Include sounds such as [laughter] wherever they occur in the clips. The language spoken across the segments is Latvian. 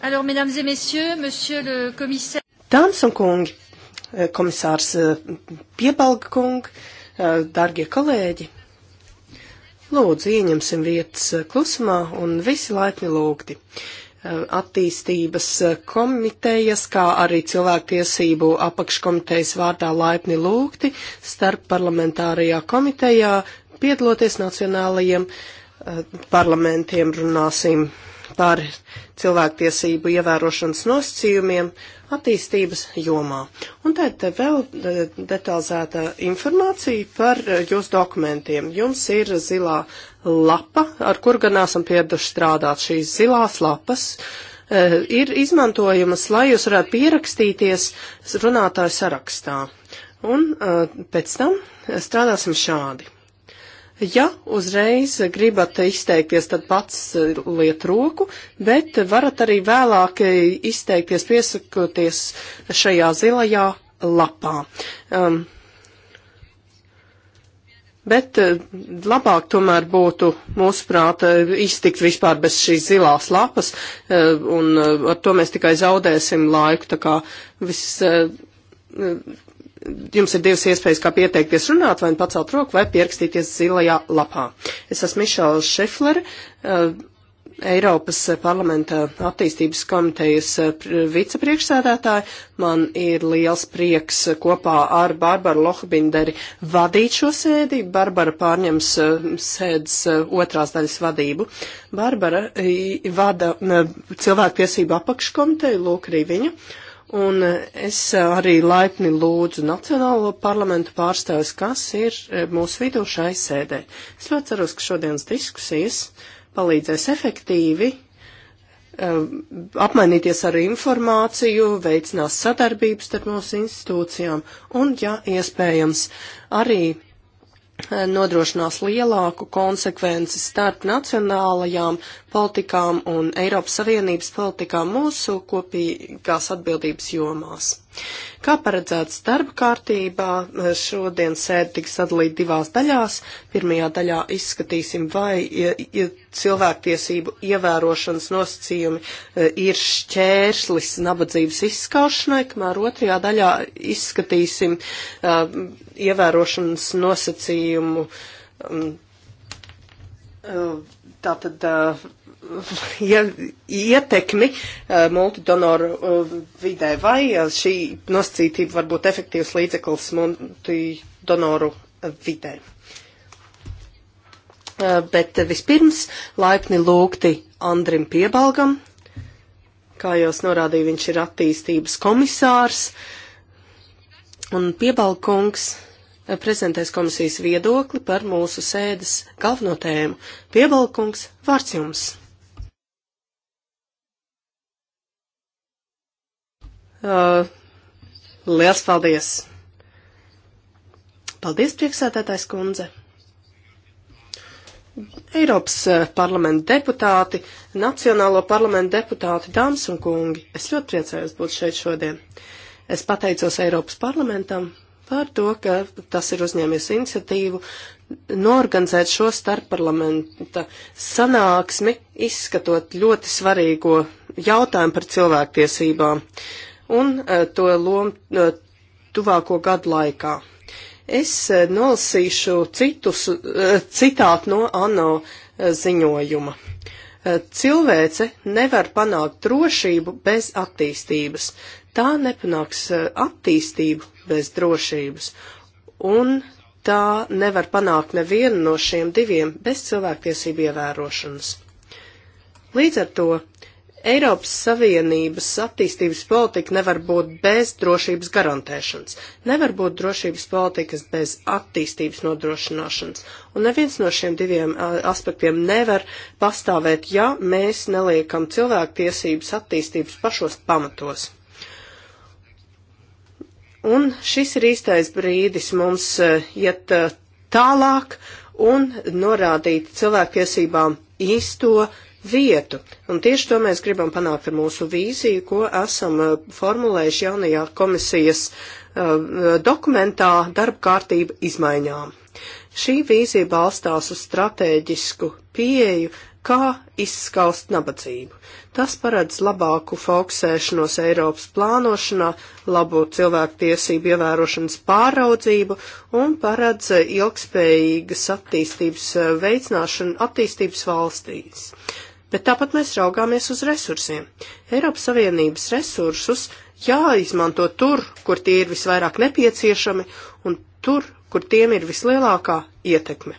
Alors, mesdames et messieurs, monsieur le commissaire. Dāmas un kungi, eh, komisārs eh, Piebalga kungi, eh, dargie kolēģi, lūdzu ieņemsim vietas klusumā un visi laipni lūgti. Attīstības komitejas, kā arī cilvēktiesību apakškomitejas vārdā laipni lūgti starp parlamentārajā komitejā piedaloties nacionālajiem parlamentiem runāsim par cilvēktiesību ievērošanas nosacījumiem attīstības jomā. Un tad vēl e, detalizēta informācija par e, jūsu dokumentiem. Jums ir zilā lapa, ar kur gan esam pieraduši strādāt. Šīs zilās lapas e, ir izmantojamas, lai jūs varētu pierakstīties runātāju sarakstā. Un pēc tam strādāsim šādi. Ja uzreiz gribat izteikties, tad pats eh, liet roku, bet varat arī vēlāk eh, izteikties, piesakoties šajā zilajā lapā. Um, bet eh, labāk tomēr būtu, mūsuprāt, iztikt vispār bez šīs zilās lapas, un ar to mēs tikai zaudēsim laiku, tā kā viss Jums ir divas iespējas, kā pieteikties runāt, vai nu pacelt roku, vai pierakstīties zilajā lapā. Es esmu Mišela Šeflere, eh, Eiropas parlamenta attīstības komitejas eh, vicepriekšsēdētāja. Man ir liels prieks eh, kopā ar Barbaru Lohbinderi vadīt šo sēdi. Barbara pārņems sēdes otrās daļas vadību. Barbara vada cilvēktiesību apakškomiteju, lūk arī viņa. Uh, Un es arī laipni lūdzu Nacionālo parlamentu pārstāvis, kas ir mūsu vidū šai sēdē. Es ļoti ceros, ka šodienas diskusijas palīdzēs efektīvi um, apmainīties ar informāciju, veicinās sadarbības starp mūsu institūcijām un, ja iespējams, arī nodrošinās lielāku konsekvenci starp nacionālajām politikām un Eiropas Savienības politikām mūsu kopīgās atbildības jomās. Kā paredzēts darba kārtībā, eh, šodien sēde tiks sadalīta divās daļās. Pirmajā daļā izskatīsim, vai ja, ja cilvēktiesību ievērošanas nosacījumi eh, ir šķērslis nabadzības izskaušanai, kamēr otrajā daļā izskatīsim uh, ievērošanas nosacījumu. Um, uh, tātad uh, ja, ietekmi eh, multidonoru eh, vidē, vai eh, šī nosacītība var būt efektīvs līdzeklis multidonoru vidē. Bet vispirms laipni lūgti Andrim Piebalgam, kā jau es norādīju, viņš ir attīstības komisārs, un Piebalkungs prezentēs komisijas viedokli par mūsu sēdes galveno tēmu. Piebalkungs, vārds jums! Uh, liels paldies! Paldies, priekšsētātājs kundze! Eiropas uh, parlamenta deputāti, Nacionālo parlamentu deputāti, dāmas un kungi, es ļoti priecājos būt šeit šodien. Es pateicos Eiropas parlamentam par to, ka tas ir uzņēmies iniciatīvu norganizēt šo starpparlamenta sanāksmi, izskatot ļoti svarīgo jautājumu par cilvēktiesībām. Uh, un e, to lomu e, tuvāko gadu laikā. Es e, nolasīšu citus, citātu no ANO ziņojuma. Cilvēce nevar panākt drošību bez attīstības. Tā nepanāks attīstību bez drošības. Un tā nevar panākt nevienu no šiem diviem bez cilvēktiesību ievērošanas. Līdz ar to Eiropas Savienības attīstības politika nevar būt bez drošības garantēšanas, nevar būt drošības politikas bez attīstības nodrošināšanas, un neviens no šiem diviem aspektiem nevar pastāvēt, ja mēs neliekam cilvēktiesības attīstības pašos pamatos. Un šis ir īstais brīdis mums iet tālāk un norādīt cilvēktiesībām īsto vietu. Un tieši to mēs gribam panākt ar mūsu vīziju, ko esam uh, formulējuši jaunajā komisijas uh, dokumentā darba kārtība izmaiņām. Šī vīzija balstās uz strateģisku pieeju, kā izskaust nabadzību. Tas paredz labāku fokusēšanos Eiropas plānošanā, labu cilvēku tiesību ievērošanas pāraudzību un paredz ilgspējīgas attīstības uh, veicināšanu attīstības valstīs bet tāpat mēs raugāmies uz resursiem. Eiropas Savienības resursus jāizmanto tur, kur tie ir visvairāk nepieciešami un tur, kur tiem ir vislielākā ietekme.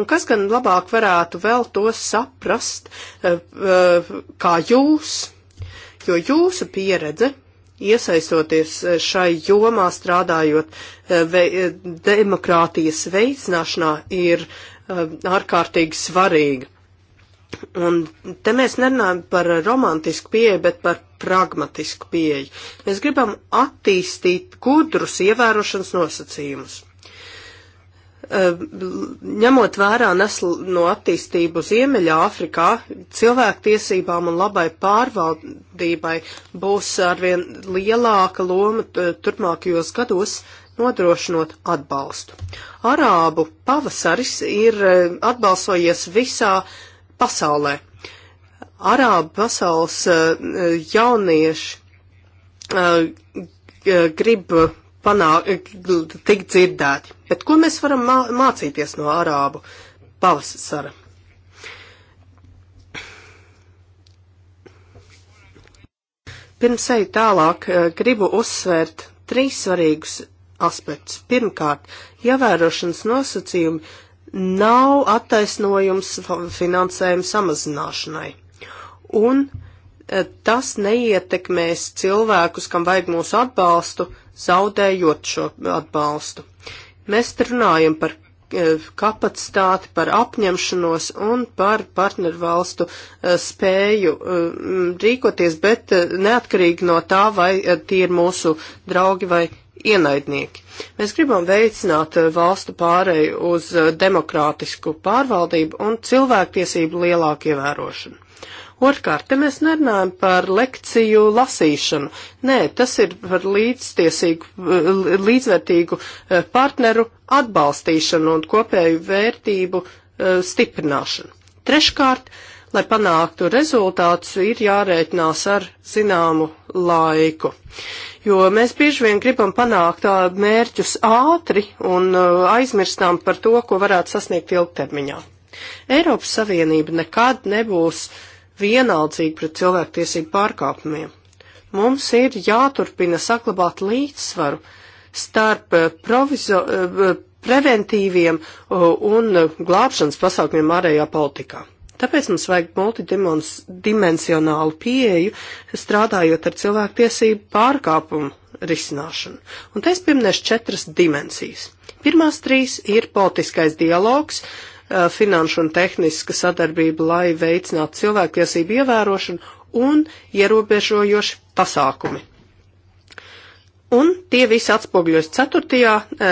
Un kas gan labāk varētu vēl to saprast, eh, eh, kā jūs, jo jūsu pieredze iesaistoties eh, šai jomā strādājot ve demokrātijas veicināšanā ir ārkārtīgi svarīga. Un te mēs nerunājam par romantisku pieeju, bet par pragmatisku pieeju. Mēs gribam attīstīt gudrus ievērošanas nosacījumus. Ņemot vērā neseno attīstību Ziemeļā Afrikā, cilvēktiesībām un labai pārvaldībai būs arvien lielāka loma turpmākajos gados, nodrošinot atbalstu. Arābu pavasaris ir atbalsojies visā pasaulē. Arābu pasaules eh, jaunieši eh, eh, grib panākt, tikt dzirdēti. Bet ko mēs varam mācīties no arābu pavasara? Pirms eju tālāk, gribu uzsvērt trīs svarīgus aspektus. Pirmkārt, ievērošanas nosacījumi nav attaisnojums finansējuma samazināšanai. Un e, tas neietekmēs cilvēkus, kam vajag mūsu atbalstu, zaudējot šo atbalstu. Mēs runājam par e, kapacitāti, par apņemšanos un par partnervalstu e, spēju rīkoties, bet neatkarīgi no tā, vai tie ir mūsu draugi vai ienaidnieki. Mēs gribam veicināt eh, valstu pāreju uz eh, demokrātisku pārvaldību un cilvēktiesību lielāku ievērošanu. Otrkārt, te mēs nerunājam par lekciju lasīšanu. Nē, tas ir par līdztiesīgu, eh, līdzvērtīgu partneru atbalstīšanu un kopēju vērtību stiprināšanu. Treškārt, lai panāktu rezultātus, ir jārēķinās ar zināmu laiku jo mēs bieži vien gribam panākt mērķus ātri un uh, aizmirstām par to, ko varētu sasniegt ilgtermiņā. Eiropas Savienība nekad nebūs vienaldzīga pret cilvēktiesību pārkāpumiem. Mums ir jāturpina saglabāt līdzsvaru starp uh, provizo, uh, preventīviem un glābšanas pasākumiem ārējā politikā. Tāpēc mums vajag multidimensionālu pieeju, strādājot ar cilvēktiesību pārkāpumu risināšanu. Un te es pieminēšu četras dimensijas. Pirmās trīs ir politiskais dialogs, finanšu un tehniska sadarbība, lai veicinātu cilvēktiesību ievērošanu un ierobežojoši pasākumi. Un tie visi atspogļojas ceturtajā e,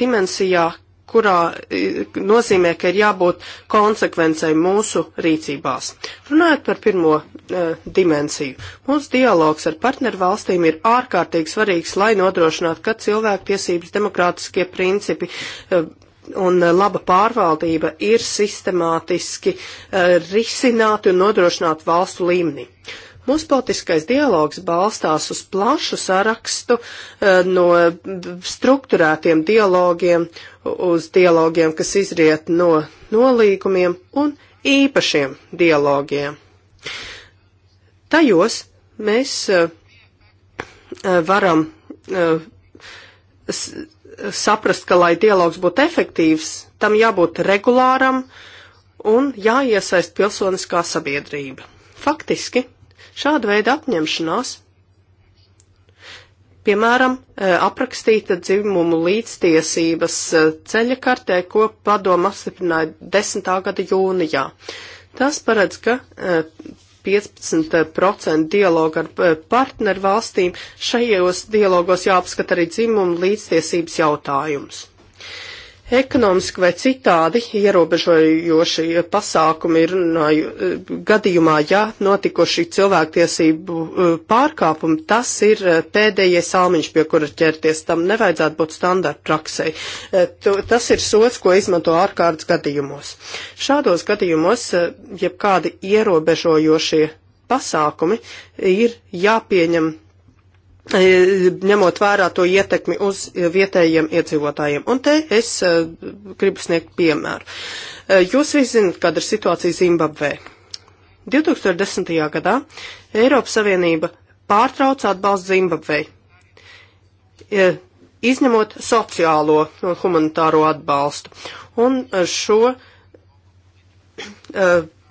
dimensijā, kurā e, nozīmē, ka ir jābūt konsekvencei mūsu rīcībās. Runājot par pirmo e, dimensiju, mūsu dialogs ar partneru valstīm ir ārkārtīgi svarīgs, lai nodrošinātu, ka cilvēktiesības demokrātiskie principi e, un laba pārvaldība ir sistemātiski e, risināti un nodrošināti valstu līmenī. E, Mūsu politiskais dialogs balstās uz plašu sarakstu eh, no struktūrētiem dialogiem, uz dialogiem, kas izriet no nolīgumiem un īpašiem dialogiem. Tajos mēs eh, eh, varam saprast, ka, lai dialogs būtu efektīvs, tam jābūt regulāram un jāiesaist pilsoniskā sabiedrība. Faktiski Šāda veida apņemšanās, piemēram, e, aprakstīta dzimumu līdztiesības e, ceļa kartē, ko padoma apstiprināja 10. gada jūnijā. Tas paredz, ka 15% e, dialogu ar partneru valstīm šajos dialogos jāapskata arī dzimumu līdztiesības jautājums. Ekonomiski vai citādi ierobežojoši pasākumi ir gadījumā, ja notikuši cilvēktiesību uh, pārkāpumi, tas ir uh, pēdējais salmiņš, pie kura ķerties. Tam nevajadzētu būt standarta praksē. Uh, tas ir sots, ko izmanto ārkārtas gadījumos. Šādos gadījumos jebkādi ierobežojošie pasākumi ir jāpieņem E, ņemot vērā to ietekmi uz vietējiem iedzīvotājiem. Un te es e, gribu sniegt piemēru. E, jūs visi zinat, kāda ir situācija Zimbabvē. 2010. gadā Eiropas Savienība pārtrauca atbalstu Zimbabvei, izņemot sociālo un humanitāro atbalstu. Un šo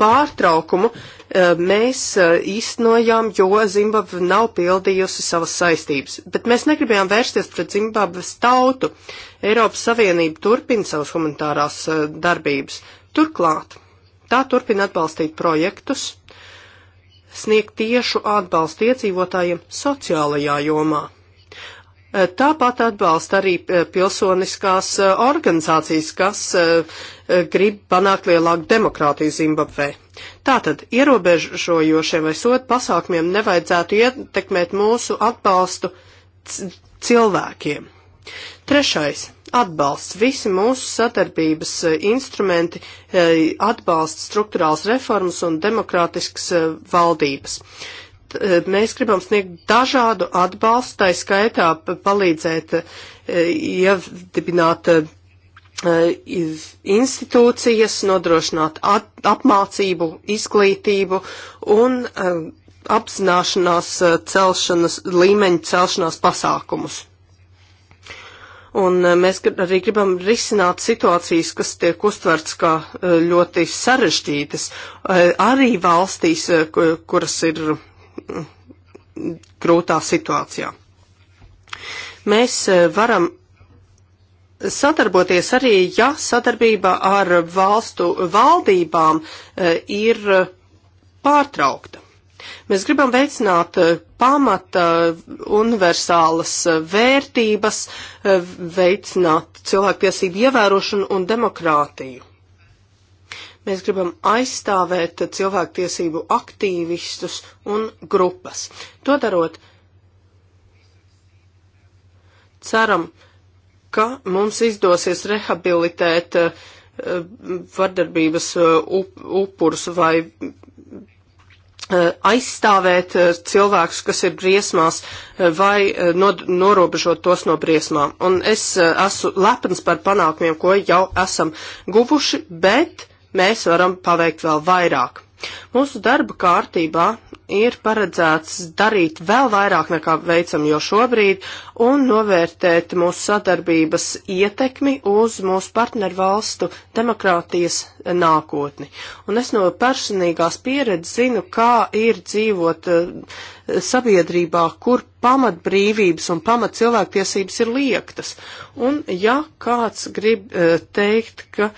pārtraukumu eh, mēs eh, īstenojām, jo Zimbabve nav pildījusi savas saistības. Bet mēs negribējām vērsties pret Zimbabves tautu. Eiropas Savienība turpina savas humanitārās eh, darbības. Turklāt tā turpina atbalstīt projektus, sniegt tiešu atbalstu iedzīvotājiem sociālajā jomā. Tāpat atbalsta arī eh, pilsoniskās eh, organizācijas, kas eh, grib panākt lielāku demokrātiju Zimbabvē. Tātad ierobežojošiem vai sodu pasākumiem nevajadzētu ietekmēt mūsu atbalstu cilvēkiem. Trešais atbalsts. Visi mūsu sadarbības instrumenti atbalsta struktūrāls reformas un demokrātiskas valdības. Eh, mēs gribam sniegt dažādu atbalstu, tai skaitā palīdzēt eh, iedibināt eh, institūcijas, nodrošināt at, apmācību, izglītību un apzināšanās celšanas, līmeņa celšanās pasākumus. Un mēs arī gribam risināt situācijas, kas tiek uztverts kā ļoti sarežģītas, arī valstīs, kuras ir grūtā situācijā. Mēs eh, varam sadarboties arī, ja sadarbība ar valstu valdībām eh, ir pārtraukta. Mēs gribam veicināt eh, pamata universālas vērtības, veicināt cilvēktiesību ievērošanu un demokrātiju. Mēs gribam aizstāvēt cilvēktiesību aktīvistus un grupas. To darot, ceram, ka mums izdosies rehabilitēt uh, vardarbības eh, up, upurus vai eh, aizstāvēt cilvēkus, kas ir briesmās, vai norobežot tos no briesmām. Un es esmu lepns par panākumiem, ko jau esam guvuši, bet mēs varam paveikt vēl vairāk. Mūsu darba kārtībā ir paredzēts darīt vēl vairāk nekā veicam jau šobrīd un novērtēt mūsu sadarbības ietekmi uz mūsu partneru valstu demokrātijas nākotni. Un es no personīgās pieredzes zinu, kā ir dzīvot uh, sabiedrībā, kur pamatbrīvības un pamat cilvēktiesības ir liektas. Un ja kāds grib uh, teikt, ka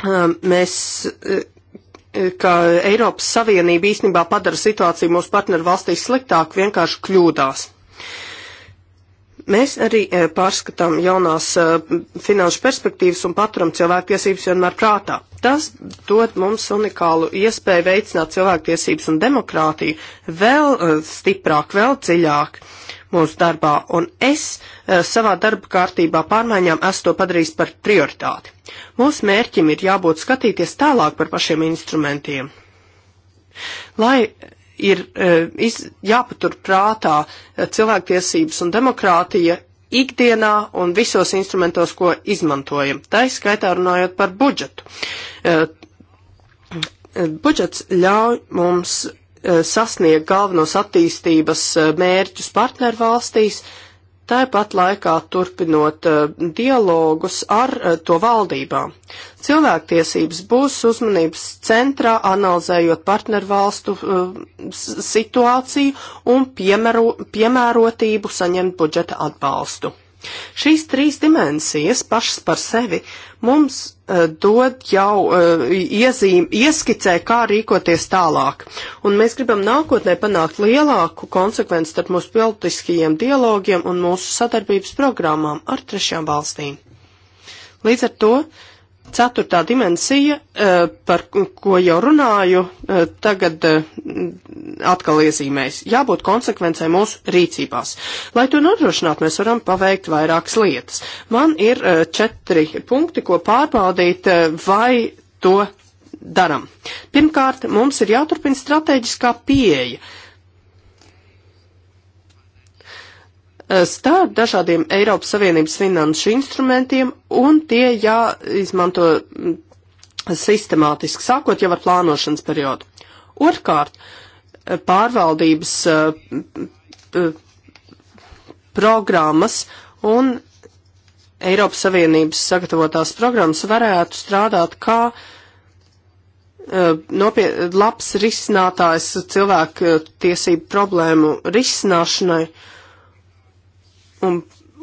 Um, mēs uh, ka Eiropas Savienība īstenībā padara situāciju mūsu partneru valstīs sliktāku, vienkārši kļūdās. Mēs arī uh, pārskatām jaunās uh, finanšu perspektīvas un paturam cilvēktiesības vienmēr prātā. Tas dod mums unikālu iespēju veicināt cilvēktiesības un demokrātiju vēl stiprāk, vēl dziļāk. Uh, mūsu darbā, un es eh, savā darba kārtībā pārmaiņām esmu to padarījis par prioritāti. Mūsu mērķim ir jābūt skatīties tālāk par pašiem instrumentiem. Lai eh, ir eh, iz, jāpatur prātā cilvēktiesības un demokrātija ikdienā un visos instrumentos, ko izmantojam. Tā izskaitā runājot par budžetu budžets ļauj mums Eh, sasniegt galvenos attīstības eh, mērķus partnervalstīs, tāpat laikā turpinot eh, dialogus ar to valdībām. Cilvēktiesības būs uzmanības centrā, analizējot partnervalstu situāciju un piemēro, piemērotību saņemt budžeta atbalstu. Šīs trīs dimensijas pašas par sevi mums uh, dod jau uh, iezīm, ieskicē, kā rīkoties tālāk. Un mēs gribam nākotnē panākt lielāku konsekvenci starp mūsu politiskajiem dialogiem un mūsu sadarbības programmām ar trešām valstīm. Līdz ar to uh, Ceturtā dimensija, eh, par ko jau runāju, eh, tagad eh, atkal iezīmēs. Jābūt konsekvencei mūsu rīcībās. Lai to nodrošinātu, mēs varam paveikt vairākas lietas. Man ir četri punkti, ko pārbaudīt, vai to daram. Pirmkārt, mums ir jāturpina strateģiskā pieeja. Uh, starp dažādiem Eiropas Savienības finanšu instrumentiem, un tie jāizmanto mm, sistemātiski, sākot jau ar plānošanas periodu. Otrkārt, pārvaldības mm, mm, programmas un Eiropas Savienības sagatavotās programmas varētu strādāt kā nopiet, labs risinātājs cilvēku tiesību problēmu risināšanai, uh, un,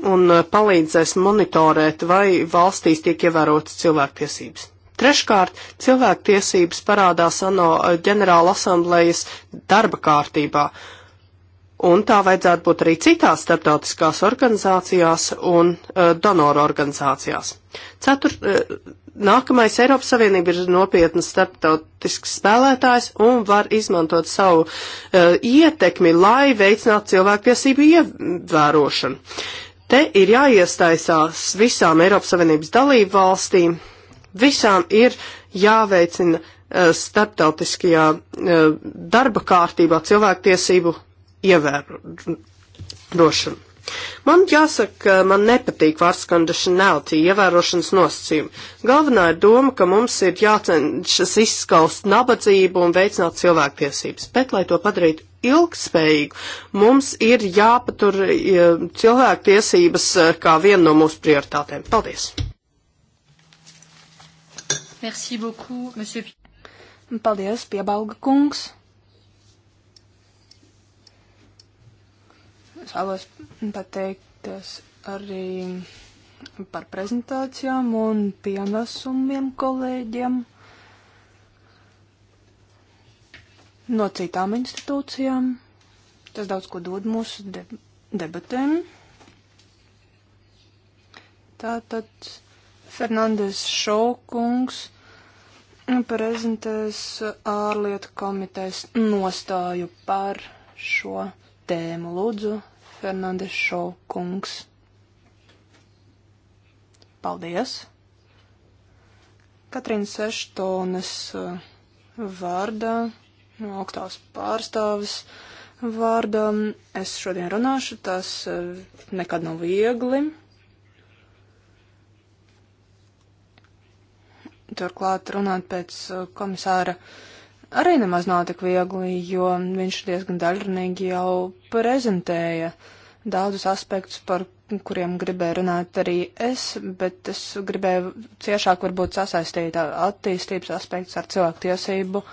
un uh, palīdzēs monitorēt, vai valstīs tiek ievērotas cilvēktiesības. Treškārt, cilvēktiesības parādās ANO uh, ģenerāla asamblējas darba kārtībā, un tā vajadzētu būt arī citās starptautiskās organizācijās un uh, donoru organizācijās. Ceturt, uh, nākamais Eiropas Savienība ir nopietnas starptautisks spēlētājs un var izmantot savu uh, ietekmi, lai veicinātu cilvēktiesību ievērošanu. Te ir jāiestaisās visām Eiropas Savienības dalību valstīm, visām ir jāveicina uh, starptautiskajā uh, darba kārtībā cilvēktiesību ievērošanu. Man jāsaka, ka man nepatīk vārds conditionality, ievērošanas nosacījumi. Galvenā ir doma, ka mums ir jācenšas izskaust nabadzību un veicināt cilvēktiesības, bet, lai to padarītu ilgspējīgu, mums ir jāpatur cilvēktiesības eh, kā viena no mūsu prioritātēm. Paldies! Merci beaucoup, monsieur. Paldies, piebalga kungs. Es vēlos pateikties arī par prezentācijām un pienesumiem kolēģiem no citām institūcijām. Tas daudz ko dod mūsu de debatēm. Tātad Fernandes Šaukungs prezentēs ārlietu komitejas nostāju par šo tēmu. Lūdzu, Fernandes Šaukungs. Paldies! Katrīnas Eštones uh, vārdā, no augstās pārstāvis vārdā, es šodien runāšu, tas uh, nekad nav viegli. Turklāt runāt pēc uh, komisāra uh, arī nemaz nav tik viegli, jo viņš diezgan daļrunīgi jau prezentēja daudzus aspektus, par kuriem gribēju runāt arī es, bet es gribēju ciešāk varbūt sasaistīt attīstības aspektus ar cilvēku tiesību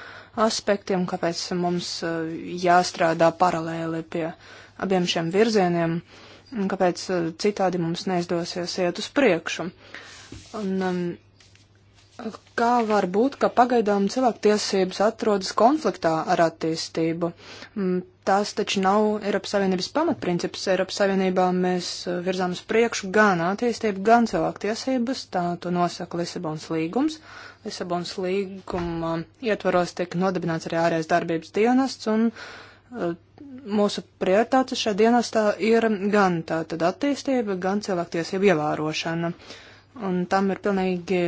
aspektiem, kāpēc mums jāstrādā paralēli pie abiem šiem virzieniem, un kāpēc citādi mums neizdosies iet uz priekšu. Un, um, Kā var būt, ka pagaidām cilvēktiesības atrodas konfliktā ar attīstību? Mm, Tās taču nav Eiropas Savienības pamatprincips. Eiropas Savienībā mēs uh, virzām uz priekšu gan attīstību, gan cilvēktiesības. Tā to nosaka Lisabons līgums. Lisabons līguma ietvaros tiek nodibināts arī ārējais darbības dienests, un uh, mūsu prioritāte šajā dienestā ir gan tātad attīstība, gan cilvēktiesība ievērošana. Uh, un tam ir pilnīgi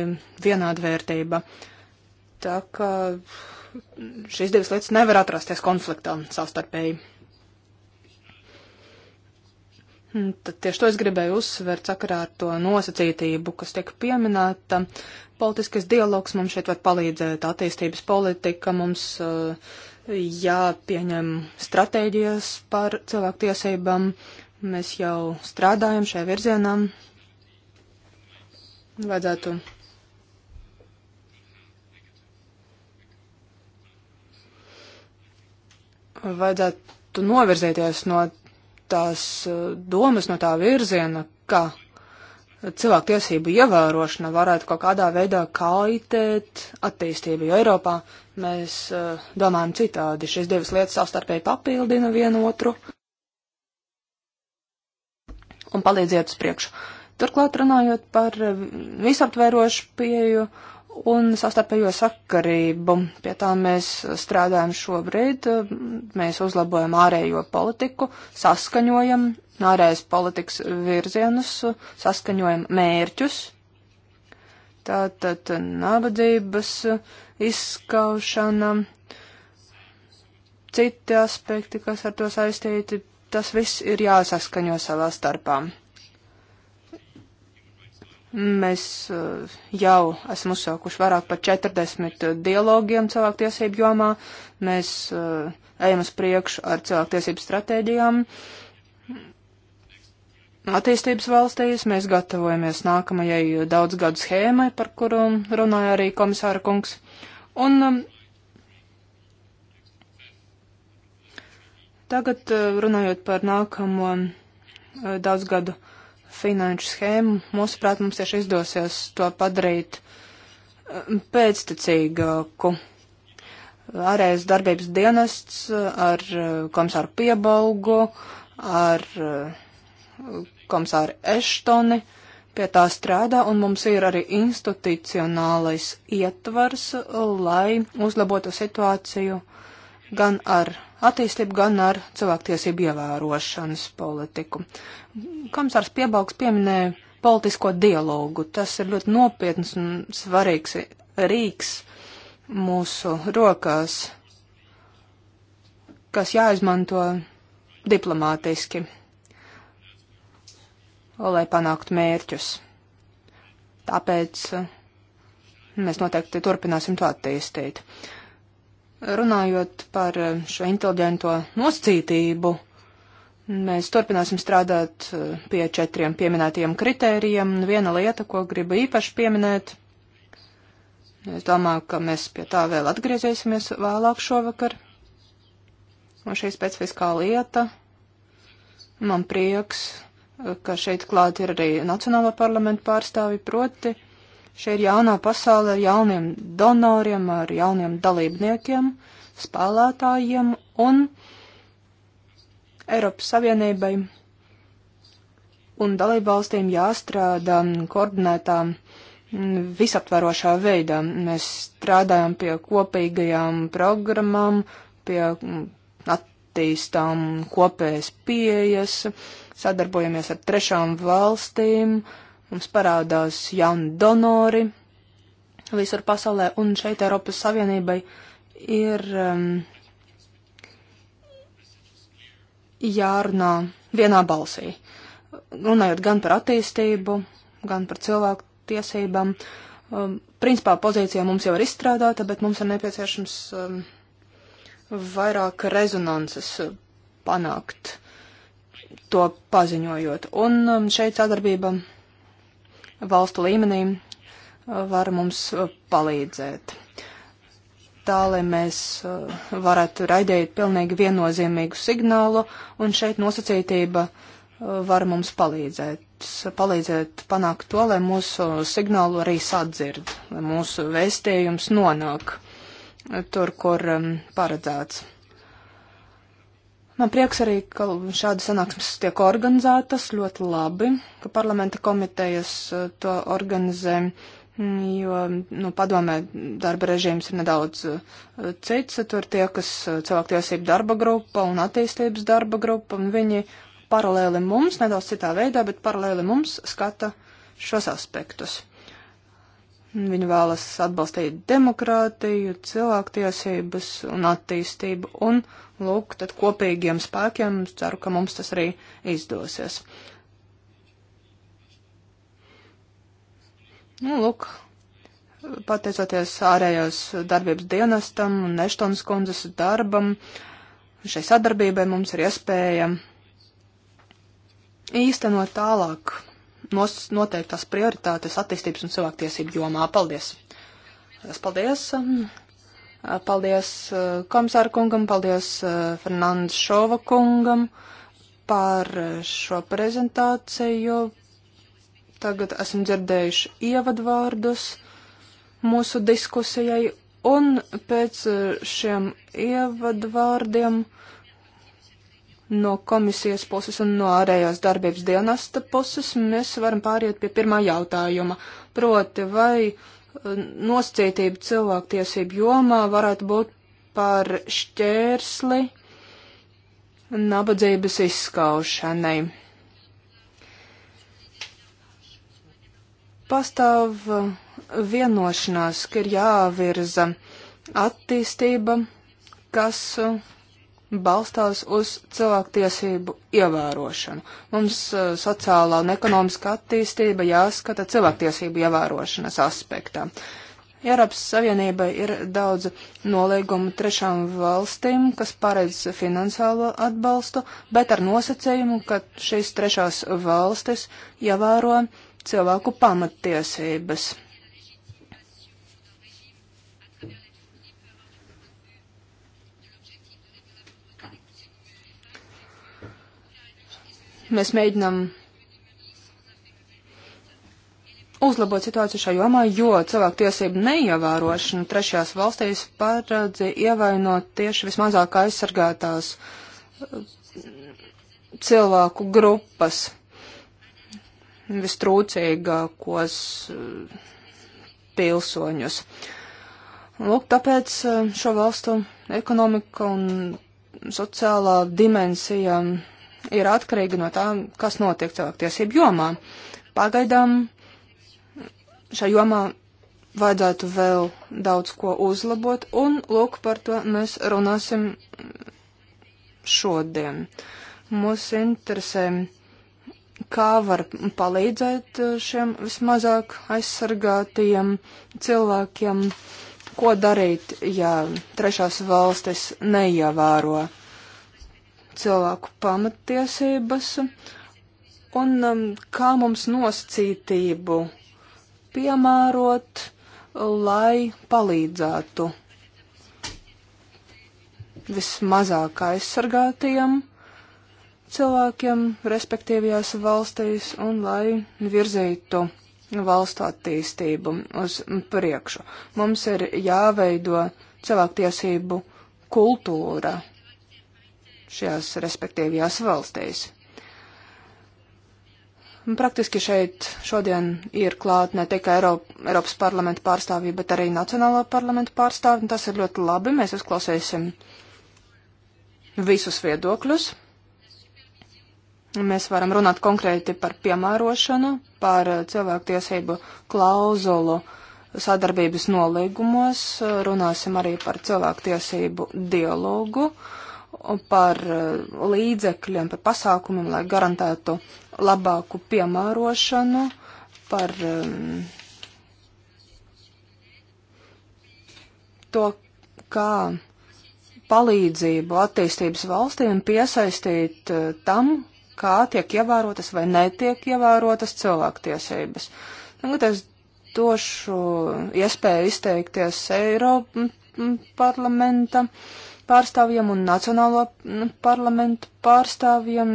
vienāda vērtība. Tā kā šīs divas lietas nevar atrasties konfliktā savstarpēji. Tad tieši to es gribēju uzsvērt sakarā ar to nosacītību, kas tiek pieminēta. Politiskais dialogs mums šeit var palīdzēt, attīstības politika mums uh, jāpieņem stratēģijas par cilvēktiesībām. Mēs jau strādājam šajā virzienā, vajadzētu vajadzētu novirzēties no tās eh, domas, no tā virziena, ka cilvēktiesību ievērošana varētu kaut kādā veidā kaitēt attīstību, jo Eiropā mēs uh, domājam citādi. Šīs divas lietas savstarpēji papildina vienu otru un palīdziet uz priekšu. Uh, Turklāt runājot par visaptverošu pieju un sastarpējo sakarību, pie tā mēs strādājam šobrīd, mēs uzlabojam ārējo politiku, saskaņojam ārējas politikas virzienus, saskaņojam mērķus. Tātad nabadzības izskaušana, citi aspekti, kas ar to saistīti, tas viss ir jāsaskaņo savā starpā. Mēs uh, jau esam uzsākuši vairāk par 40 uh, dialogiem cilvēktiesību jomā. Mēs uh, ejam uz priekšu ar cilvēktiesību stratēģijām. Attīstības valstīs mēs gatavojamies nākamajai daudzgadu schēmai, par kuru runāja arī komisāra kungs. Un um, tagad runājot par nākamo daudzgadu schēmu finanšu schēmu. Mūsuprāt, mums tieši izdosies to padarīt um, pēctecīgāku. Ārējais darbības dienests uh, ar uh, komisāru Piebalgu, ar uh, komisāru Eštoni pie tā strādā, un mums ir arī institucionālais ietvars, lai uzlabotu situāciju gan ar attīstību, gan ar cilvēktiesību ievērošanas politiku. Komisārs Piebalgs pieminēja politisko dialogu. Tas ir ļoti nopietns un svarīgs rīks mūsu rokās, kas jāizmanto diplomātiski, lai panāktu mērķus. Tāpēc mēs noteikti turpināsim to attīstīt. Uh, Runājot par eh, šo inteliģento nosacītību, mēs turpināsim strādāt eh, pie četriem pieminētajiem kritērijiem. Viena lieta, ko gribu īpaši pieminēt, es domāju, ka mēs pie tā vēl atgriezīsimies vēlāk šovakar. Un šī specifiskā lieta, man prieks, eh, ka šeit klāt ir arī Nacionālo parlamentu pārstāvi proti Šī ir jaunā pasaule ar jauniem donoriem, ar jauniem dalībniekiem, spēlētājiem un Eiropas Savienībai un dalībvalstīm jāstrādā koordinētā visaptverošā veidā. Mēs strādājam pie kopīgajām programmām, pie attīstām kopējas pieejas, sadarbojamies ar trešām valstīm, uh, Mums parādās jauni donori visur pasaulē, un šeit Eiropas Savienībai ir um, jārunā vienā balsī. Runājot gan par attīstību, gan par cilvēku tiesībām. Um, principā pozīcija mums jau ir izstrādāta, bet mums ir nepieciešams um, vairāk rezonances panākt to paziņojot. Un um, šeit sadarbība valstu līmenī uh, var mums uh, palīdzēt. Tā, lai mēs uh, varētu raidīt pilnīgi viennozīmīgu signālu, un šeit nosacītība var mums palīdzēt. Palīdzēt panākt to, lai mūsu signālu arī sadzird, lai mūsu vēstījums nonāk tur, kur um, paredzēts. Man prieks arī, ka šāda sanāksmes tiek organizētas ļoti labi, ka parlamenta komitejas eh, to organizē, mm, jo nu, padomē darba režīms ir nedaudz eh, cits. Tur tie, kas eh, cilvēktiesība darba grupa un attīstības darba grupa, un viņi paralēli mums, nedaudz citā veidā, bet paralēli mums skata šos aspektus. Viņi vēlas atbalstīt demokrātiju, cilvēktiesības un attīstību un Lūk, tad kopīgiem spēkiem ceru, ka mums tas arī izdosies. Nu, lūk, pateicoties ārējās darbības dienestam un Neštons kundzes darbam, šai sadarbībai mums ir iespēja īstenot tālāk noteiktās prioritātes attīstības un cilvēktiesību jomā. Paldies! Es paldies! Uh, paldies uh, komisāra kungam, paldies uh, Fernandes Šova kungam par šo prezentāciju. Tagad esam dzirdējuši ievadvārdus mūsu diskusijai, un pēc šiem ievadvārdiem no komisijas puses un no ārējās darbības dienesta puses mēs varam pāriet pie pirmā jautājuma. Proti, vai noscietība cilvēktiesību jomā varētu būt par šķērsli nabadzības izskaušanai. Pastāv vienošanās, ka ir jāvirza attīstība, kas balstās uz cilvēktiesību ievērošanu. Mums uh, sociālā un ekonomiskā attīstība jāskata cilvēktiesību ievērošanas aspektā. Eiropas Savienībai ir daudz nolīgumu trešām valstīm, kas paredz finansiālo atbalstu, bet ar nosacījumu, ka šīs trešās valstis ievēro cilvēku pamattiesības Mēs mēģinam uzlabot situāciju šajā jomā, jo cilvēku tiesību neievērošana trešajās valstīs paredz ievainot tieši vismazāk aizsargātās eh, cilvēku grupas, vistrūcīgākos eh, pilsoņus. Lūk, tāpēc eh, šo valstu ekonomika un sociālā dimensija ir atkarīga no tā, kas notiek cilvēktiesību jomā. Pagaidām šajā jomā vajadzētu vēl daudz ko uzlabot, un lūk, par to mēs runāsim šodien. Mūs interesē, kā var palīdzēt šiem vismazāk aizsargātajiem cilvēkiem, ko darīt, ja trešās valstis neievēro cilvēku pamatiesības un um, kā mums nosacītību piemērot, lai palīdzētu vismazāk aizsargātajiem cilvēkiem respektīvajās valstīs un lai virzītu valstu attīstību uz priekšu. Mums ir jāveido cilvēktiesību kultūra šajās respektīvajās valstīs. Praktiski šeit šodien ir klāt ne tikai Eiropa, Eiropas parlamenta pārstāvji, bet arī Nacionālo parlamentu pārstāvji. Tas ir ļoti labi. Mēs uzklausīsim visus viedokļus. Mēs varam runāt konkrēti par piemērošanu, par eh, cilvēktiesību klauzulu sadarbības nolīgumos, runāsim arī par cilvēktiesību dialogu. Uh, par uh, līdzekļiem, par pasākumiem, lai garantētu labāku piemērošanu, par um, to, kā palīdzību attīstības valstīm piesaistīt uh, tam, kā tiek ievērotas vai netiek ievērotas cilvēktiesības. Tagad es došu iespēju izteikties Eiropa parlamenta pārstāvjiem un nacionālo nu, parlamentu pārstāvjiem.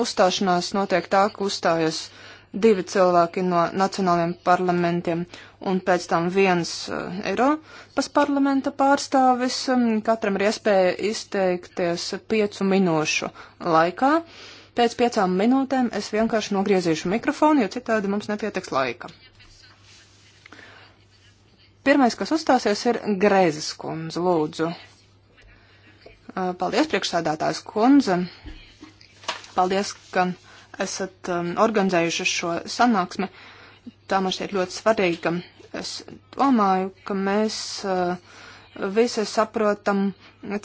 Uzstāšanās notiek tā, ka uzstājas divi cilvēki no nacionāliem parlamentiem un pēc tam viens eh, Eiropas parlamenta pārstāvis. Mm, katram ir iespēja izteikties piecu minūšu laikā. Pēc piecām minūtēm es vienkārši nogriezīšu mikrofonu, jo citādi mums nepietiks laika. Pirmais, kas uzstāsies, ir Grēzes kundze, lūdzu. Eh, paldies, priekšsādātājs kundze. Paldies, ka esat eh, organizējuši šo sanāksmi. Tā man šķiet ļoti svarīga. Es domāju, ka mēs eh, visi saprotam,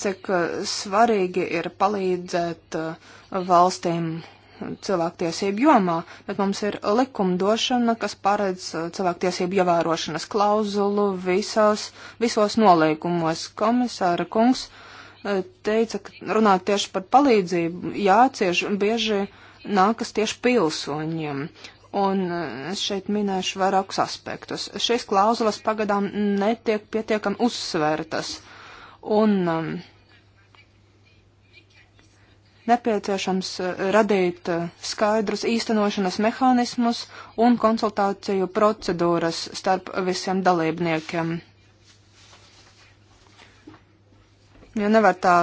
cik svarīgi ir palīdzēt valstīm cilvēktiesību jomā, bet mums ir likumdošana, kas paredz cilvēktiesību ievērošanas klauzulu visās, visos nolīgumos. Komisāra kungs Eh, teica, ka runāt tieši par palīdzību jācieš bieži nākas tieši pilsoņiem. Un eh, es šeit minēšu vairākus aspektus. Šīs klauzulas pagadām netiek pietiekami uzsvērtas. Un um, nepieciešams eh, radīt skaidrus īstenošanas mehānismus un konsultāciju procedūras starp visiem dalībniekiem. jo nevar tā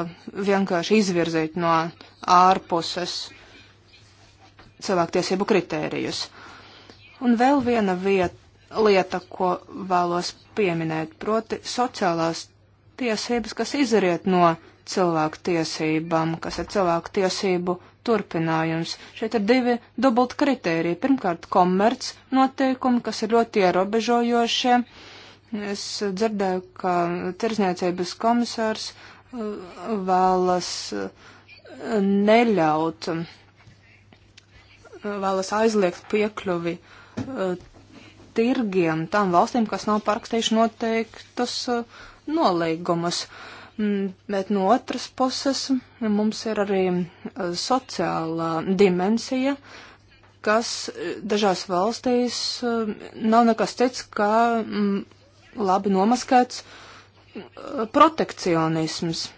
vienkārši izvirzīt no ārpuses cilvēktiesību kritērijus. Un vēl viena vieta, lieta, ko vēlos pieminēt, proti sociālās tiesības, kas izriet no cilvēku tiesībām, kas ir cilvēku tiesību turpinājums. Šeit ir divi dubult kritēriji. Pirmkārt, komerc noteikumi, kas ir ļoti ierobežojošie. Es dzirdēju, ka tirzniecības komisārs vēlas eh, neļaut, eh, vēlas aizliegt piekļuvi eh, tirgiem tām valstīm, kas nav parakstījuši noteiktus nolīgumus. Mm, bet no otras puses mums ir arī sociālā dimensija, kas dažās valstīs nav nekas cits kā mm, labi nomaskēts uh, protekcionisms.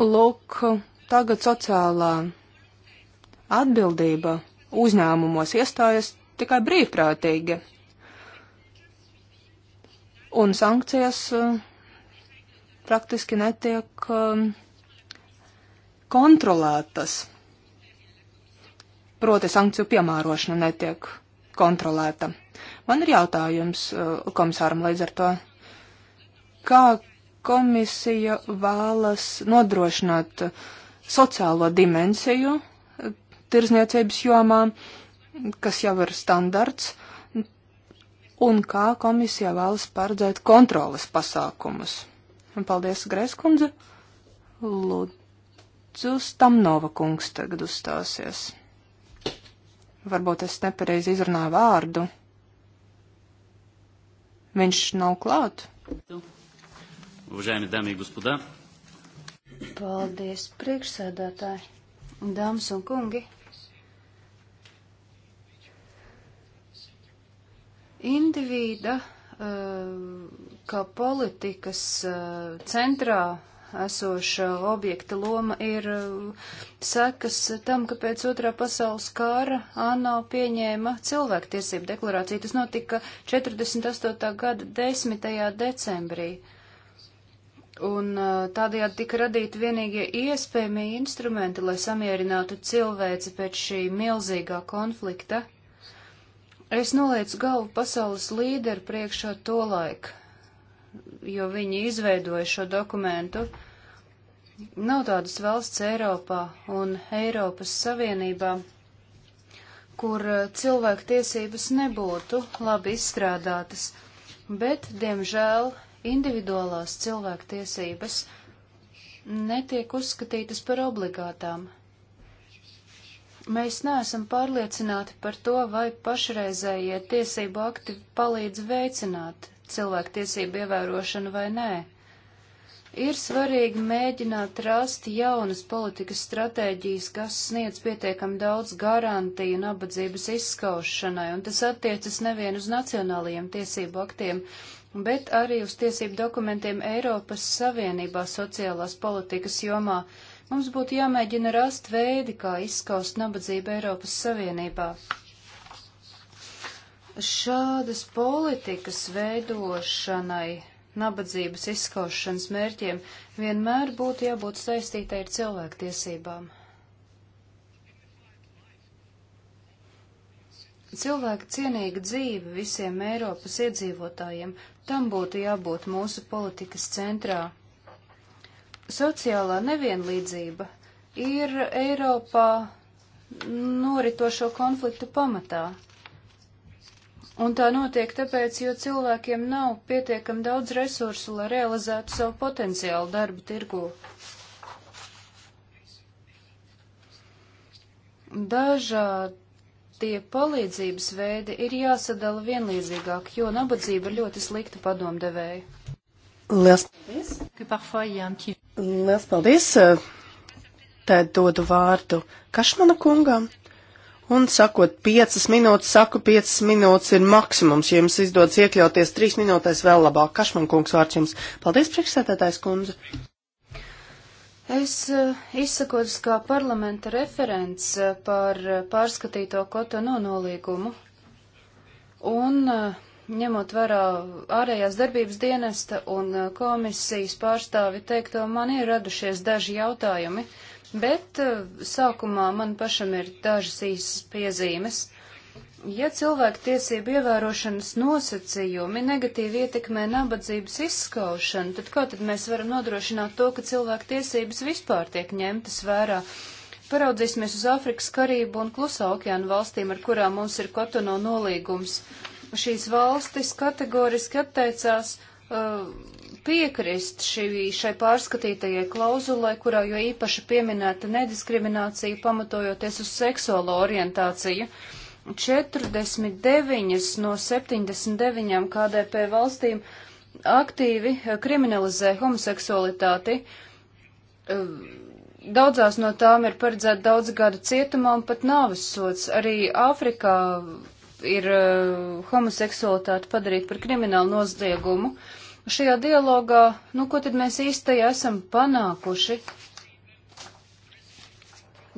Lūk, tagad sociālā atbildība uzņēmumos iestājas tikai brīvprātīgi. Un sankcijas uh, praktiski netiek um, kontrolētas. Proti sankciju piemērošana netiek kontrolēta. Man ir jautājums uh, komisāram līdz ar to. Kā komisija vēlas nodrošināt sociālo dimensiju uh, tirzniecības jomā, kas jau ir standarts, un kā komisija vēlas paredzēt kontrolas pasākumus? Un paldies, Grēskundze. Lūdzu, Stamnova kungs tagad uzstāsies. Varbūt es nepareizi izrunāju vārdu. Viņš nav klāt. Уважаеми дами и господа. Paldies, priekšsēdētāji, dāmas un kungi. Indivīda eh, kā politikas eh, centrā esoša objekta loma ir uh, sekas tam, ka pēc otrā pasaules kara ANO pieņēma cilvēktiesību deklarāciju. Tas notika 48. gada 10. decembrī. Un uh, tādējādi tika radīti vienīgie iespējamie instrumenti, lai samierinātu cilvēci pēc šī milzīgā konflikta. Es nolieku galvu pasaules līderu priekšā tolaik, jo viņi izveidoja šo dokumentu. Nav tādas valsts Eiropā un Eiropas Savienībā, kur eh, cilvēku tiesības nebūtu labi izstrādātas, bet, diemžēl, individuālās cilvēku tiesības netiek uzskatītas par obligātām. Mēs neesam pārliecināti par to, vai pašreizējie tiesību akti palīdz veicināt cilvēku tiesību ievērošanu vai nē. Ir svarīgi mēģināt rast jaunas politikas stratēģijas, kas sniedz pietiekami daudz garantiju nabadzības izskaušanai, un tas attiecas nevien uz nacionālajiem tiesību aktiem, bet arī uz tiesību dokumentiem Eiropas Savienībā sociālās politikas jomā. Mums būtu jāmēģina rast veidi, kā izskaust nabadzību Eiropas Savienībā. Šādas politikas veidošanai nabadzības izskaušanas mērķiem vienmēr būtu jābūt saistītai ar cilvēktiesībām. Cilvēka cienīga dzīve visiem Eiropas iedzīvotājiem, tam būtu jābūt mūsu politikas centrā. Sociālā nevienlīdzība ir Eiropā noritošo konfliktu pamatā. Un tā notiek tāpēc, jo cilvēkiem nav pietiekam daudz resursu, lai realizētu savu potenciālu darba tirgu. Dažādie palīdzības veidi ir jāsadala vienlīdzīgāk, jo nabadzība ir ļoti slikta padomdevēja. Lielas paldies! Lielas paldies! Tad dodu vārdu Kašmana kungam. Un sakot, 5 minūtes, saku, 5 minūtes ir maksimums. Ja jums izdodas iekļauties 3 minūtēs, vēl labāk. Kašman kungs vārds jums. Paldies, priekšsētētājs kundze. Es eh, izsakotos kā parlamenta referents eh, par eh, pārskatīto Kotonu nolīgumu. Un ņemot vērā ārējās darbības dienesta un komisijas pārstāvi teikto, man ir radušies daži jautājumi. Uh, bet eh, sākumā man pašam ir dažas īsas piezīmes. Ja cilvēku tiesību ievērošanas nosacījumi negatīvi ietekmē nabadzības izskaušanu, tad kā tad mēs varam nodrošināt to, ka cilvēku tiesības vispār tiek ņemtas vērā? Paraudzīsimies uz Āfrikas Karību un Klusā okeāna valstīm, ar kurām mums ir kotono nolīgums. Šīs valstis kategoriski atteicās uh, piekrist šī, šai pārskatītajai klauzulai, kurā jo īpaši pieminēta nediskriminācija pamatojoties uz seksuālo orientāciju. 49 no 79 KDP valstīm aktīvi eh, kriminalizē homoseksualitāti. Eh, daudzās no tām ir paredzēta daudz gadu cietumā un pat nāves sots. Arī Āfrikā ir uh, homoseksualitāte padarīta par kriminālu noziegumu. Uh, šajā dialogā, nu, ko tad mēs īstajā esam panākuši?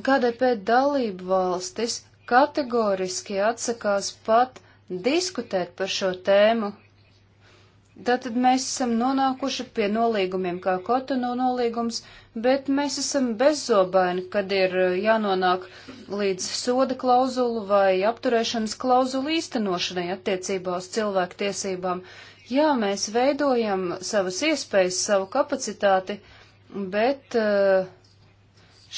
KDP dalību valstis kategoriski atsakās pat diskutēt par šo tēmu. Tātad mēs esam nonākuši pie nolīgumiem kā Kotonu nolīgums, bet mēs esam bezzobaini, kad ir jānonāk līdz soda klauzulu vai apturēšanas klauzulu īstenošanai attiecībā uz cilvēku tiesībām. Uh, Jā, mēs veidojam savas iespējas, savu kapacitāti, bet eh,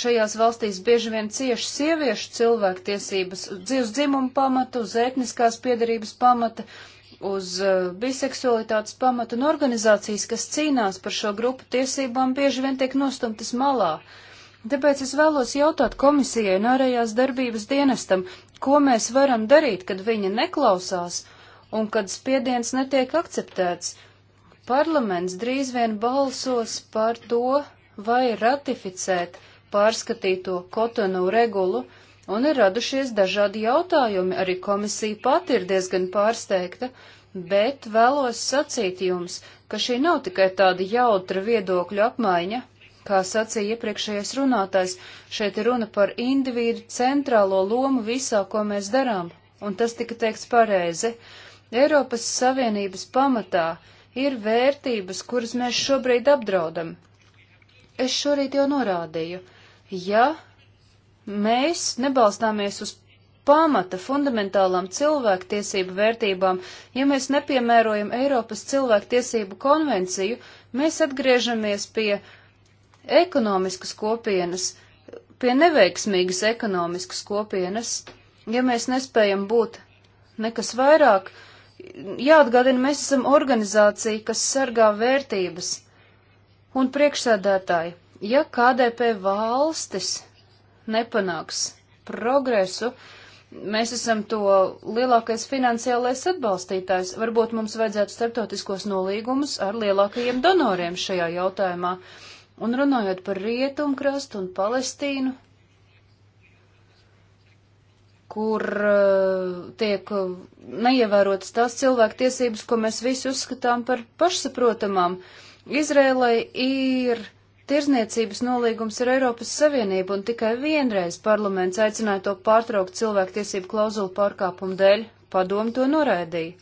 šajās valstīs bieži vien cieši sieviešu cilvēktiesības uz dzimumu pamata, uz etniskās piedarības pamata, uz eh, biseksualitātes pamata un organizācijas, kas cīnās par šo grupu tiesībām, bieži vien tiek nostumtas malā. Tāpēc es vēlos jautāt komisijai un ārējās darbības dienestam, ko mēs varam darīt, kad viņa neklausās un kad spiediens netiek akceptēts. Parlaments drīz vien balsos par to, vai ratificēt pārskatīto Kotonu regulu, un ir radušies dažādi jautājumi, arī komisija pati ir diezgan pārsteigta, bet vēlos sacīt jums, ka šī nav tikai tāda jautra viedokļu apmaiņa, kā sacīja iepriekšējais runātājs, šeit ir runa par individu centrālo lomu visā, ko mēs darām, un tas tika teikts pareizi. Uh, Eiropas Savienības pamatā ir vērtības, kuras mēs šobrīd apdraudam. Es šorīt jau norādīju, ja mēs nebalstāmies uz pamata fundamentālām cilvēktiesību vērtībām, ja mēs nepiemērojam Eiropas cilvēktiesību konvenciju, mēs atgriežamies pie ekonomiskas kopienas, pie neveiksmīgas ekonomiskas kopienas, ja mēs nespējam būt nekas vairāk, jāatgādina, mēs esam organizācija, kas sargā vērtības. Un priekšsēdētāji, ja KDP valstis nepanāks progresu, mēs esam to lielākais finansiālais atbalstītājs. Varbūt mums vajadzētu starptautiskos nolīgumus ar lielākajiem donoriem šajā jautājumā. Un runājot par rietumkrastu un Palestīnu, kur eh, tiek eh, neievērotas tās cilvēktiesības, ko mēs visi uzskatām par pašsaprotamām. Izrēlai ir tirzniecības nolīgums ar Eiropas Savienību, un tikai vienreiz parlaments aicināja to pārtraukt cilvēktiesību klauzulu pārkāpumu dēļ, padomu to noraidīja.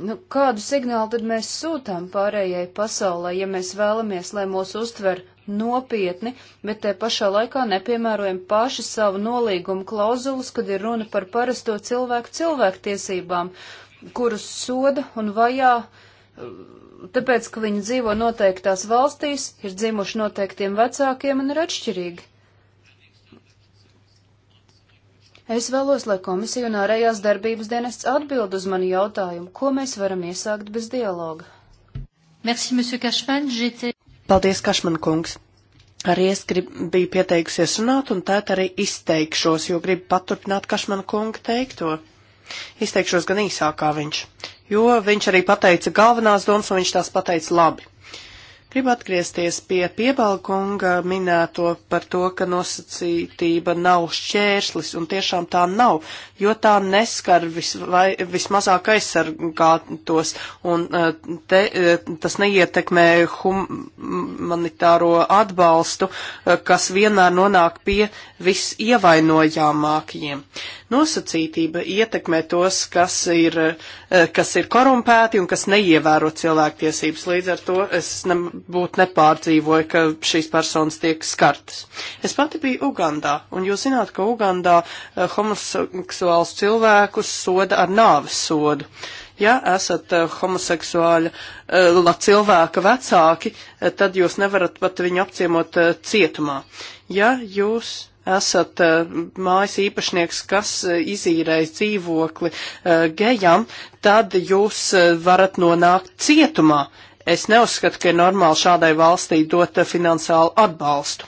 Nu, kādu signālu tad mēs sūtām pārējai pasaulē, ja mēs vēlamies, lai mūs uztver nopietni, bet te pašā laikā nepiemērojam paši savu nolīgumu klauzulas, kad ir runa par parasto cilvēku cilvēktiesībām, kurus soda un vajā, eh, tāpēc, ka viņi dzīvo noteiktās valstīs, ir dzimuši noteiktiem vecākiem un ir atšķirīgi. Es vēlos, lai komisija un ārējās darbības dienests atbild uz manu jautājumu, ko mēs varam iesākt bez dialoga. Merci, monsieur Cashman, j'étais. Paldies, Kašman kungs! Arī es grib, biju pieteikusies runāt, un tēt arī izteikšos, jo gribu paturpināt Kašmanu kungu teikto. Izteikšos gan īsākā viņš, jo viņš arī pateica galvenās domas, un viņš tās pateica labi. Gribu atgriezties pie piebalkunga minēto par to, ka nosacītība nav šķērslis, un tiešām tā nav, jo tā neskar vis, vai, vismazāk aizsargātos, un eh, te, eh, tas neietekmē humanitāro atbalstu, eh, kas vienmēr nonāk pie visievainojāmākajiem. Nosacītība ietekmē tos, kas ir, kas ir korumpēti un kas neievēro cilvēktiesības. Līdz ar to es ne, būt nepārdzīvoja, ka šīs personas tiek skartas. Es pati biju Ugandā, un jūs zināt, ka Ugandā uh, homoseksuāls cilvēkus soda ar nāves sodu. Ja esat uh, eh, homoseksuāla eh, uh, cilvēka vecāki, uh, tad jūs nevarat pat viņu apciemot uh, cietumā. Ja jūs esat uh, mājas īpašnieks, kas uh, izīrēs dzīvokli uh, gejam, tad jūs varat nonākt cietumā. Es neuzskatu, ka ir normāli šādai valstī dot finansiālu atbalstu.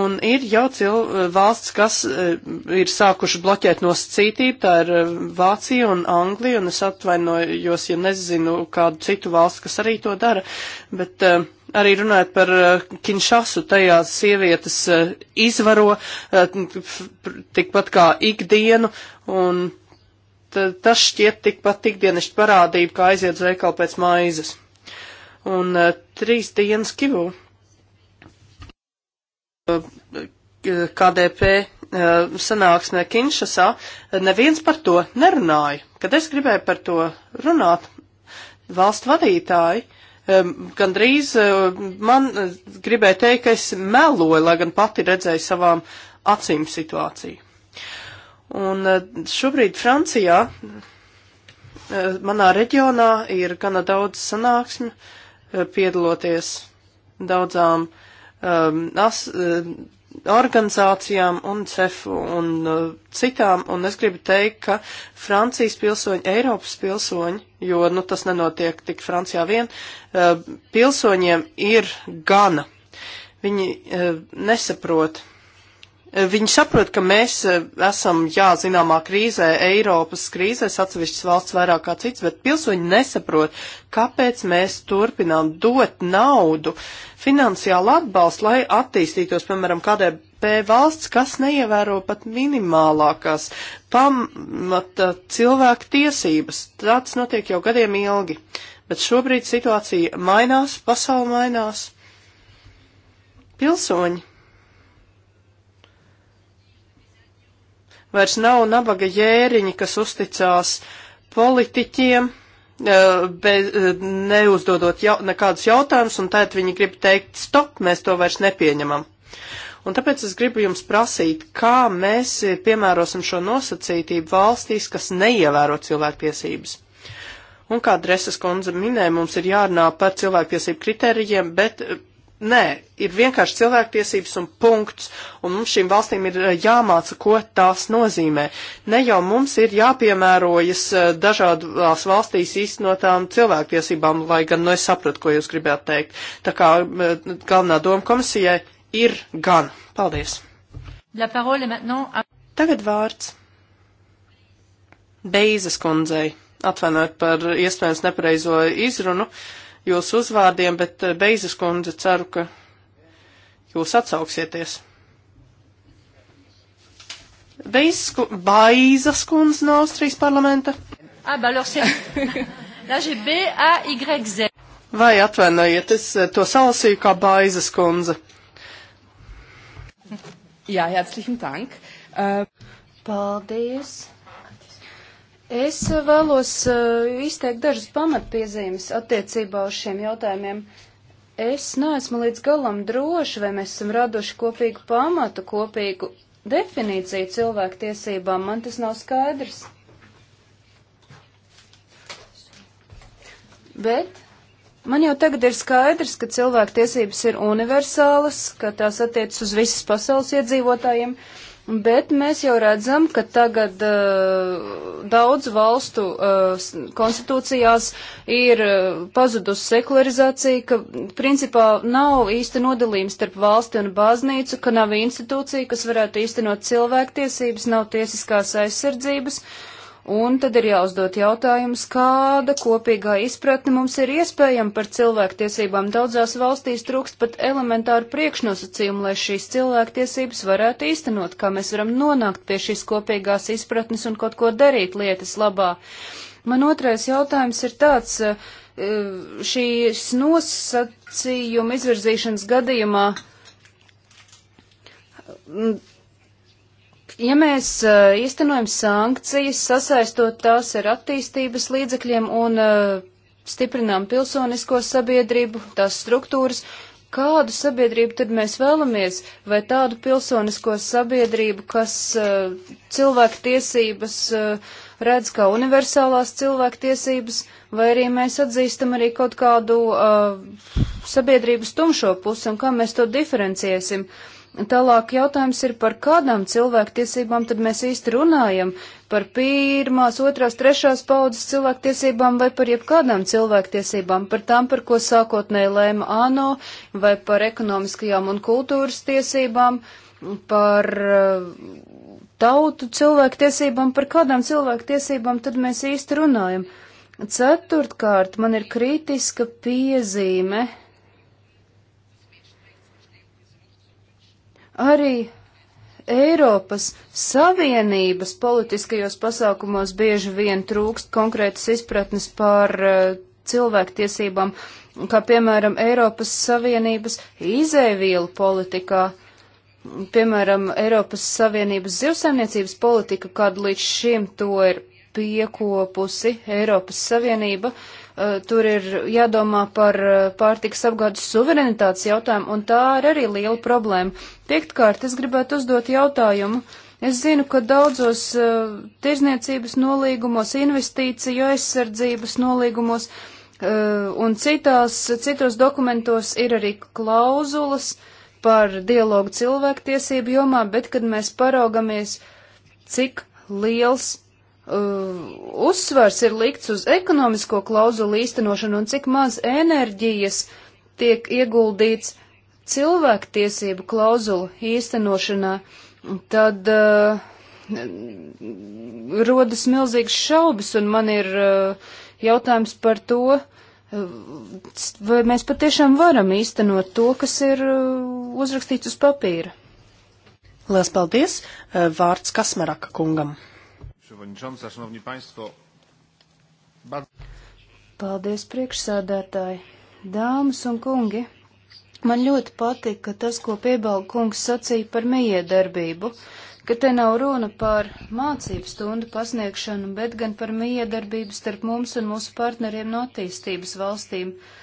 Un ir jau cil, valsts, kas eh, ir sākuši bloķēt nosacītību, tā ir eh, Vācija un Anglija, un es atvainojos, ja nezinu kādu citu valstu, kas arī to dara, bet uh, arī runājot par uh, Kinšasu, tajā sievietes uh, izvaro tikpat kā ikdienu, un Eh, tas šķiet tikpat tikdienišķi parādība, kā aiziet uz veikalu pēc maizes. Un uh, trīs dienas kivu uh, eh, KDP uh, sanāksmē Kinšasā neviens par to nerunāja. Kad es gribēju par to runāt, valstu vadītāji um, gandrīz uh, man uh, gribēja teikt, ka es meloju, lai gan pati redzēju savām acīm situāciju. Un eh, šobrīd Francijā, eh, manā reģionā, ir gana daudz sanāksmi eh, piedaloties daudzām um, as, organizācijām un cefu un uh, citām, un es gribu teikt, ka Francijas pilsoņi, Eiropas pilsoņi, jo, nu, tas nenotiek tik Francijā vien, uh, pilsoņiem ir gana. Viņi uh, nesaprot Viņi saprot, ka mēs e, esam, jā, zināmā krīzē, Eiropas krīzēs, atsevišķas valsts vairāk kā cits, bet pilsoņi nesaprot, kāpēc mēs turpinām dot naudu, finansiālu atbalstu, lai attīstītos, piemēram, kādai P valsts, kas neievēro pat minimālākās pamata cilvēku tiesības. Tāds notiek jau gadiem ilgi, bet šobrīd situācija mainās, pasauli mainās. Pilsoņi vairs nav nabaga jēriņi, kas uzticās politiķiem, eh, bez, eh, neuzdodot jau, nekādus jautājumus, un tad viņi grib teikt, stop, mēs to vairs nepieņemam. Un tāpēc es gribu jums prasīt, kā mēs eh, piemērosim šo nosacītību valstīs, kas neievēro cilvēktiesības. Un kā Dreses kundze minēja, mums ir jārunā par cilvēktiesību kritērijiem, bet Nē, ir vienkārši cilvēktiesības un punkts, un mums šīm valstīm ir eh, jāmāca, ko tās nozīmē. Ne jau mums ir jāpiemērojas eh, dažādās valstīs īstenotām cilvēktiesībām, lai gan, nu, es sapratu, ko jūs gribētu teikt. Tā kā eh, galvenā doma komisijai ir gan. Paldies. Tagad vārds. Beizes kundzei. Atvainojiet par iespējams nepareizo izrunu. Uh, jūsu uzvārdiem, bet eh, Beizes kundze ceru, ka jūs atsauksieties. Beizes kundze, Baizas kundze no Austrijas parlamenta. Ah, bah, alors c'est... [laughs] Là, j'ai B, A, Y, Z. Vai atvainojiet, es eh, to salasīju kā Baizes kundze. Jā, herzlichen Dank. Uh, paldies. Es vēlos eh, izteikt dažas pamatpiezīmes attiecībā uz šiem jautājumiem. Es neesmu līdz galam droši, vai mēs esam raduši kopīgu pamatu, kopīgu definīciju cilvēktiesībām. Man tas nav skaidrs. Bet Man jau tagad ir skaidrs, ka cilvēku tiesības ir universālas, ka tās attiec uz visas pasaules iedzīvotājiem, Bet mēs jau redzam, ka tagad uh, daudz valstu uh, konstitūcijās ir uh, pazudusi sekularizācija, ka principā nav īsti nodalījums starp valsti un baznīcu, ka nav institūcija, kas varētu īstenot cilvēktiesības, nav tiesiskās aizsardzības. Uh, Un tad ir jāuzdot jautājums, kāda kopīgā izpratne mums ir iespējama par cilvēktiesībām. Daudzās valstīs trūkst pat elementāru priekšnosacījumu, lai šīs cilvēktiesības varētu īstenot, kā mēs varam nonākt pie šīs kopīgās izpratnes un kaut ko darīt lietas labā. Man otrais jautājums ir tāds, eh, šīs nosacījuma izvirzīšanas gadījumā Ja mēs uh, īstenojam sankcijas, sasaistot tās ar attīstības līdzekļiem un uh, stiprinām pilsonisko sabiedrību, tās struktūras, kādu sabiedrību tad mēs vēlamies? Vai tādu pilsonisko sabiedrību, kas uh, cilvēku tiesības uh, redz kā universālās cilvēku tiesības, vai arī mēs atzīstam arī kaut kādu uh, sabiedrības tumšo pusi un kā mēs to diferenciēsim? Uh, Tālāk jautājums ir, par kādām cilvēktiesībām tad mēs īsti runājam? Par pirmās, otrās, trešās paudzes cilvēktiesībām vai par jebkādām cilvēktiesībām? Par tām, par ko sākotnēji lēma ANO, vai par ekonomiskajām un kultūras tiesībām, par eh, tautu cilvēktiesībām, par kādām cilvēktiesībām tad mēs īsti runājam? Ceturtkārt, man ir kritiska piezīme Arī Eiropas Savienības politiskajos pasākumos bieži vien trūkst konkrētas izpratnes par uh, cilvēktiesībām, kā piemēram Eiropas Savienības izēvielu politikā, piemēram Eiropas Savienības zivsaimniecības politika, kāda līdz šim to ir piekopusi Eiropas Savienība. Uh, Eh, tur ir jādomā par eh, pārtikas apgādes suverenitātes jautājumu, un tā ir arī liela problēma. Piektkārt, es gribētu uzdot jautājumu. Es zinu, ka daudzos uh, tirzniecības nolīgumos, investīciju aizsardzības nolīgumos uh, un citās, citos dokumentos ir arī klauzulas par dialogu cilvēktiesību jomā, bet kad mēs paraugamies, cik liels Uh, uzsvars ir likts uz ekonomisko klauzulu īstenošanu un cik maz enerģijas tiek ieguldīts cilvēktiesību klauzulu īstenošanā, tad uh, rodas milzīgs šaubas, un man ir uh, jautājums par to, uh, vai mēs patiešām varam īstenot to, kas ir uh, uzrakstīts uz papīra. Lielas paldies! Uh, vārds Kasmaraka kungam. Przewodnicząca, Szanowni Państwo. Paldies, priekšsādātāji, dāmas un kungi. Man ļoti patika tas, ko piebalga kungs sacīja par miedarbību, ka te nav runa par mācību stundu pasniegšanu, bet gan par miedarbību starp mums un mūsu partneriem no attīstības valstīm. Uh,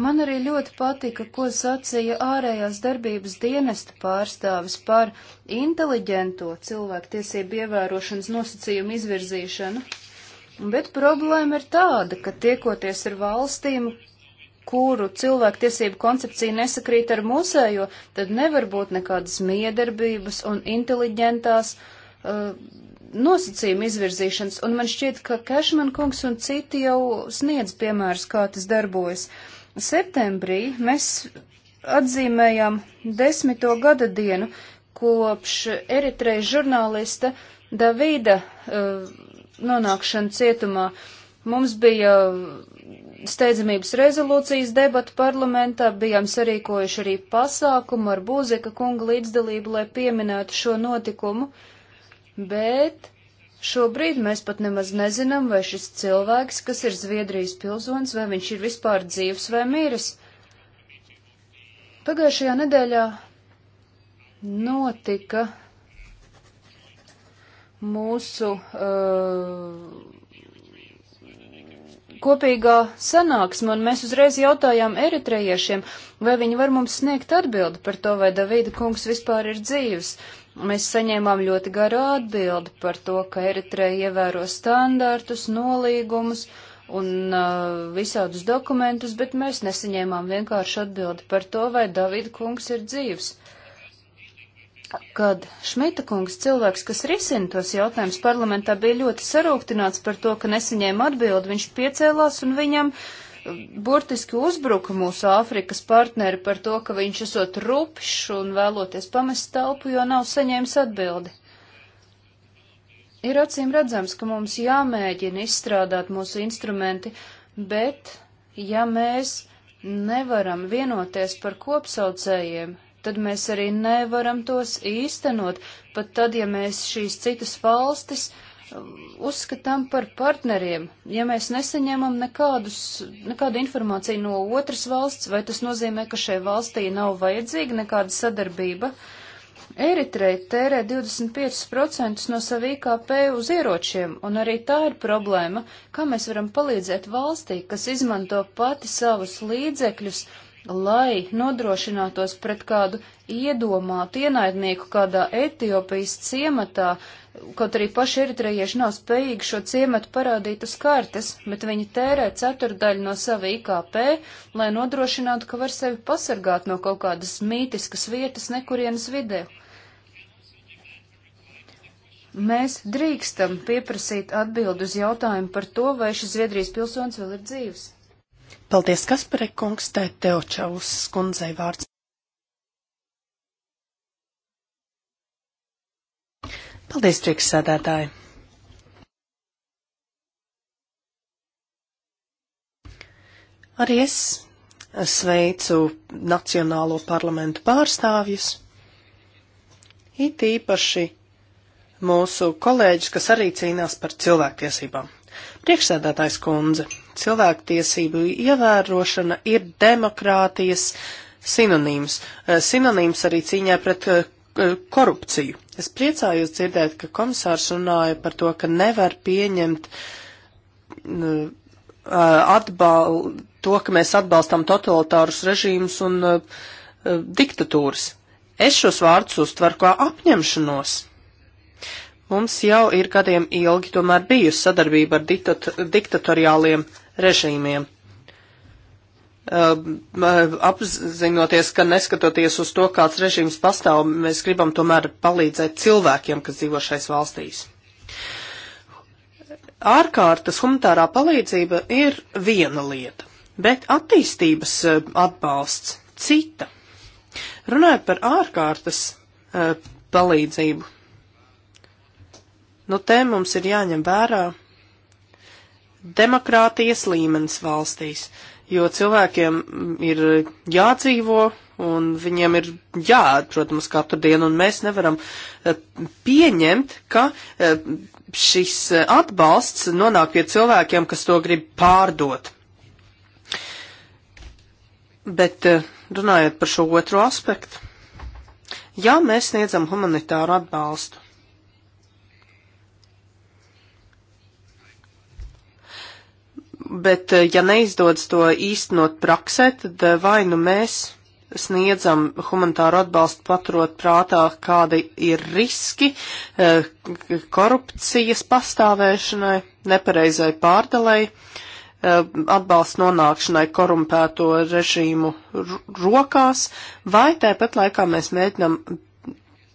Man arī ļoti patika, ko sacīja ārējās darbības dienesta pārstāvis par inteliģento cilvēktiesību ievērošanas nosacījumu izvirzīšanu. Bet problēma ir tāda, ka tiekoties ar valstīm, kuru cilvēktiesību koncepcija nesakrīt ar mūsējo, tad nevar būt nekādas miedarbības un inteliģentās uh, nosacījuma izvirzīšanas, un man šķiet, ka Kešman kungs un citi jau sniedz piemērus, kā tas darbojas. Uh, Septembrī mēs atzīmējām desmito gada dienu kopš Eritrejas žurnālista Davida uh, nonākšana cietumā. Mums bija steidzamības rezolūcijas debata parlamentā, bijām sarīkojuši arī pasākumu ar Būzika kunga līdzdalību, lai pieminētu šo notikumu, bet Šobrīd mēs pat nemaz nezinām, vai šis cilvēks, kas ir Zviedrijas pilsonis, vai viņš ir vispār dzīvs vai miris. Pagājušajā nedēļā notika mūsu uh, kopīgā sanāksme, un mēs uzreiz jautājām eritrejiešiem, vai viņi var mums sniegt atbildi par to, vai Davīda kungs vispār ir dzīvs. Uh, Mēs saņēmām ļoti garu atbildi par to, ka Eritreja ievēro standartus, nolīgumus un uh, visādus dokumentus, bet mēs nesaņēmām vienkārši atbildi par to, vai Davida kungs ir dzīvs. Kad Šmita kungs, cilvēks, kas risina tos jautājumus parlamentā, bija ļoti sarūktināts par to, ka nesaņēma atbildi, viņš piecēlās un viņam uh, burtiski uzbruka mūsu Āfrikas partneri par to, ka viņš esot rupšs un vēloties pamest telpu, jo nav saņēmis atbildi. Ir acīm redzams, ka mums jāmēģina izstrādāt mūsu instrumenti, bet ja mēs nevaram vienoties par kopsaucējiem, tad mēs arī nevaram tos īstenot, pat tad, ja mēs šīs citas valstis uh, uzskatām par partneriem. Ja mēs nesaņemam nekādus, nekādu informāciju no otras valsts, vai tas nozīmē, ka šai valstī nav vajadzīga nekāda sadarbība? Eritreja tērē 25% no sava IKP uz ieročiem, un arī tā ir problēma, kā mēs varam palīdzēt valstī, kas izmanto pati savus līdzekļus, lai nodrošinātos pret kādu iedomātu ienaidnieku kādā Etiopijas ciematā, kaut arī paši eritrejieši nav spējīgi šo ciematu parādīt uz kartes, bet viņi tērē ceturdaļu no sava IKP, lai nodrošinātu, ka var sevi pasargāt no kaut kādas mītiskas vietas nekurienes vidē. Mēs drīkstam pieprasīt atbildi uz jautājumu par to, vai šis Zviedrijas pilsonis vēl ir dzīves. Paldies, Kaspare kungs, tā te Teočaus skundzei vārds. Paldies, priekšsēdētāji. Arī es sveicu Nacionālo parlamentu pārstāvjus, it īpaši mūsu kolēģis, kas arī cīnās par cilvēktiesībām. Priekšsēdētājs kundze, cilvēktiesību ievērošana ir demokrātijas sinonīms. Eh, sinonīms arī cīņā pret eh, korupciju. Es priecājos dzirdēt, ka komisārs runāja par to, ka nevar pieņemt eh, atbal, to, ka mēs atbalstam totalitārus režīmus un diktatūras. Es šos vārdus uztveru kā apņemšanos. Mums jau ir gadiem ilgi tomēr bijusi sadarbība ar diktatoriāliem režīmiem. Apzinoties, ka neskatoties uz to, kāds režīms pastāv, mēs gribam tomēr palīdzēt cilvēkiem, kas dzīvo šais valstīs. Ārkārtas humanitārā palīdzība ir viena lieta, bet attīstības atbalsts cita. Runājot par ārkārtas palīdzību, nu te mums ir jāņem vērā demokrātijas līmenis valstīs, jo cilvēkiem ir jādzīvo un viņiem ir jāēd, protams, katru dienu, un mēs nevaram eh, pieņemt, ka eh, šis atbalsts nonāk pie cilvēkiem, kas to grib pārdot. Bet eh, runājot par šo otro aspektu, ja mēs sniedzam humanitāru atbalstu, bet eh, ja neizdodas to īstenot praksē, tad eh, vai nu mēs sniedzam humanitāru atbalstu paturot prātā, kādi ir riski eh, korupcijas pastāvēšanai, nepareizai pārdalai, atbalstu nonākšanai korumpēto režīmu rokās, vai tāpat laikā mēs mēģinam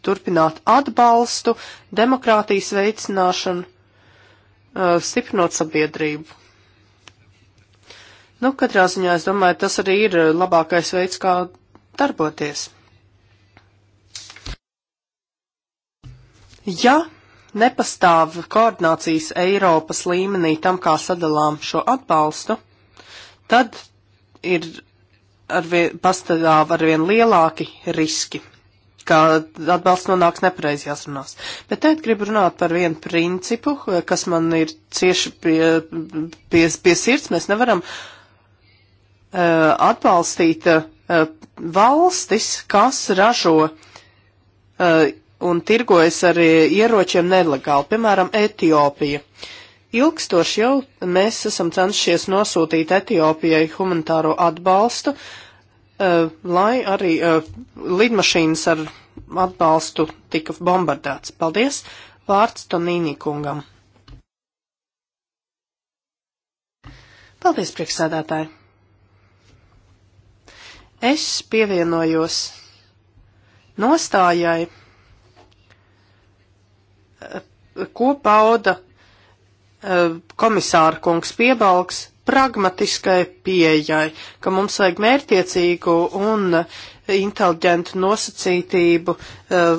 turpināt atbalstu, demokrātijas veicināšanu, stiprinot sabiedrību. Nu, katrā ziņā es domāju, tas arī ir labākais veids, kā darboties. Ja nepastāv koordinācijas Eiropas līmenī tam, kā sadalām šo atbalstu, tad ir arvien, pastāv arvien lielāki riski, ka atbalsts nonāks nepareizajās runās. Bet tagad gribu runāt par vienu principu, kas man ir cieši pie, pie, pie sirds. Mēs nevaram uh, Uh, atbalstīt uh, valstis, kas ražo uh, un tirgojas ar ieročiem nelegāli, piemēram, Etiopija. Ilgstoši jau mēs esam cenšies nosūtīt Etiopijai humanitāro atbalstu, lai arī lidmašīnas ar atbalstu tika bombardēts. Paldies! Vārds Tonīnī kungam. Paldies, priekšsēdētāji! Es pievienojos nostājai, eh, ko pauda eh, komisāra kungs piebalgs pragmatiskai pieejai, ka mums vajag mērtiecīgu un inteliģentu nosacītību eh,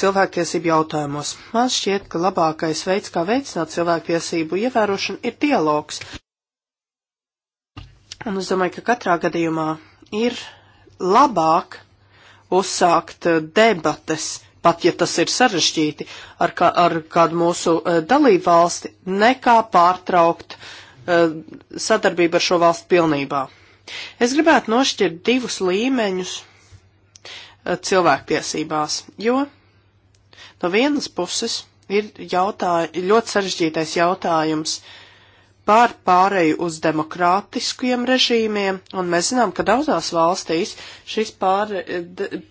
cilvēktiesību jautājumos. Man šķiet, ka labākais veids, kā veicināt cilvēktiesību ievērošanu, ir dialogs. Un es domāju, ka katrā gadījumā ir labāk uzsākt eh, debates, pat ja tas ir sarežģīti, ar, kā, ar kādu mūsu eh, dalību valsti, nekā pārtraukt eh, sadarbību ar šo valstu pilnībā. Es gribētu nošķirt divus līmeņus cilvēktiesībās, jo no vienas puses ir jautāj, ļoti sarežģītais jautājums uh, par pāreju uz demokrātiskiem režīmiem, un mēs zinām, ka daudzās valstīs šis pāre,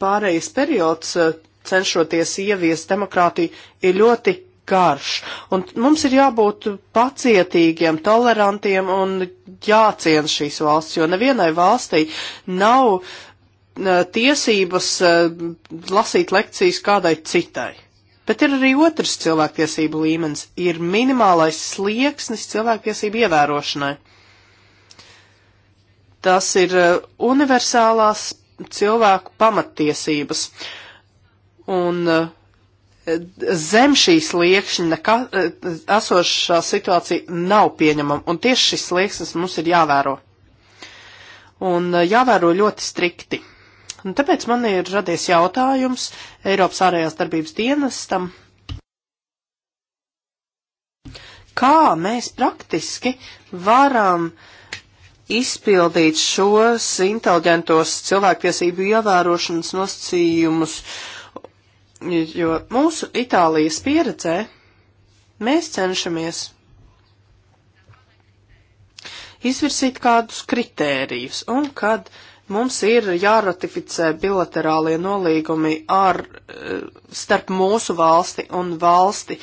pārejas periods eh, cenšoties ieviest demokrātiju ir ļoti garš, un mums ir jābūt pacietīgiem, tolerantiem un jāciena šīs valsts, jo nevienai valstī nav eh, tiesības eh, lasīt lekcijas kādai citai. Bet ir arī otrs cilvēktiesību līmenis - ir minimālais slieksnis cilvēktiesību ievērošanai. Tas ir eh, universālās cilvēku pamattiesības. Un eh, zem šīs sliekšņa nekā, eh, esošā situācija nav pieņemama, un tieši šis slieksnis mums ir jāvēro. Un jāvēro ļoti strikti. Un tāpēc man ir radies jautājums Eiropas ārējās darbības dienestam, kā mēs praktiski varam izpildīt šos inteliģentos cilvēktiesību ievērošanas nosacījumus, jo mūsu Itālijas pieredzē mēs cenšamies izvirsīt kādus kritērijus, un kad uh, Mums ir jāratificē bilaterālie nolīgumi ar, eh, starp mūsu valsti un valsti,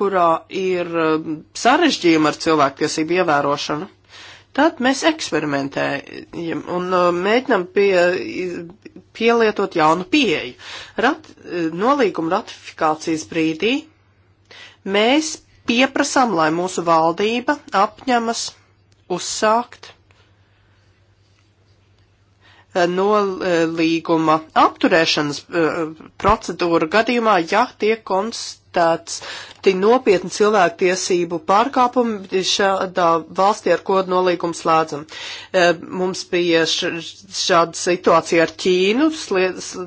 kurā ir eh, sarežģījumi ar cilvēktiesību ievērošanu. Tad mēs eksperimentējam un eh, mēģinam pie, pielietot jaunu pieeju. Rat, nolīguma ratifikācijas brīdī mēs pieprasām, lai mūsu valdība apņemas uzsākt nolīguma apturēšanas e, procedūra gadījumā, ja tiek konstatēts tik nopietni cilvēktiesību pārkāpumi šādā valstī, ar ko nolīgumu slēdzam. E, mums bija šāda situācija ar Ķīnu,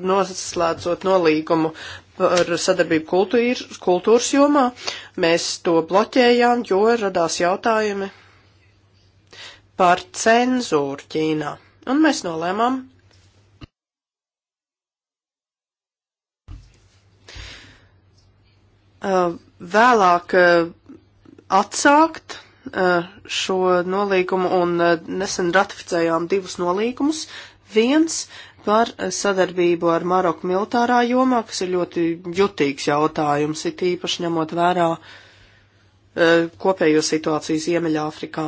noslēdzot nolīgumu par sadarbību kultūras, kultūras jomā. Mēs to bloķējām, jo radās jautājumi par cenzūru Ķīnā. Un mēs nolēmām. Uh, vēlāk uh, atsākt uh, šo nolīgumu un nesen ratificējām divus nolīgumus. Viens par sadarbību ar Maroku militārā jomā, kas ir ļoti jutīgs jautājums, it īpaši ņemot vērā kopējo situāciju Ziemeļāfrikā.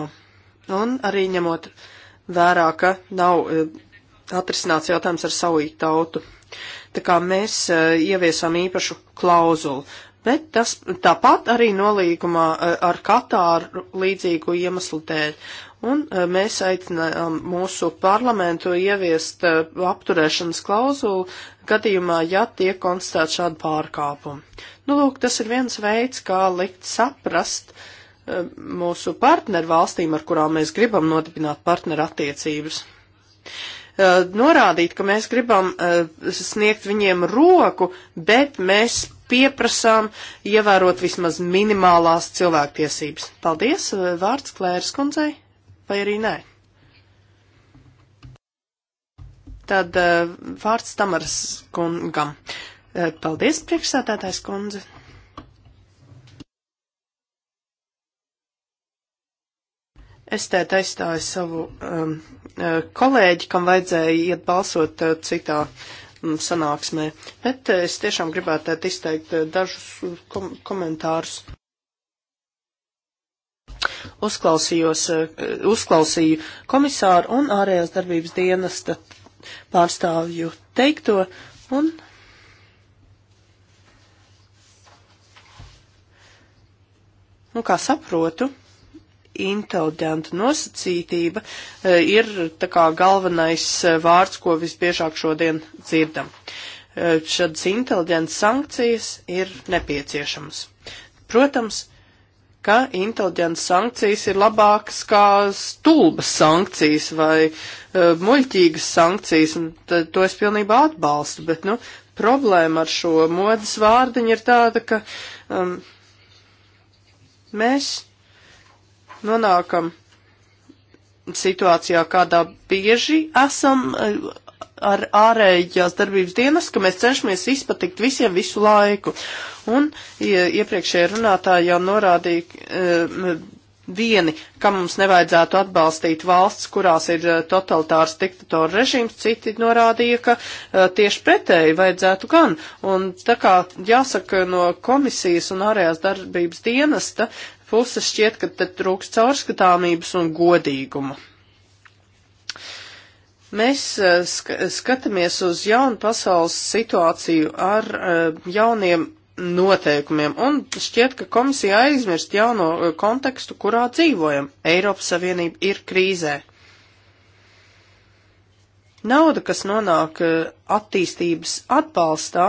Un arī ņemot vērā vērā, ka nav e, atrisināts jautājums ar savu tautu. Tā kā mēs e, ieviesām īpašu klauzulu. Bet tas tāpat arī nolīgumā e, ar Katāru līdzīgu iemeslu dēļ. Un mēs aicinām mūsu parlamentu ieviest apturēšanas klauzulu gadījumā, ja tiek konstatēt šādu pārkāpumu. Nu, lūk, tas ir viens veids, kā likt saprast uh, mūsu partneru valstīm, ar kurām mēs gribam nodibināt partneru attiecības. Eh, norādīt, ka mēs gribam eh, sniegt viņiem roku, bet mēs pieprasām ievērot vismaz minimālās cilvēktiesības. Paldies, eh, vārds Klēras kundzei, vai arī nē? Tad vārds Tamaras kungam. Paldies, priekšsētētājs kundze. Es tēt aizstāju savu um, uh, kolēģi, kam vajadzēja iet balsot uh, citā um, sanāksmē, bet uh, es tiešām gribētu tēt izteikt uh, dažus uh, kom komentārus. Uzklausījos, uh, uzklausīju komisāru un ārējās darbības dienesta pārstāvju teikto un Un nu, kā saprotu, inteliģenta nosacītība e, ir tā kā galvenais e, vārds, ko visbiežāk šodien dzirdam. E, šādas inteliģentas sankcijas ir nepieciešamas. Protams, ka inteliģentas sankcijas ir labākas kā stulbas sankcijas vai uh, muļķīgas sankcijas, un tad, to es pilnībā atbalstu, bet, nu, problēma ar šo modas vārdiņu ir tāda, ka um, mēs nonākam situācijā, kādā bieži esam eh, ar ārējās darbības dienas, ka mēs cenšamies izpatikt visiem visu laiku. Un ja iepriekšējā runātāja jau norādīja eh, vieni, ka mums nevajadzētu atbalstīt valsts, kurās ir eh, totalitārs diktatora režīms, citi norādīja, ka uh, tieši pretēji vajadzētu gan. Un tā kā jāsaka no komisijas un ārējās darbības dienesta, puses šķiet, ka te trūks caurskatāmības un godīguma. Mēs eh, sk skatāmies uz jaunu pasaules situāciju ar eh, jauniem noteikumiem, un šķiet, ka komisija aizmirst jauno eh, kontekstu, kurā dzīvojam. Eiropas Savienība ir krīzē. Nauda, kas nonāk attīstības atbalstā,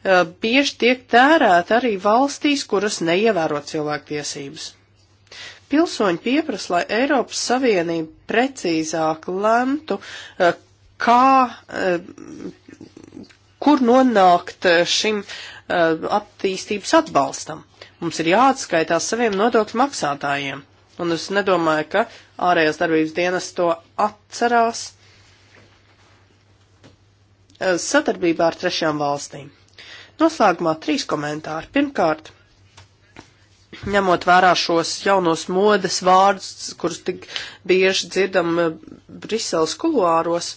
Uh, bieži tiek tērēta arī valstīs, kuras neievēro cilvēktiesības. Pilsoņi pieprasa, lai Eiropas Savienība precīzāk lemtu, uh, kā, uh, kur nonākt šim attīstības atbalstam. Mums ir jāatskaitās saviem nodokļu maksātājiem, un es nedomāju, ka ārējās darbības dienas to atcerās sadarbībā ar trešām valstīm. Noslēgumā trīs komentāri. Pirmkārt, ņemot vērā šos jaunos modes vārdus, kurus tik bieži dzirdam eh, Briseles kuluāros,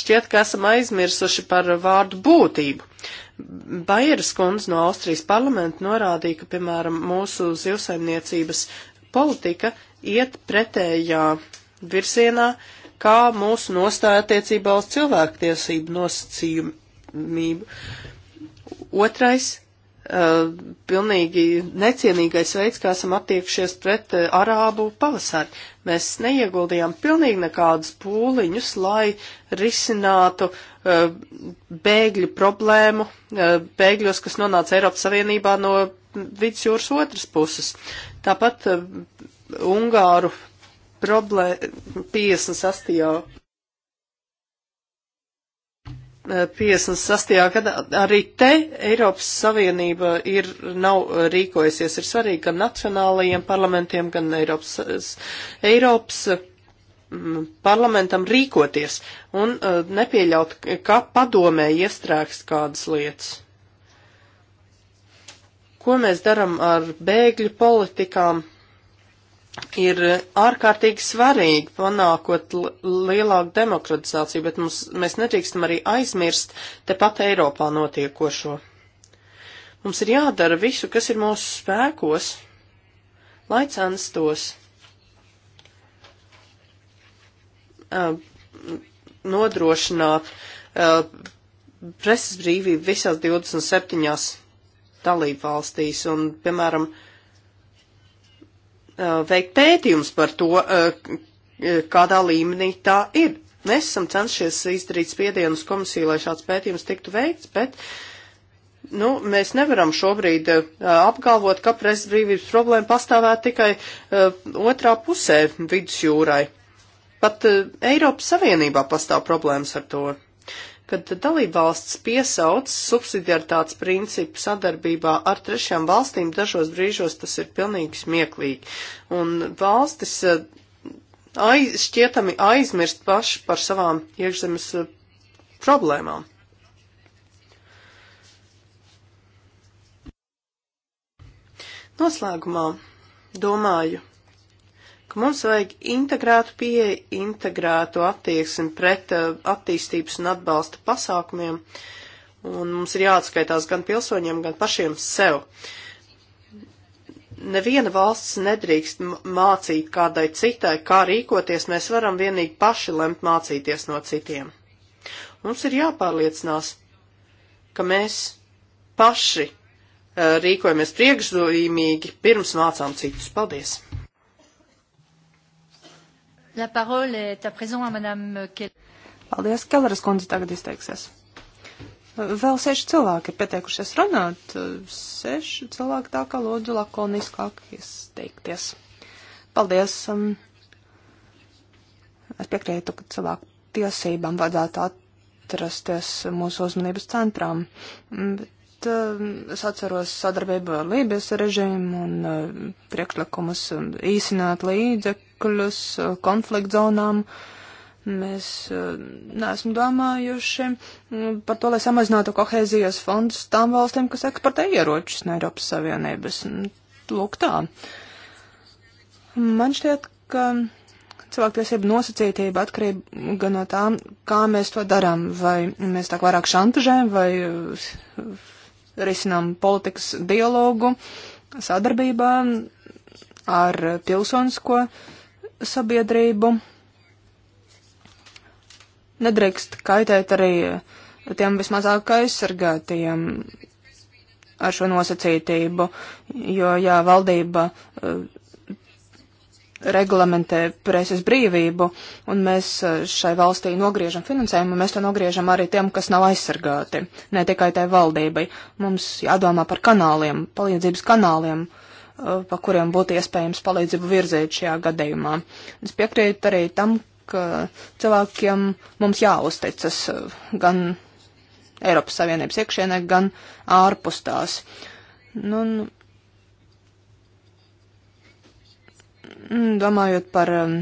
šķiet, ka esam aizmirsuši par vārdu būtību. Bairas kundze no Austrijas parlamenta norādīja, ka, piemēram, mūsu zivsaimniecības politika iet pretējā virzienā, uh, kā mūsu nostāja attiecībā uz cilvēktiesību nosacījumību. Otrais uh, pilnīgi necienīgais veids, kā esam attiekšies pret uh, arābu pavasari. Mēs neieguldījām pilnīgi nekādus pūliņus, lai risinātu uh, bēgļu problēmu, bēgļos, kas nonāca Eiropas Savienībā no vidusjūras otras puses. Tāpat Ungāru problēma 58. 56. gadā arī te Eiropas Savienība ir, nav rīkojusies. Ir svarīgi gan nacionālajiem parlamentiem, gan Eiropas, Eiropas mm, parlamentam rīkoties un eh, nepieļaut, ka padomē iestrēgs kādas lietas ko mēs darām ar bēgļu politikām, ir ārkārtīgi svarīgi panākot lielāku demokratizāciju, bet mums, mēs nedrīkstam arī aizmirst te pat Eiropā notiekošo. Mums ir jādara visu, kas ir mūsu spēkos, lai censtos uh, nodrošināt uh, preses brīvību visās 27 dalību valstīs un, piemēram, uh, Uh, veikt pētījums par to, uh, kādā līmenī tā ir. Mēs esam cenšies izdarīt spiedienus komisiju, lai šāds pētījums tiktu veikts, bet nu, mēs nevaram šobrīd uh, apgalvot, ka presas brīvības problēma pastāvētu tikai otrā pusē vidusjūrai. Pat Eiropas Savienībā pastāv problēmas ar to kad dalībvalsts piesauc subsidiaritātes principu sadarbībā ar trešām valstīm, dažos brīžos tas ir pilnīgi smieklīgi. Un valstis eh, aiz, šķietami aizmirst paši par savām iekšzemes eh, problēmām. Noslēgumā domāju, ka mums vajag integrētu pieeju, integrētu attieksmi pret uh, attīstības un atbalsta pasākumiem, un mums ir jāatskaitās gan pilsoņiem, gan pašiem sev. Neviena valsts nedrīkst mācīt kādai citai, kā rīkoties, mēs varam vienīgi paši lemt mācīties no citiem. Mums ir jāpārliecinās, ka mēs paši uh, rīkojamies priekšdomīgi pirms mācām citus. Paldies! La parole est à présent à madame Keller. Paldies, Kelleras kundze tagad izteiksies. Vēl seši cilvēki ir pieteikušies runāt. Seši cilvēki tā kā lūdzu lakoniskāk izteikties. Paldies. Um, es piekrītu, ka cilvēku tiesībām vajadzētu atrasties mūsu uzmanības centrām. Bet um, Um, es atceros sadarbību ar Lībijas režīmu un uh, priekšlikumus um, īsināt līdzekļus uh, konflikt zonām. Mēs uh, neesam domājuši mm, par to, lai samazinātu kohēzijas fondus tām valstīm, kas eksportē ieročus no Eiropas Savienības. Lūk tā. Man šķiet, ka cilvēktiesība nosacītība atkarība gan no tā, kā mēs to darām, vai mēs tā vairāk šantažējam, vai risinām politikas dialogu sadarbībā ar pilsonisko sabiedrību. Nedrīkst kaitēt arī tiem vismazāk aizsargātajiem ar šo nosacītību, jo, ja valdība eh, reglamentē preses brīvību, un mēs e, šai valstī nogriežam finansējumu, un mēs to nogriežam arī tiem, kas nav aizsargāti, ne tikai tai valdībai. Mums jādomā par kanāliem, palīdzības kanāliem, e, pa kuriem būtu iespējams palīdzību virzīt šajā gadījumā. Es piekrītu arī tam, ka cilvēkiem mums jāuzticas e, gan Eiropas Savienības iekšienē, gan ārpus tās. Nu, Mm, domājot par um,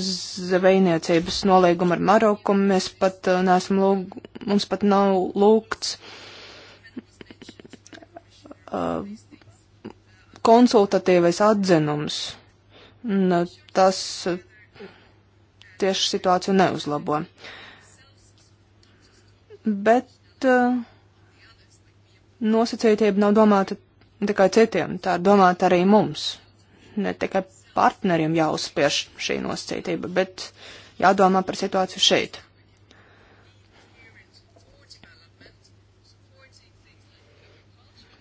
zvejniecības nolīgumu ar Maroku, mēs pat uh, neesam lūg, mums pat nav lūgts uh, konsultatīvais atzinums. Uh, tas tieši situāciju neuzlabo. Bet nosacītība nav domāta tikai citiem, tā ir domāta arī mums, ne tikai partneriem jāuzspiež šī nosacītība, bet jādomā par situāciju šeit.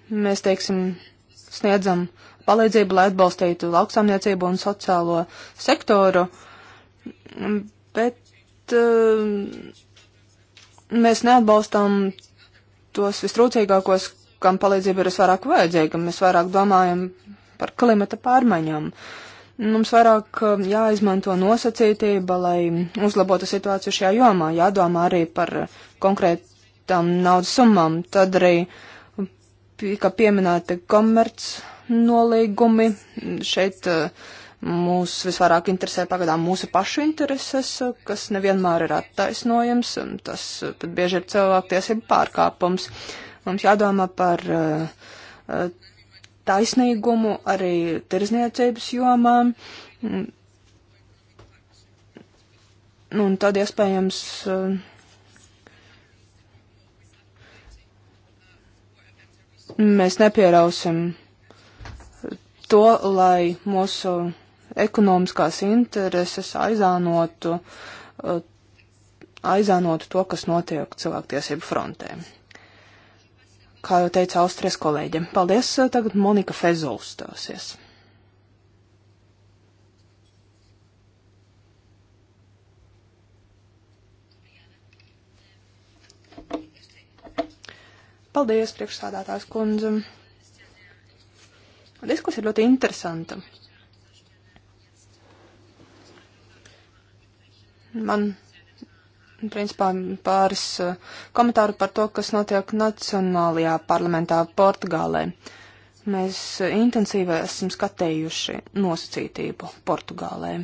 Mēs, teiksim, sniedzam palīdzību, lai atbalstītu lauksaimniecību un sociālo sektoru, bet uh, mēs neatbalstām tos vistrūcīgākos, kam palīdzība ir visvairāk vajadzīga. Mēs vairāk domājam par klimata pārmaiņām. Uh, Mums vairāk um, jāizmanto nosacītība, lai uzlabotu situāciju šajā jomā, jādomā arī par konkrētām naudas summām. Tad arī, kā pieminēti, komerc nolīgumi. Šeit uh, mūs visvairāk interesē pagadām mūsu pašu intereses, uh, kas nevienmēr ir attaisnojams, un tas pat uh, bieži ir cilvēktiesība pārkāpums. Mums jādomā par uh, taisnīgumu arī tirzniecības jomā. Mm. Un tad iespējams. Uh, mēs nepierausim to, lai mūsu ekonomiskās intereses aizānotu, uh, aizānotu to, kas notiek cilvēktiesību frontē kā jau teica Austrijas kolēģiem. Paldies, eh, tagad Monika Fezo uzstāsies. Paldies, priekšsādātājs kundze. Diskusija ļoti interesanta. Man principā pāris uh, komentāru par to, kas notiek Nacionālajā parlamentā Portugālē. Mēs uh, intensīvi esam skatējuši nosacītību Portugālē.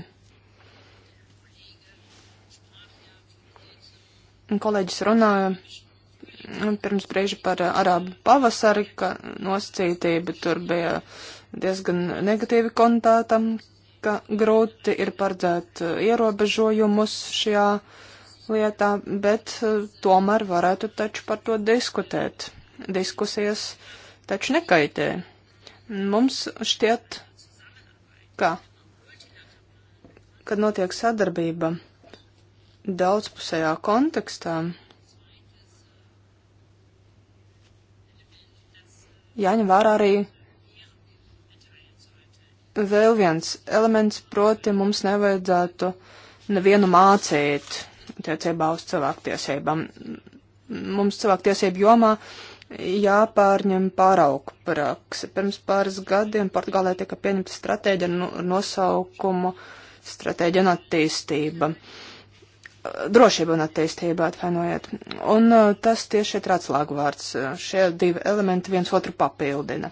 Kolēģis runāja nu, pirms brīža par uh, arābu pavasari, ka nosacītība tur bija diezgan negatīvi kontēta, ka grūti ir paredzēt ierobežojumus šajā lietā, bet e, tomēr varētu taču par to diskutēt. Diskusijas taču nekaitē. Mums šķiet, ka, kad notiek sadarbība daudzpusējā kontekstā, jāņem vērā arī vēl viens elements, proti mums nevajadzētu nevienu mācīt attiecībā uz cilvēktiesībām. Mums cilvēktiesību jomā jāpārņem pārauku prakse. Pirms pāris gadiem Portugālē tika pieņemta stratēģija ar nosaukumu Stratēģija un attīstība. Drošība un attīstība, atvainojiet. Un uh, tas tieši ir atslēgvārds. Šie divi elementi viens otru papildina.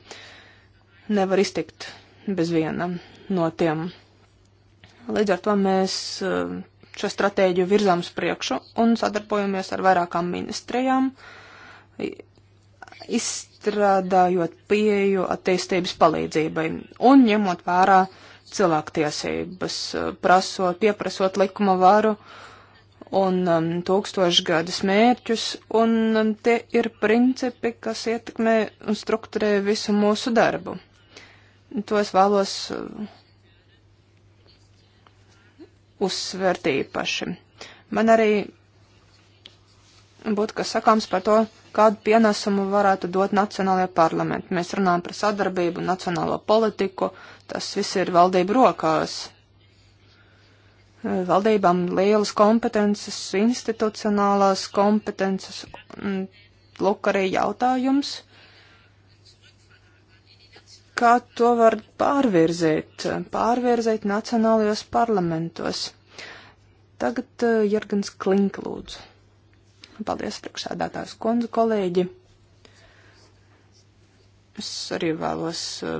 Nevar iztikt bez viena no tiem. Līdz ar to mēs uh, šo stratēģiju virzām uz priekšu un sadarbojamies ar vairākām ministrijām, izstrādājot pieeju attīstības palīdzībai un ņemot vērā cilvēktiesības, prasot, pieprasot likuma varu un um, tūkstošgadas mērķus, un um, tie ir principi, kas ietekmē un strukturē visu mūsu darbu. To es vēlos uh, uzsvert īpaši. Man arī būtu kas sakāms par to, kādu pienesumu varētu dot nacionālajie parlamenti. Mēs runājam par sadarbību, nacionālo politiku, tas viss ir valdību rokās. Valdībām lielas kompetences, institucionālās kompetences, un lūk arī jautājums kā to var pārvirzīt, pārvirzīt nacionālajos parlamentos. Tagad uh, Jurgens Klink lūdzu. Paldies, priekšsēdētājs kundze, kolēģi. Es arī vēlos uh,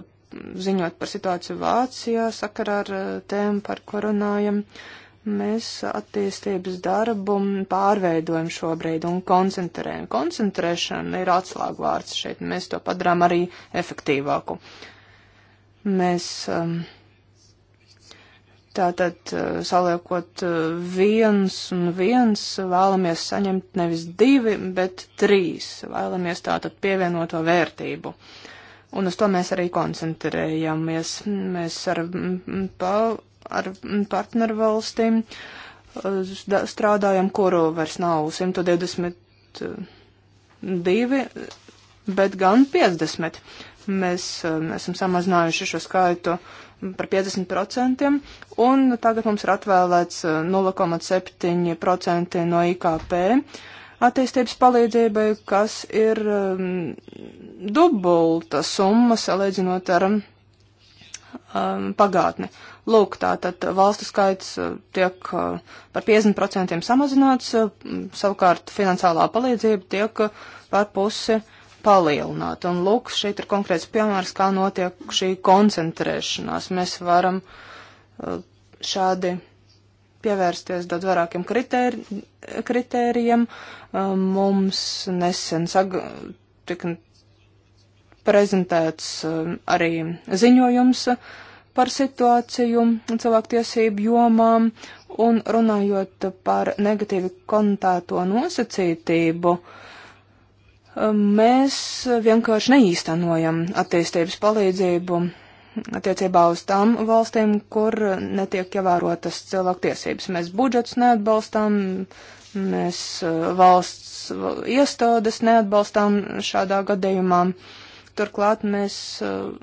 ziņot par situāciju Vācijā sakarā ar uh, tēmu, par ko runājam. Uh, mēs attīstības darbu pārveidojam šobrīd un koncentrējam. Koncentrēšana ir atslēgvārds šeit, mēs to padarām arī efektīvāku. Mēs um, tātad uh, saliekot uh, viens un viens vēlamies saņemt nevis divi, bet trīs, vēlamies tātad pievienoto vērtību. Un uz to mēs arī koncentrējamies. Mēs ar pa ar partneru valstīm strādājam, kuru vairs nav 122, eh, bet gan 50. Mēs eh, esam samazinājuši šo skaitu par 50%, un tagad mums ir atvēlēts 0,7% eh, no IKP attīstības palīdzībai, kas ir dubulta summa salīdzinot ar um, pagātni. Uh, Lūk, tātad valstu skaits uh, tiek uh, par 50% samazināts, uh, savukārt finansālā palīdzība tiek par pusi palielināta. Un lūk, šeit ir konkrēts piemērs, kā notiek šī koncentrēšanās. Mēs varam šādi pievērsties daudz vairākiem kritēri, kritērijiem. Mums nesen saga, tika prezentēts arī ziņojums par situāciju cilvēktiesību jomām un runājot par negatīvi kontēto nosacītību, um, mēs vienkārši neīstenojam attīstības palīdzību attiecībā uz tām valstīm, kur netiek ievērotas cilvēktiesības. Mēs budžets neatbalstām, mēs uh, valsts uh, iestādes neatbalstām šādā gadījumā. Turklāt mēs uh,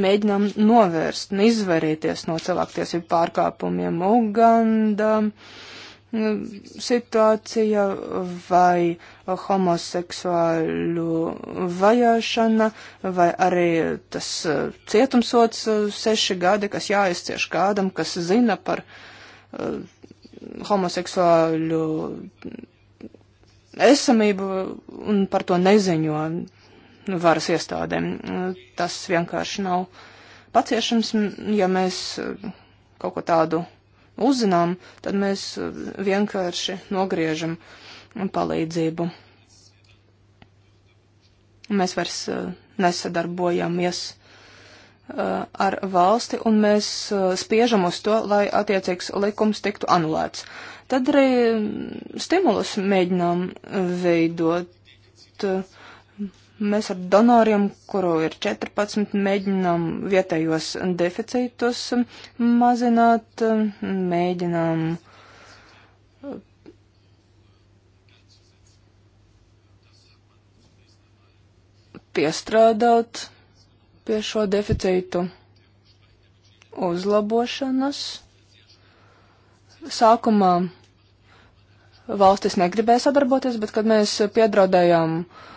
mēģinām novērst un izvairīties no cilvēktiesību pārkāpumiem Uganda mm, situācija vai homoseksuāļu vajāšana vai arī tas eh, cietumsots eh, seši gadi, kas jāizcieš kādam, kas zina par uh, homoseksuāļu esamību un par to neziņo varas iestādēm. Tas vienkārši nav paciešams. Ja mēs kaut ko tādu uzzinām, tad mēs vienkārši nogriežam palīdzību. Mēs vairs e, nesadarbojamies e, ar valsti un mēs e, spiežam uz to, lai attiecīgs likums tiktu anulēts. Tad arī stimulus mēģinām veidot uh, Mēs ar donoriem, kuru ir 14, mēģinām vietējos deficītus mazināt, mēģinām uh, piestrādāt pie šo deficītu uzlabošanas. Sākumā valstis negribēja sadarboties, bet kad mēs piedraudējām uh,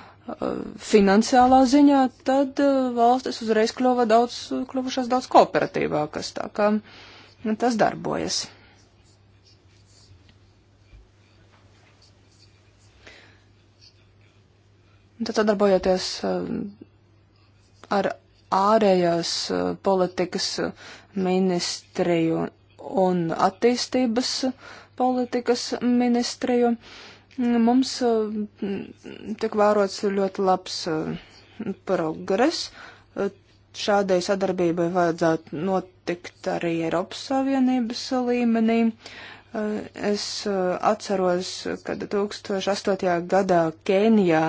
finansiālā ziņā, tad uh, valstis uzreiz kļuva daudz, kļuvušas daudz kooperatīvākas, tā kā nu, tas darbojas. Tad sadarbojoties uh, ar ārējās uh, politikas ministriju un attīstības politikas ministriju, uh, Mums eh, tiek vērots ļoti labs eh, progress. Eh, šādai sadarbībai vajadzētu notikt arī Eiropas Savienības līmenī. Es atceros, kad 2008. gadā Kenijā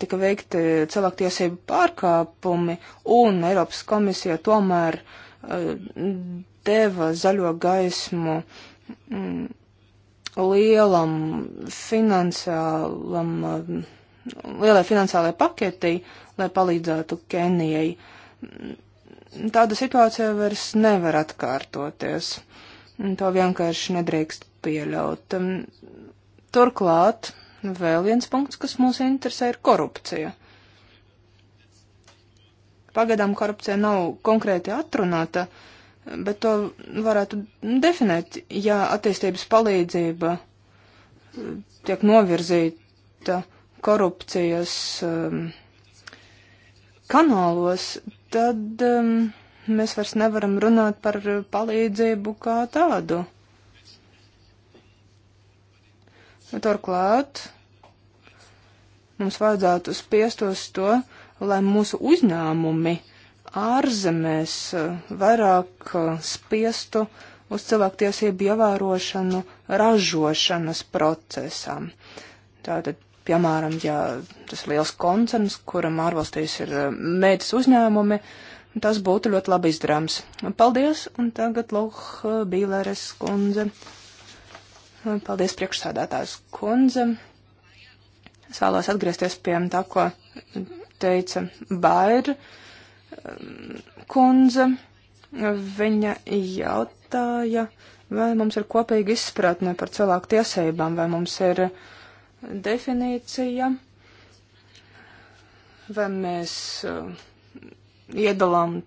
tika veikti cilvēktiesību pārkāpumi, un Eiropas komisija tomēr deva zaļo gaismu mm, lielam finansiālam, lielai finansiālajai paketī, lai palīdzētu Kenijai. Tāda situācija vairs nevar atkārtoties. To vienkārši nedrīkst pieļaut. Turklāt vēl viens punkts, kas mūs interesē, ir korupcija. Pagaidām korupcija nav konkrēti atrunāta. Uh, bet to varētu definēt, ja attīstības palīdzība eh, tiek novirzīta korupcijas um, ehm, kanālos, tad um, mēs vairs nevaram runāt par palīdzību kā tādu. Turklāt mums vajadzētu spiestos to, lai mūsu uzņēmumi ārzemēs eh, vairāk eh, spiestu uz cilvēktiesību ievērošanu ražošanas procesām. Tātad, piemēram, ja tas ir liels koncerns, kuram ārvalstīs ir eh, mēdis uzņēmumi, tas būtu ļoti labi izdarāms. Paldies, un tagad Loh Bīlēres kundze. Paldies, priekšsādātājs kundze. Es vēlos atgriezties pie tā, ko teica Baira kundze. Viņa jautāja, vai mums ir kopīga izpratne par cilvēku tiesībām, vai mums ir definīcija, vai mēs uh, iedalām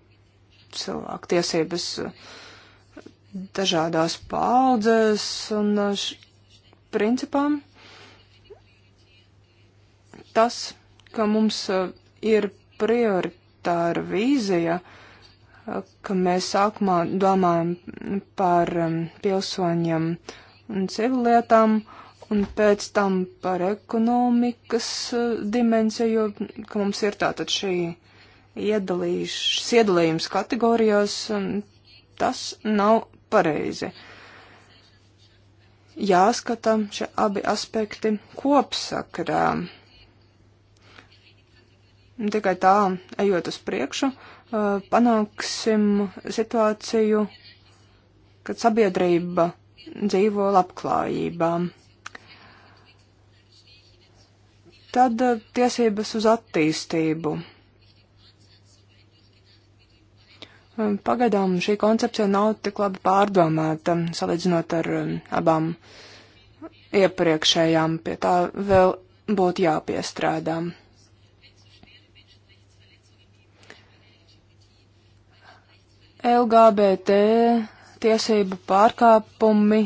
cilvēku tiesības uh, dažādās paudzēs un uh, principām. Tas, ka mums ir prioritāte prioritāra vīzija, ka mēs sākumā domājam par um, pilsoņiem un civilietām, un pēc tam par ekonomikas uh, dimensiju, ka mums ir tātad šī iedalīš, šis iedalījums kategorijās, tas nav pareizi. Jāskata šie abi aspekti kopsakrā Tikai tā, ejot uz priekšu, uh, panāksim situāciju, kad sabiedrība dzīvo labklājībā. Tad uh, tiesības uz attīstību. Uh, pagaidām šī koncepcija nav tik labi pārdomāta, salīdzinot ar um, abām iepriekšējām, pie tā vēl būtu jāpiestrādā. LGBT tiesību pārkāpumi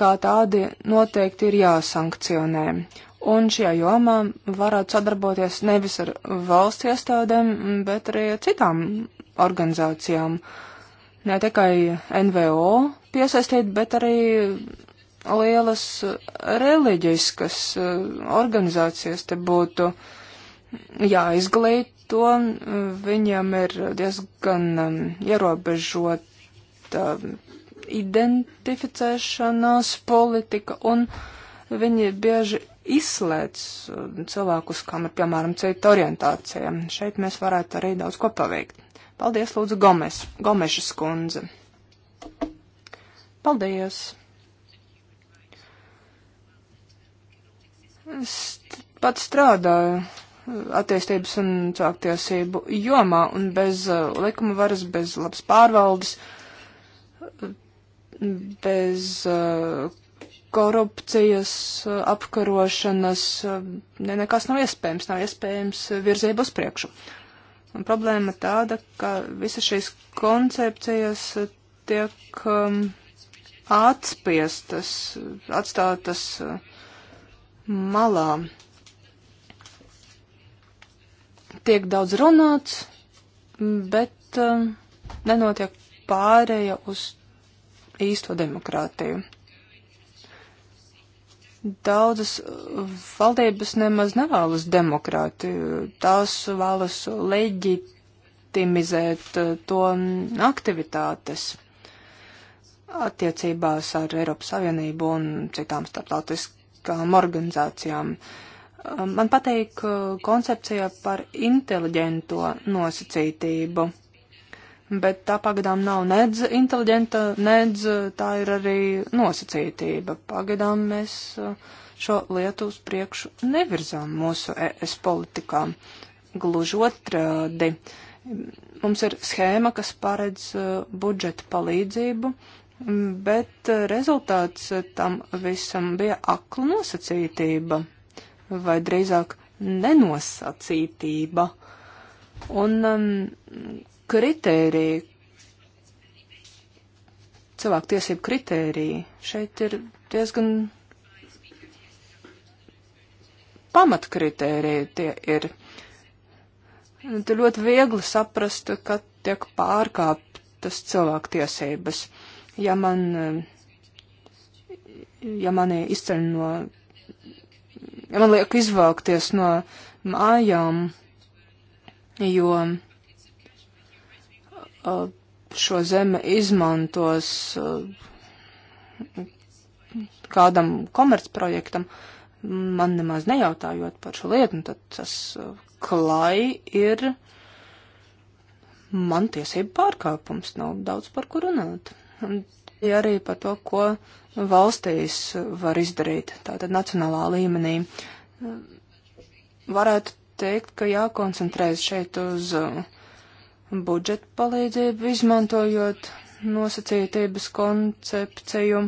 kā tādi noteikti ir jāsankcionē. Un šajā jomā varētu sadarboties nevis ar valsts iestādēm, bet arī citām organizācijām. Ne tikai NVO piesaistīt, bet arī lielas reliģiskas organizācijas te būtu jāizglīt to viņam ir diezgan um, ierobežota um, identificēšanās politika, un viņi bieži izslēdz um, cilvēkus, kam ir, piemēram, cita orientācija. Šeit mēs varētu arī daudz ko paveikt. Paldies, lūdzu, Gomes, Gomeša skundze. Paldies. Es pat strādāju attīstības un cilvēktiesību jomā, un bez uh, likuma varas, bez labas pārvaldes, bez uh, korupcijas uh, apkarošanas, uh, ne, nekas nav iespējams, nav iespējams virzība uz priekšu. Un problēma tāda, ka visas šīs koncepcijas tiek um, atspiestas, atstātas uh, malā tiek daudz runāts, bet uh, nenotiek pārēja uz īsto demokrātiju. Daudzas valdības nemaz nevēlas demokrātiju, tās vēlas leģitimizēt uh, to aktivitātes attiecībās ar Eiropas Savienību un citām starptautiskām organizācijām. Uh, Man patīk uh, koncepcija par inteliģento nosacītību, bet tā pagadām nav nedz inteliģenta, nedz uh, tā ir arī nosacītība. Pagadām mēs uh, šo lietu uz priekšu nevirzām mūsu ES politikā. Gluži otrādi. Mums ir schēma, kas paredz budžeta palīdzību, bet rezultāts tam visam bija akla nosacītība vai drīzāk nenosacītība un um, kritērija, cilvēku tiesību kritērija šeit ir diezgan pamatkritērija tie ir. Te ļoti viegli saprast, ka tiek pārkāptas cilvēku tiesības. Ja man, um, ja mani izceļ no man liek izvākties no mājām, jo šo zemi izmantos kādam komercprojektam, man nemaz nejautājot par šo lietu, nu, tad tas klai ir man tiesību pārkāpums, nav daudz par kur runāt. Un arī par to, ko valstīs var izdarīt, tātad nacionālā līmenī. Varētu teikt, ka jākoncentrēs šeit uz uh, budžeta palīdzību, izmantojot nosacītības koncepciju.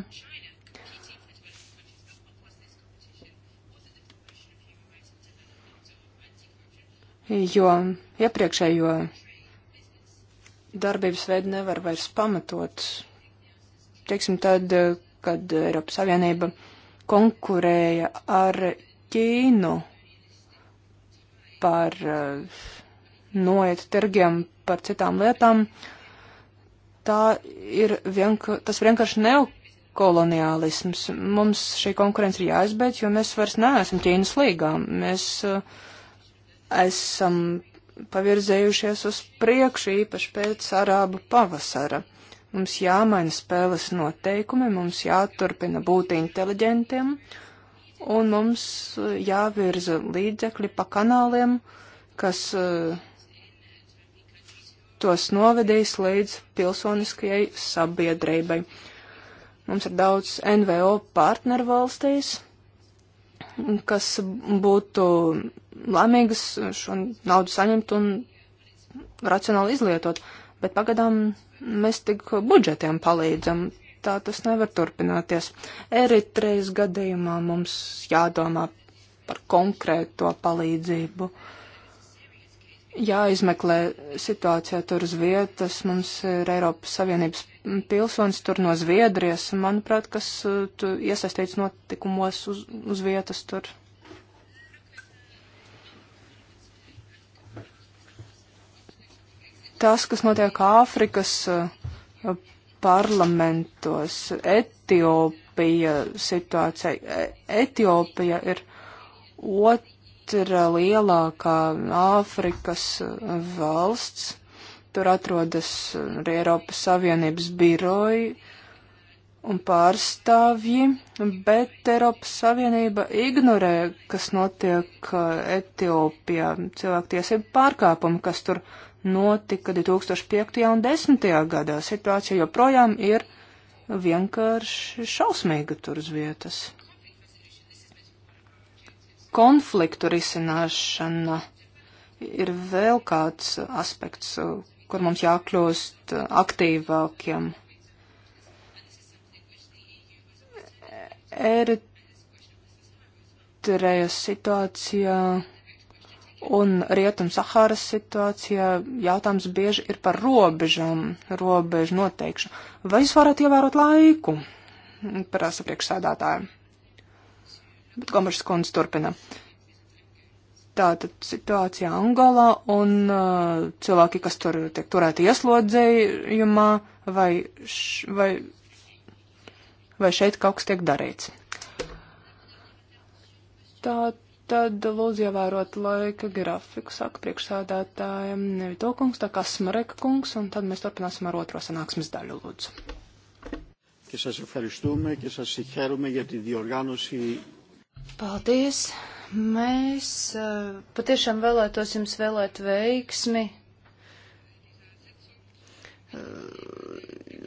Jo iepriekšējo darbības veidu nevar vairs pamatot. Teiksim, tad uh, kad Eiropas Savienība konkurēja ar Ķīnu par eh, noietu tirgiem, par citām lietām. Tā ir vienkār, tas vienkārši neokoloniālisms. Mums šī konkurence ir jāizbeidz, jo mēs vairs neesam Ķīnas līgā. Mēs eh, esam pavirzējušies uz priekšu, īpaši pēc arābu pavasara. Mums jāmaina spēles noteikumi, mums jāturpina būt inteliģentiem, un mums eh, jāvirza līdzekļi pa kanāliem, kas eh, tos novedīs līdz pilsoniskajai sabiedrībai. Mums ir daudz NVO partneru valstīs, kas būtu laimīgas šo naudu saņemt un racionāli izlietot, bet pagadām Mēs tik budžetiem palīdzam, tā tas nevar turpināties. Eritrejas gadījumā mums jādomā par konkrēto palīdzību. Jāizmeklē situācija tur uz vietas. Mums ir Eiropas Savienības pilsonis tur no Zviedrijas, manuprāt, kas uh, tu, iesaistīts notikumos uz, uz vietas tur. tas, kas notiek Āfrikas eh, parlamentos, Etiopija situācija. E, Etiopija ir otra lielākā Āfrikas valsts. Tur atrodas arī Eiropas Savienības biroji un pārstāvji, bet Eiropas Savienība ignorē, kas notiek eh, Etiopijā, cilvēktiesību pārkāpumi, kas tur notiek notika 2005. un 2010. gadā. Situācija joprojām ir vienkārši šausmīga tur uz vietas. Konfliktu risināšana ir vēl kāds aspekts, kur mums jākļūst aktīvākiem. Eritrejas situācijā Un Rietum Saharas situācijā jautājums bieži ir par robežām, robežu noteikšanu. Vai jūs varat ievērot laiku? Prasa priekšsēdātāja. Bet Gomašs kundze turpina. Tātad situācija Angolā un uh, cilvēki, kas tur tiek turēti ieslodzējumā, vai, š, vai, vai šeit kaut kas tiek darīts. Tātad Tad lūdzu ievērot laika grafiku, saka priekšsādātājiem Nevi Tokungs, tā kā Smareka kungs, un tad mēs turpināsim ar otro sanāksmes daļu, lūdzu. Και σας ευχαριστούμε και σας συγχαίρουμε για τη διοργάνωση. Paldies! Mēs patiešām vēlētos jums vēlēt veiksmi eh,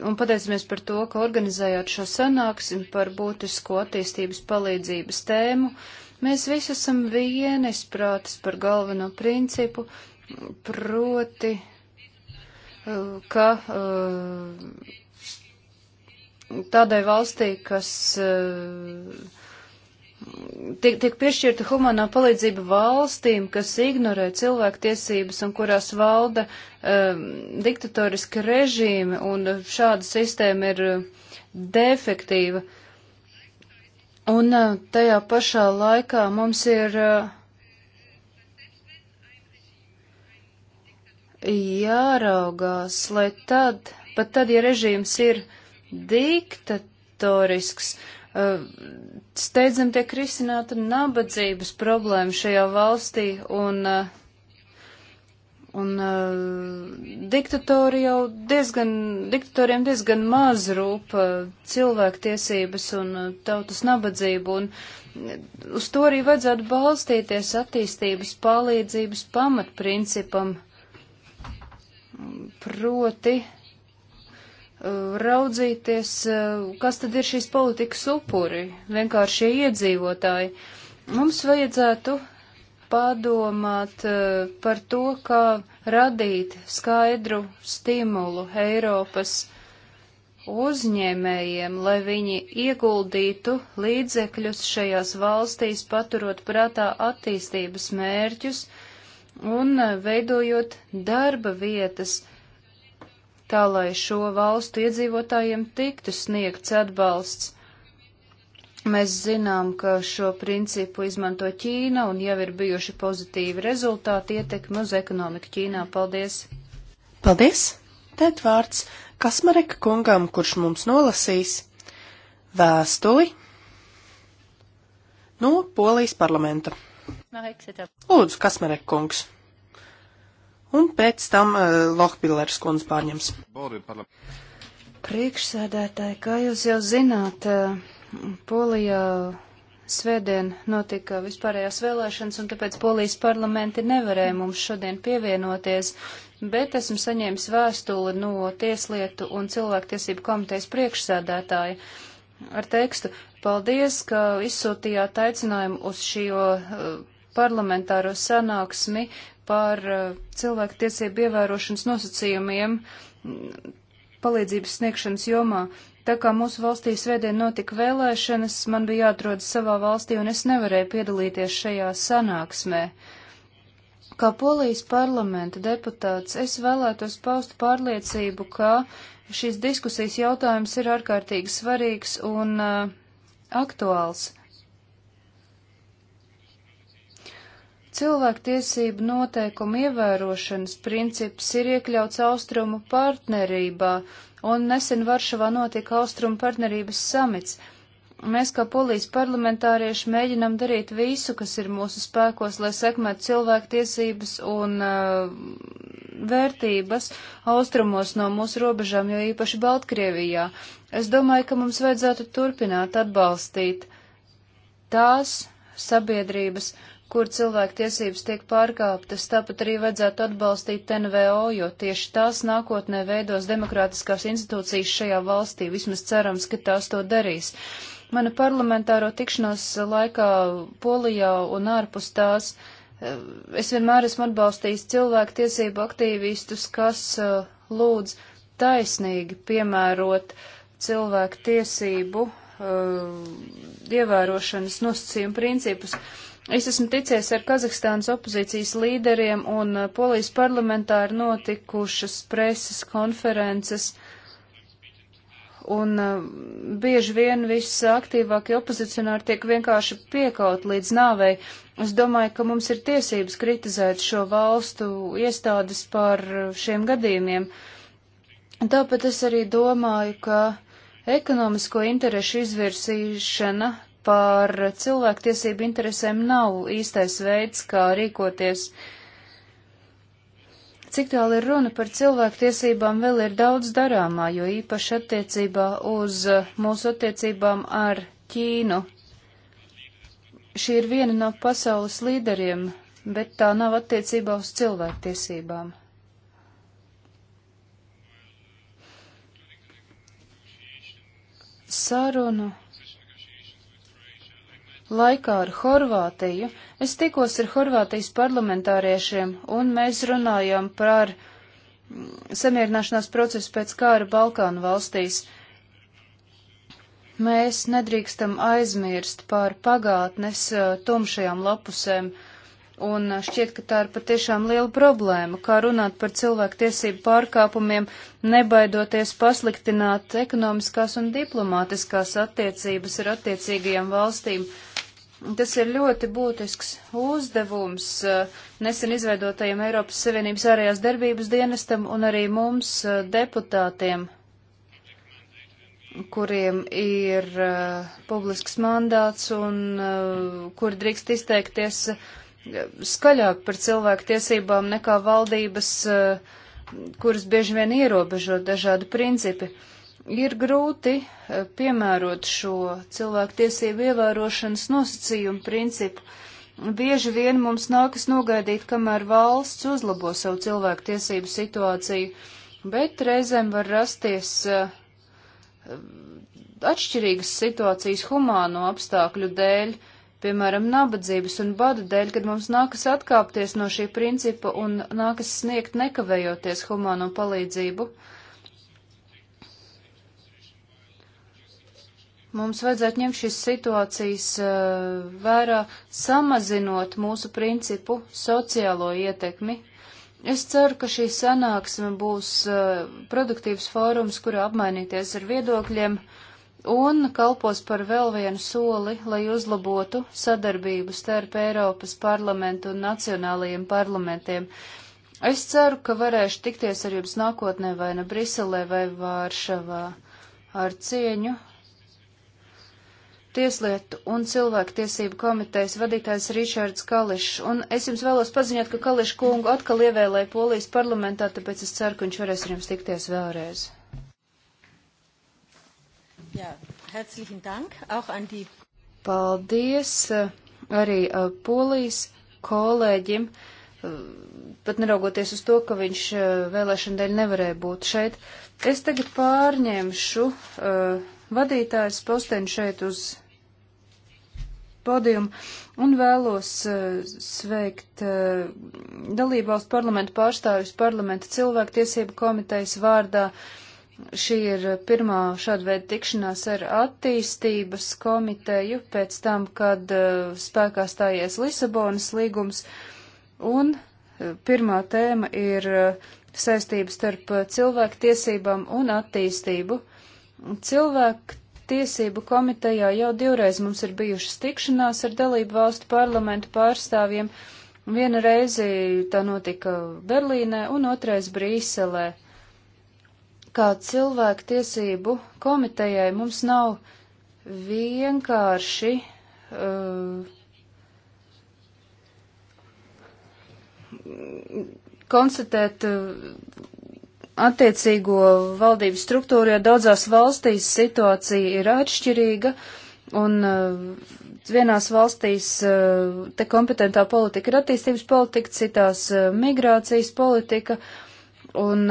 un pateicamies par to, ka organizējāt šo sanāksmi par būtisko attīstības palīdzības tēmu. Mēs visi esam vienisprātis par galveno principu, proti, eh, ka eh, tādai valstī, kas eh, tiek, tiek piešķirta humanā palīdzība valstīm, kas ignorē cilvēktiesības un kurās valda diktatoriski režīmi, un šāda sistēma ir defektīva. Uh, Un eh, tajā pašā laikā mums ir eh, jāraugās, lai tad, pat tad, ja režīms ir diktatorisks, eh, steidzam tiek risināta nabadzības problēma šajā valstī un uh, Un uh, diktatori jau diezgan, diktatoriem diezgan maz rūp uh, cilvēktiesības un uh, tautas nabadzību, un uh, uz to arī vajadzētu balstīties attīstības palīdzības pamatprincipam, proti uh, raudzīties, uh, kas tad ir šīs politikas upuri, vienkārši iedzīvotāji. Mums vajadzētu padomāt e, par to, kā radīt skaidru stimulu Eiropas uzņēmējiem, lai viņi ieguldītu līdzekļus šajās valstīs, paturot prātā attīstības mērķus un e, veidojot darba vietas, tā lai šo valstu iedzīvotājiem tiktu sniegts atbalsts. Mēs zinām, ka šo principu izmanto Ķīna un jau ir bijuši pozitīvi rezultāti ietekmi uz ekonomiku Ķīnā. Paldies! Paldies! Tēt vārds Kasmareka kungam, kurš mums nolasīs vēstuli no Polijas parlamenta. Lūdzu, Kasmareka kungs! Un pēc tam uh, Lohpillers kundz pārņems. Priekšsēdētāji, kā jūs jau zināt, uh, Polijā svētdien notika vispārējās vēlēšanas, un tāpēc Polijas parlamenti nevarēja mums šodien pievienoties, bet esmu saņēmis vēstuli no Tieslietu un cilvēktiesību komitejas priekšsēdētāja ar tekstu Paldies, ka izsūtījāt aicinājumu uz šo eh, parlamentāro sanāksmi par eh, cilvēktiesību ievērošanas nosacījumiem mm, palīdzības sniegšanas jomā. Tā kā mūsu valstī svētdien notika vēlēšanas, man bija jāatrodas savā valstī un es nevarēju piedalīties šajā sanāksmē. Kā polijas parlamenta deputāts, es vēlētos paust pārliecību, ka šīs diskusijas jautājums ir ārkārtīgi svarīgs un uh, aktuāls. Cilvēktiesību noteikumu ievērošanas princips ir iekļauts austrumu partnerībā, un nesen Varšavā notika Austrumu partnerības samits. Mēs kā polijas parlamentārieši mēģinam darīt visu, kas ir mūsu spēkos, lai sekmētu cilvēktiesības un uh, vērtības austrumos no mūsu robežām, jo īpaši Baltkrievijā. Es domāju, ka mums vajadzētu turpināt atbalstīt tās sabiedrības, uh, kur cilvēku tiesības tiek pārkāptas, tāpat arī vajadzētu atbalstīt NVO, jo tieši tās nākotnē veidos demokrātiskās institūcijas šajā valstī, vismaz cerams, ka tās to darīs. Mana parlamentāro tikšanos laikā Polijā un ārpus tās eh, es vienmēr esmu atbalstījis cilvēku tiesību aktīvistus, kas eh, lūdz taisnīgi piemērot cilvēku tiesību eh, ievērošanas nosacījumu principus. Uh, Es esmu ticies ar Kazahstānas opozīcijas līderiem un uh, polijas parlamentā ir notikušas preses konferences. Un uh, bieži vien viss aktīvākie opozicionāri tiek vienkārši piekaut līdz nāvei. Es domāju, ka mums ir tiesības kritizēt šo valstu iestādes par uh, šiem gadījumiem. Tāpēc es arī domāju, ka ekonomisko interešu izvirsīšana par cilvēktiesību interesēm nav īstais veids, kā rīkoties. Cik tālu ir runa par cilvēktiesībām, vēl ir daudz darāmā, jo īpaši attiecībā uz eh, mūsu attiecībām ar Ķīnu. Šī ir viena no pasaules līderiem, bet tā nav attiecībā uz cilvēktiesībām. Sarunu laikā ar Horvātiju. Es tikos ar Horvātijas parlamentāriešiem, un mēs runājām par mm, samierināšanās procesu pēc kāra Balkānu valstīs. Mēs nedrīkstam aizmirst par pagātnes tumšajām lapusēm, un šķiet, ka tā ir patiešām liela problēma, kā runāt par cilvēku tiesību pārkāpumiem, nebaidoties pasliktināt ekonomiskās un diplomātiskās attiecības ar attiecīgajām valstīm. Uh, Tas ir ļoti būtisks uzdevums eh, nesen izveidotajam Eiropas Savienības ārējās darbības dienestam un arī mums eh, deputātiem, kuriem ir eh, publisks mandāts un kuri drīkst izteikties skaļāk par cilvēku tiesībām nekā valdības, kuras bieži vien ierobežo dažādi principi. Uh, ir grūti eh, piemērot šo cilvēktiesību ievērošanas nosacījumu principu. Bieži vien mums nākas nogaidīt, kamēr valsts uzlabo savu cilvēktiesību situāciju, bet reizēm var rasties eh, atšķirīgas situācijas humāno apstākļu dēļ, piemēram, nabadzības un bada dēļ, kad mums nākas atkāpties no šī principa un nākas sniegt nekavējoties humāno palīdzību. Uh, Mums vajadzētu ņemt šīs situācijas eh, vērā, samazinot mūsu principu sociālo ietekmi. Es ceru, ka šī sanāksme būs eh, produktīvs fórums, kurā apmainīties ar viedokļiem un kalpos par vēl vienu soli, lai uzlabotu sadarbību starp Eiropas parlamentu un nacionālajiem parlamentiem. Es ceru, ka varēšu tikties ar jums nākotnē vai ne nu Briselē vai Vāršavā. Ar cieņu Tieslietu un cilvēktiesību komitejas vadītājs Ričards Kališs, un es jums vēlos paziņot, ka Kališa kungu atkal ievēlēja Polijas parlamentā, tāpēc es ceru, ka viņš varēs ar jums tikties vēlreiz. Jā, herzlichen dank, auch an die. Paldies eh, arī eh, Polijas kolēģim, eh, pat neraugoties uz to, ka viņš vēlēšana dēļ nevarēja būt šeit. Es tagad pārņemšu vadītājs posteņu šeit uz podiumu un vēlos eh, sveikt eh, dalībvalstu parlamentu pārstāvis parlamenta cilvēktiesību komitejas vārdā. Šī ir pirmā šāda veida tikšanās ar attīstības komiteju pēc tam, kad eh, spēkā stājies Lisabonas līgums. Un pirmā tēma ir saistība starp cilvēku tiesībām un attīstību. Cilvēku Tiesību komitejā jau divreiz mums ir bijušas tikšanās ar dalību valstu parlamentu pārstāvjiem. Viena reizi tā notika Berlīnē un otrais Brīselē. Kā cilvēku tiesību komitejai mums nav vienkārši uh, konstatēt uh, attiecīgo valdību struktūru, jo daudzās valstīs situācija ir atšķirīga, un eh, vienās valstīs eh, te kompetentā politika ir attīstības politika, citās eh, migrācijas politika, un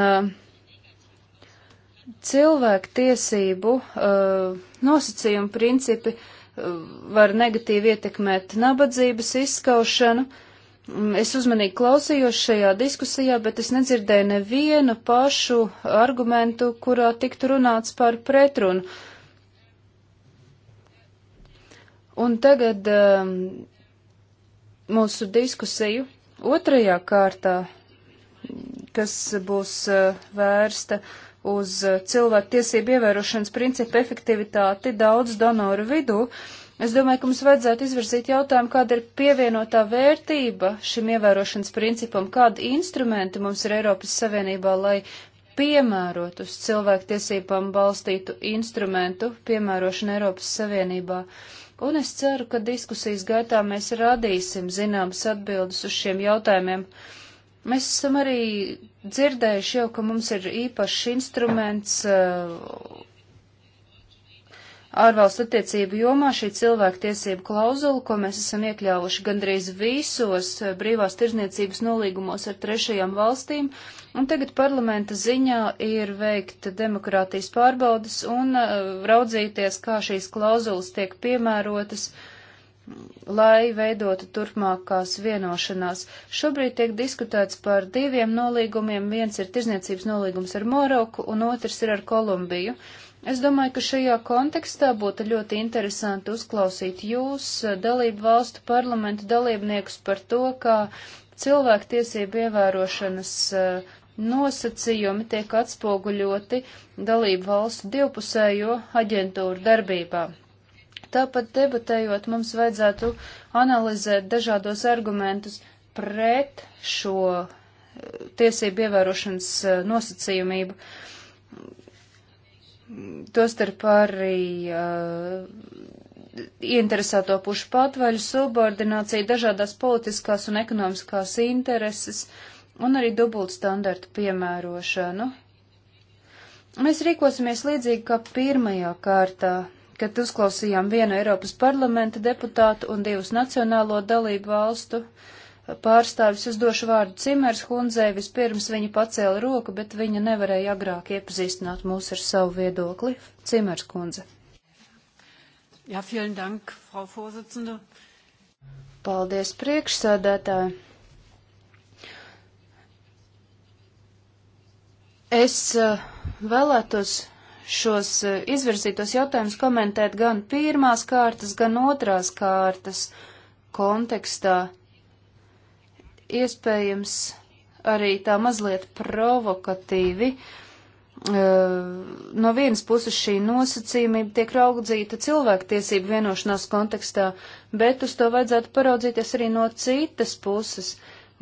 cilvēku tiesību nosacījumu principi var negatīvi ietekmēt nabadzības izskaušanu, Es uzmanīgi klausījos šajā diskusijā, bet es nedzirdēju nevienu pašu argumentu, kurā tiktu runāts par pretrunu. Un tagad um, mūsu diskusiju otrajā kārtā, kas būs uh, vērsta uz cilvēku tiesību ievērošanas principu efektivitāti daudz donoru vidū. Uh, Es domāju, ka mums vajadzētu izvirzīt jautājumu, kāda ir pievienotā vērtība šim ievērošanas principam, kādi instrumenti mums ir Eiropas Savienībā, lai piemērot uz cilvēktiesībām balstītu instrumentu piemērošanu Eiropas Savienībā. Un es ceru, ka diskusijas gaitā mēs radīsim zināmas atbildes uz šiem jautājumiem. Mēs esam arī dzirdējuši jau, ka mums ir īpašs instruments uh, ārvalstu attiecību jomā šī cilvēktiesību klauzula, ko mēs esam iekļāvuši gandrīz visos eh, brīvās tirzniecības nolīgumos ar trešajām valstīm, un tagad parlamenta ziņā ir veikt demokrātijas pārbaudas un eh, raudzīties, kā šīs klauzulas tiek piemērotas lai veidotu turpmākās vienošanās. Šobrīd tiek diskutēts par diviem nolīgumiem. Viens ir tirzniecības nolīgums ar Moroku, un otrs ir ar Kolumbiju. Uh, Es domāju, ka šajā kontekstā būtu ļoti interesanti uzklausīt jūs, dalību valstu parlamentu dalībniekus, par to, kā cilvēktiesību ievērošanas eh, nosacījumi tiek atspoguļoti dalību valstu divpusējo aģentūru darbībā. Tāpat debatējot, mums vajadzētu analizēt dažādos argumentus pret šo eh, tiesību ievērošanas eh, nosacījumību tostarp arī uh, interesēto pušu patvaļu subordinācija, dažādās politiskās un ekonomiskās intereses un arī dubult standartu piemērošanu. Mēs rīkosimies līdzīgi kā pirmajā kārtā, kad uzklausījām vienu Eiropas parlamenta deputātu un divus nacionālo dalību valstu uh, pārstāvis. Es došu vārdu Cimers Hundzei. Vispirms viņa pacēla roku, bet viņa nevarēja agrāk iepazīstināt mūs ar savu viedokli. Cimers Hundze. Jā, ja, vielen dank, Frau Vorsitzende. Paldies, priekšsādātāji. Es eh, vēlētos šos eh, izvirzītos jautājumus komentēt gan pirmās kārtas, gan otrās kārtas kontekstā iespējams arī tā mazliet provokatīvi. Eh, no vienas puses šī nosacījumība tiek raudzīta cilvēktiesību vienošanās kontekstā, bet uz to vajadzētu paraudzīties arī no citas puses.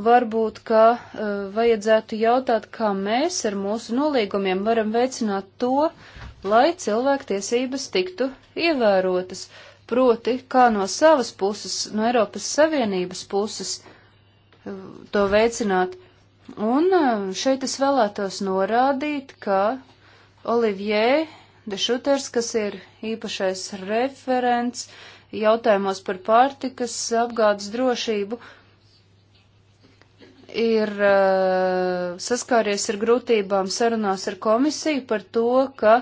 Varbūt, ka eh, vajadzētu jautāt, kā mēs ar mūsu nolīgumiem varam veicināt to, lai cilvēktiesības tiktu ievērotas, proti, kā no savas puses, no Eiropas Savienības puses, uh, to veicināt. Un uh, šeit es vēlētos norādīt, ka Olivier de Šuters, kas ir īpašais referents jautājumos par pārtikas apgādes drošību, ir uh, saskāries ar grūtībām sarunās ar komisiju par to, ka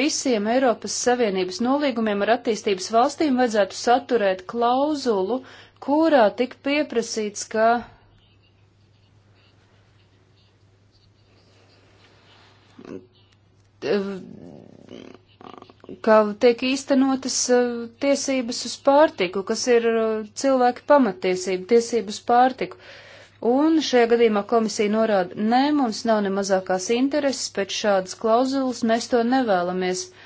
visiem Eiropas Savienības nolīgumiem ar attīstības valstīm vajadzētu saturēt klauzulu kurā tik pieprasīts, ka ka tiek īstenotas eh, tiesības uz pārtiku, kas ir eh, cilvēki pamatiesība, tiesības pārtiku. Un šajā gadījumā komisija norāda, nē, mums nav ne mazākās intereses pēc šādas klauzulas, mēs to nevēlamies. Uh,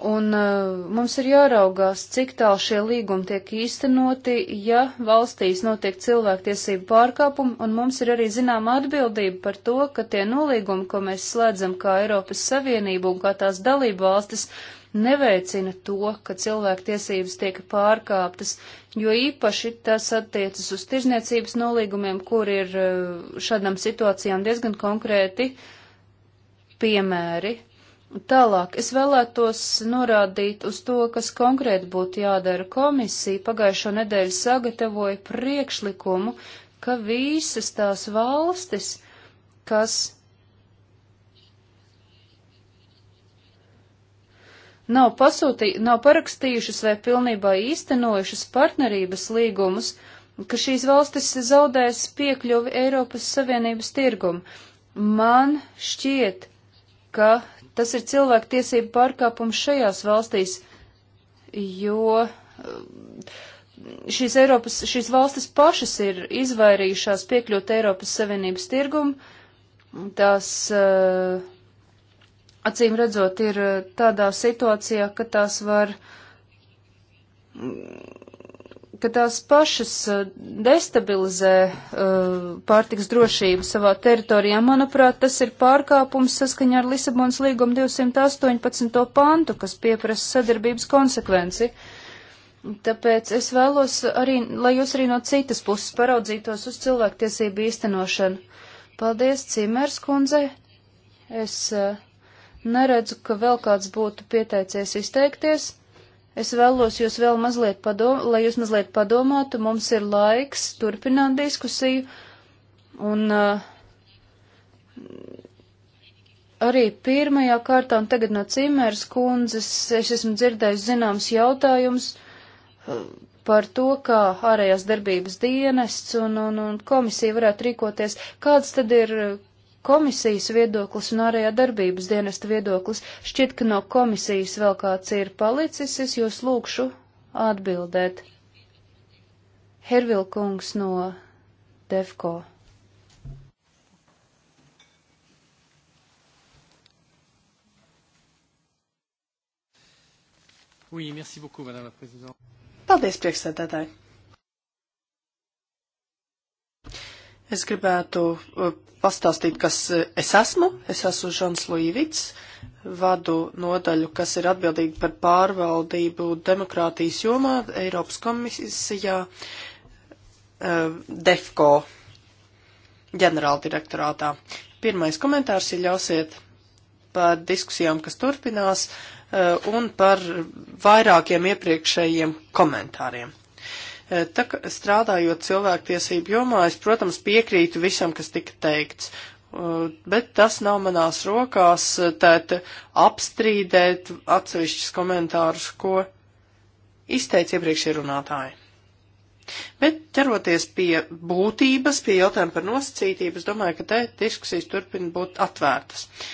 Un uh, mums ir jāraugās, cik tālu šie līgumi tiek īstenoti, ja valstīs notiek cilvēktiesību pārkāpumi, un mums ir arī zināma atbildība par to, ka tie nolīgumi, ko mēs slēdzam kā Eiropas Savienību un kā tās dalību valstis, neveicina to, ka cilvēktiesības tiek pārkāptas, jo īpaši tas attiecas uz tirzniecības nolīgumiem, kur ir uh, šādām situācijām diezgan konkrēti piemēri. Tālāk es vēlētos norādīt uz to, kas konkrēti būtu jādara. Komisija pagājušo nedēļu sagatavoja priekšlikumu, ka visas tās valstis, kas nav, pasūtī, nav parakstījušas vai pilnībā īstenojušas partnerības līgumus, ka šīs valstis zaudēs piekļuvi Eiropas Savienības tirgumu. Man šķiet, ka Tas ir cilvēku tiesību pārkāpums šajās valstīs, jo um, šīs, Eiropas, šīs valstis pašas ir izvairījušās piekļūt Eiropas Savienības tirgumu. Tās uh, acīm redzot ir uh, tādā situācijā, ka tās var ka tās pašas eh, destabilizē uh, pārtiks drošību savā teritorijā. Manuprāt, tas ir pārkāpums saskaņā ar Lisabonas līgumu 218. pantu, kas pieprasa sadarbības konsekvenci. Tāpēc es vēlos arī, lai jūs arī no citas puses paraudzītos uz cilvēktiesību īstenošanu. Paldies, Cimers kundze. Es uh, neredzu, ka vēl kāds būtu pieteicies izteikties. Es vēlos jūs vēl mazliet padomāt, lai jūs mazliet padomātu, mums ir laiks turpināt diskusiju, un uh, arī pirmajā kārtā, un tagad no Cimēras kundzes, es esmu dzirdējis zināms jautājums uh, par to, kā ārējās darbības dienests un, un, un komisija varētu rīkoties, kāds tad ir komisijas viedoklis un ārējā darbības dienesta viedoklis. Šķiet, ka no komisijas vēl kāds ir palicis, es jūs lūkšu atbildēt. Hervilkungs no Defko. Oui, merci beaucoup, Madame la Présidente. Paldies, priekšsēdētāji. Es gribētu uh, pastāstīt, kas uh, es esmu. Es esmu Žans Līvits, vadu nodaļu, kas ir atbildīga par pārvaldību demokrātijas jomā Eiropas komisijā uh, DEFCO ģenerāldirektorātā. Pirmais komentārs, ja ļausiet, par diskusijām, kas turpinās, un par vairākiem iepriekšējiem komentāriem. E, tā, strādājot cilvēktiesību jomā, es, protams, piekrītu visam, kas tika teikts. E, bet tas nav manās rokās, e, tēt apstrīdēt atsevišķus komentārus, ko izteica iepriekšie runātāji. Bet ķeroties pie būtības, pie jautājuma par nosacītību, es domāju, ka te diskusijas turpina būt atvērtas. Uh,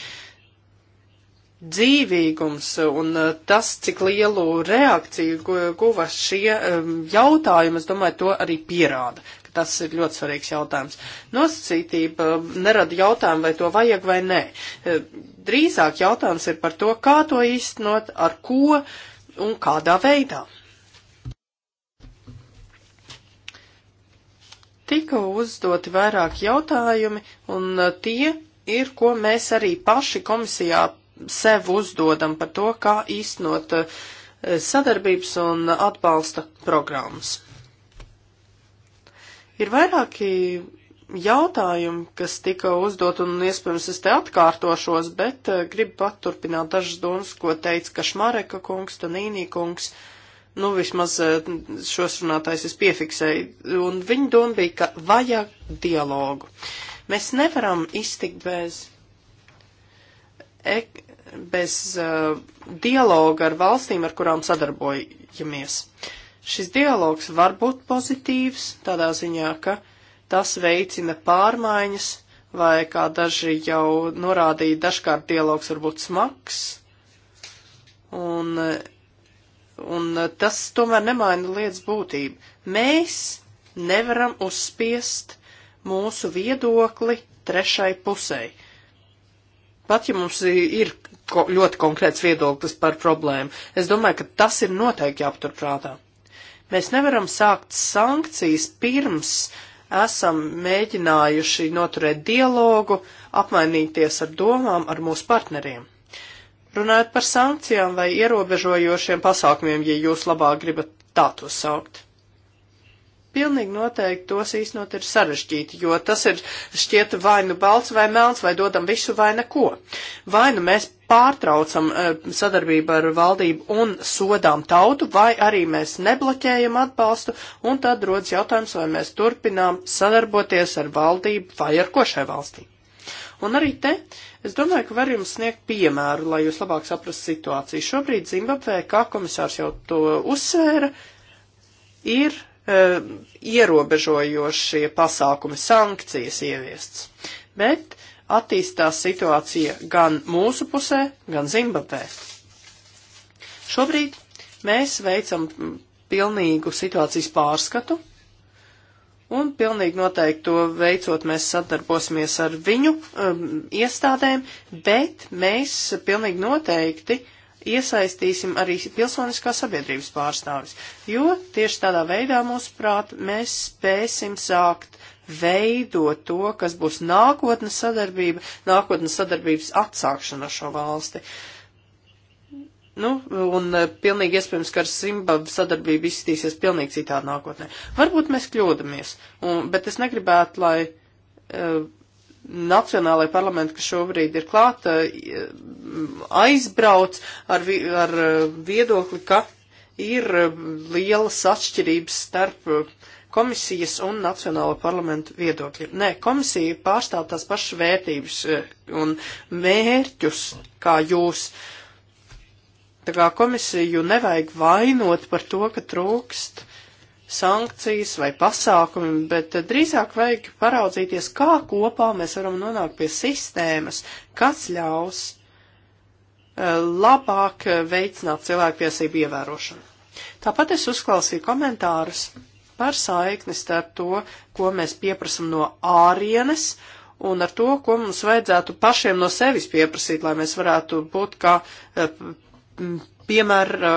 dzīvīgums un eh, tas, cik lielu reakciju guva šie ehm, jautājumi, es domāju, to arī pierāda. Tas ir ļoti svarīgs jautājums. Nosacītība ehm, nerada jautājumu, vai to vajag vai nē. Ehm, drīzāk jautājums ir par to, kā to īstenot, ar ko un kādā veidā. Tika uzdoti vairāk jautājumi, un eh, tie ir, ko mēs arī paši komisijā sev uzdodam par to, kā īstenot eh, sadarbības un atbalsta programmas. Ir vairāki jautājumi, kas tika uzdot, un iespējams es te atkārtošos, bet eh, gribu paturpināt dažas domas, ko teica Kašmareka kungs, Tanīnī kungs, nu vismaz eh, šos runātājs es piefiksēju, un viņa doma bija, ka vajag dialogu. Mēs nevaram iztikt bez ek bez uh, dialoga ar valstīm, ar kurām sadarbojamies. Šis dialogs var būt pozitīvs, tādā ziņā, ka tas veicina pārmaiņas, vai kā daži jau norādīja, dažkārt dialogs var būt smags, un, un tas tomēr nemaina lietas būtību. Mēs nevaram uzspiest mūsu viedokli trešai pusei pat ja mums ir ko, ļoti konkrēts viedoklis par problēmu. Es domāju, ka tas ir noteikti jāpaturprātā. Mēs nevaram sākt sankcijas pirms esam mēģinājuši noturēt dialogu, apmainīties ar domām ar mūsu partneriem. Runājot par sankcijām vai ierobežojošiem pasākumiem, ja jūs labāk gribat tā to saukt. Pilnīgi noteikti tos īstenot ir sarežģīti, jo tas ir šķiet vai nu balts vai melns, vai dodam visu vai neko. Vai nu mēs pārtraucam eh, sadarbību ar valdību un sodām tautu, vai arī mēs nebloķējam atbalstu, un tad rodas jautājums, vai mēs turpinām sadarboties ar valdību vai ar ko šai valstī. Un arī te es domāju, ka var jums sniegt piemēru, lai jūs labāk saprastu situāciju. Šobrīd Zimbabvē, kā komisārs jau to uzsvēra, ir Um, ierobežojošie pasākumi, sankcijas ieviests. Bet attīstās situācija gan mūsu pusē, gan Zimbabvē. Šobrīd mēs veicam pilnīgu situācijas pārskatu, un pilnīgi noteikti to veicot mēs sadarbosimies ar viņu um, iestādēm, bet mēs pilnīgi noteikti iesaistīsim arī pilsoniskās sabiedrības pārstāvis, jo tieši tādā veidā, mūsuprāt, mēs spēsim sākt veidot to, kas būs nākotnes sadarbība, nākotnes sadarbības atsākšana ar šo valsti. Nu, un e, pilnīgi iespējams, ka ar Zimbabvu sadarbība izskatīsies pilnīgi citādi nākotnē. Varbūt mēs kļūdamies, un, bet es negribētu, lai uh, nacionālajie parlamenti, kas šobrīd ir klāt, eh, aizbrauc ar, vi, ar eh, viedokli, ka ir eh, lielas atšķirības starp komisijas un nacionālo parlamentu viedokļi. Nē, komisija pārstāv tās pašas vērtības un mērķus, kā jūs. Tā kā komisiju nevajag vainot par to, ka trūkst uh, sankcijas vai pasākumi, bet eh, drīzāk vajag paraudzīties, kā kopā mēs varam nonākt pie sistēmas, kas ļaus eh, labāk veicināt cilvēktiesību ievērošanu. Tāpat es uzklausīju komentārus par saikni starp to, ko mēs pieprasam no ārienes un ar to, ko mums vajadzētu pašiem no sevis pieprasīt, lai mēs varētu būt kā eh, piemēra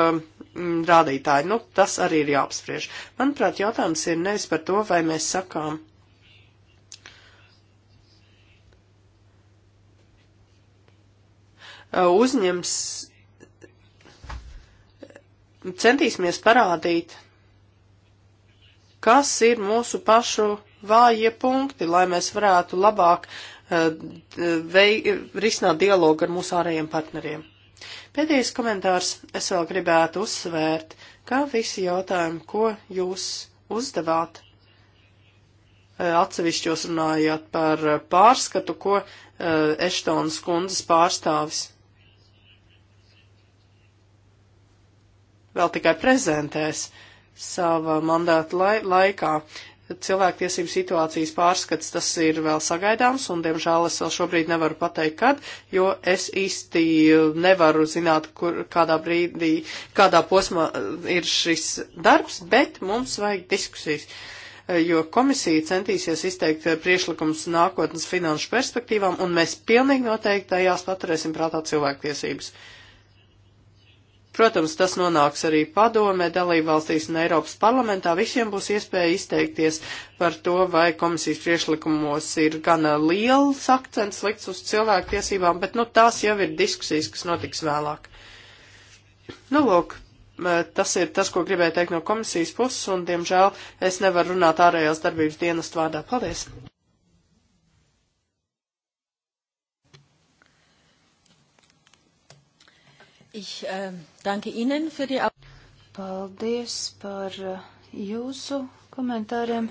Mm, rādītāji. Nu, tas arī ir jāapspriež. Manuprāt, jautājums ir nevis par to, vai mēs sakām. Uzņems, centīsimies parādīt, kas ir mūsu pašu vājie punkti, lai mēs varētu labāk uh, vei, risināt dialogu ar mūsu ārējiem partneriem. Pēdējais komentārs es vēl gribētu uzsvērt, kā visi jautājumi, ko jūs uzdevāt, e, atsevišķos runājāt par pārskatu, ko e, Eštonas kundzes pārstāvis vēl tikai prezentēs savā mandāta lai laikā cilvēktiesību situācijas pārskats, tas ir vēl sagaidāms, un, diemžēl, es vēl šobrīd nevaru pateikt, kad, jo es īsti nevaru zināt, kur, kādā brīdī, kādā posmā eh, ir šis darbs, bet mums vajag diskusijas, eh, jo komisija centīsies izteikt priešlikums nākotnes finanšu perspektīvām, un mēs pilnīgi noteikti tajās paturēsim prātā cilvēktiesības. Uh, Protams, tas nonāks arī padomē, dalībvalstīs un Eiropas parlamentā. Visiem būs iespēja izteikties par to, vai komisijas priešlikumos ir gana liels akcents likts uz cilvēku tiesībām, bet nu, tās jau ir diskusijas, kas notiks vēlāk. Nu, lūk, eh, tas ir tas, ko gribēju teikt no komisijas puses, un, diemžēl, es nevaru runāt ārējās darbības dienas vārdā. Paldies! Ich äh, danke Ihnen für die. Paldies par uh, jūsu komentāriem.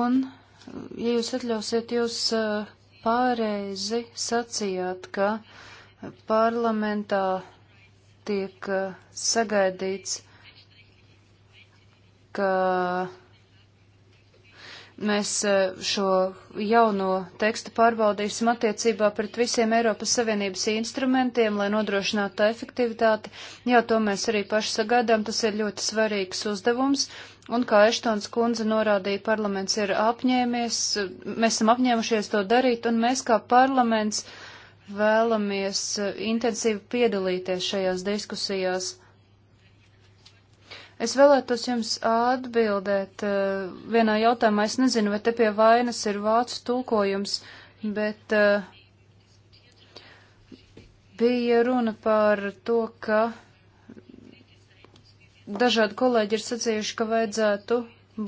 Un, ja jūs atļausiet, jūs uh, pāreizi sacījāt, ka parlamentā tiek uh, sagaidīts, ka Mēs eh, šo jauno tekstu pārbaudīsim attiecībā pret visiem Eiropas Savienības instrumentiem, lai nodrošinātu tā efektivitāti. Jā, to mēs arī paši sagaidām, tas ir ļoti svarīgs uzdevums. Un kā Eštons kundze norādīja, parlaments ir apņēmies, mēs esam apņēmušies to darīt, un mēs kā parlaments vēlamies eh, intensīvi piedalīties šajās diskusijās. Es vēlētos jums atbildēt eh, vienā jautājumā. Es nezinu, vai te pie vainas ir vācu tulkojums, bet eh, bija runa par to, ka dažādi kolēģi ir sacījuši, ka vajadzētu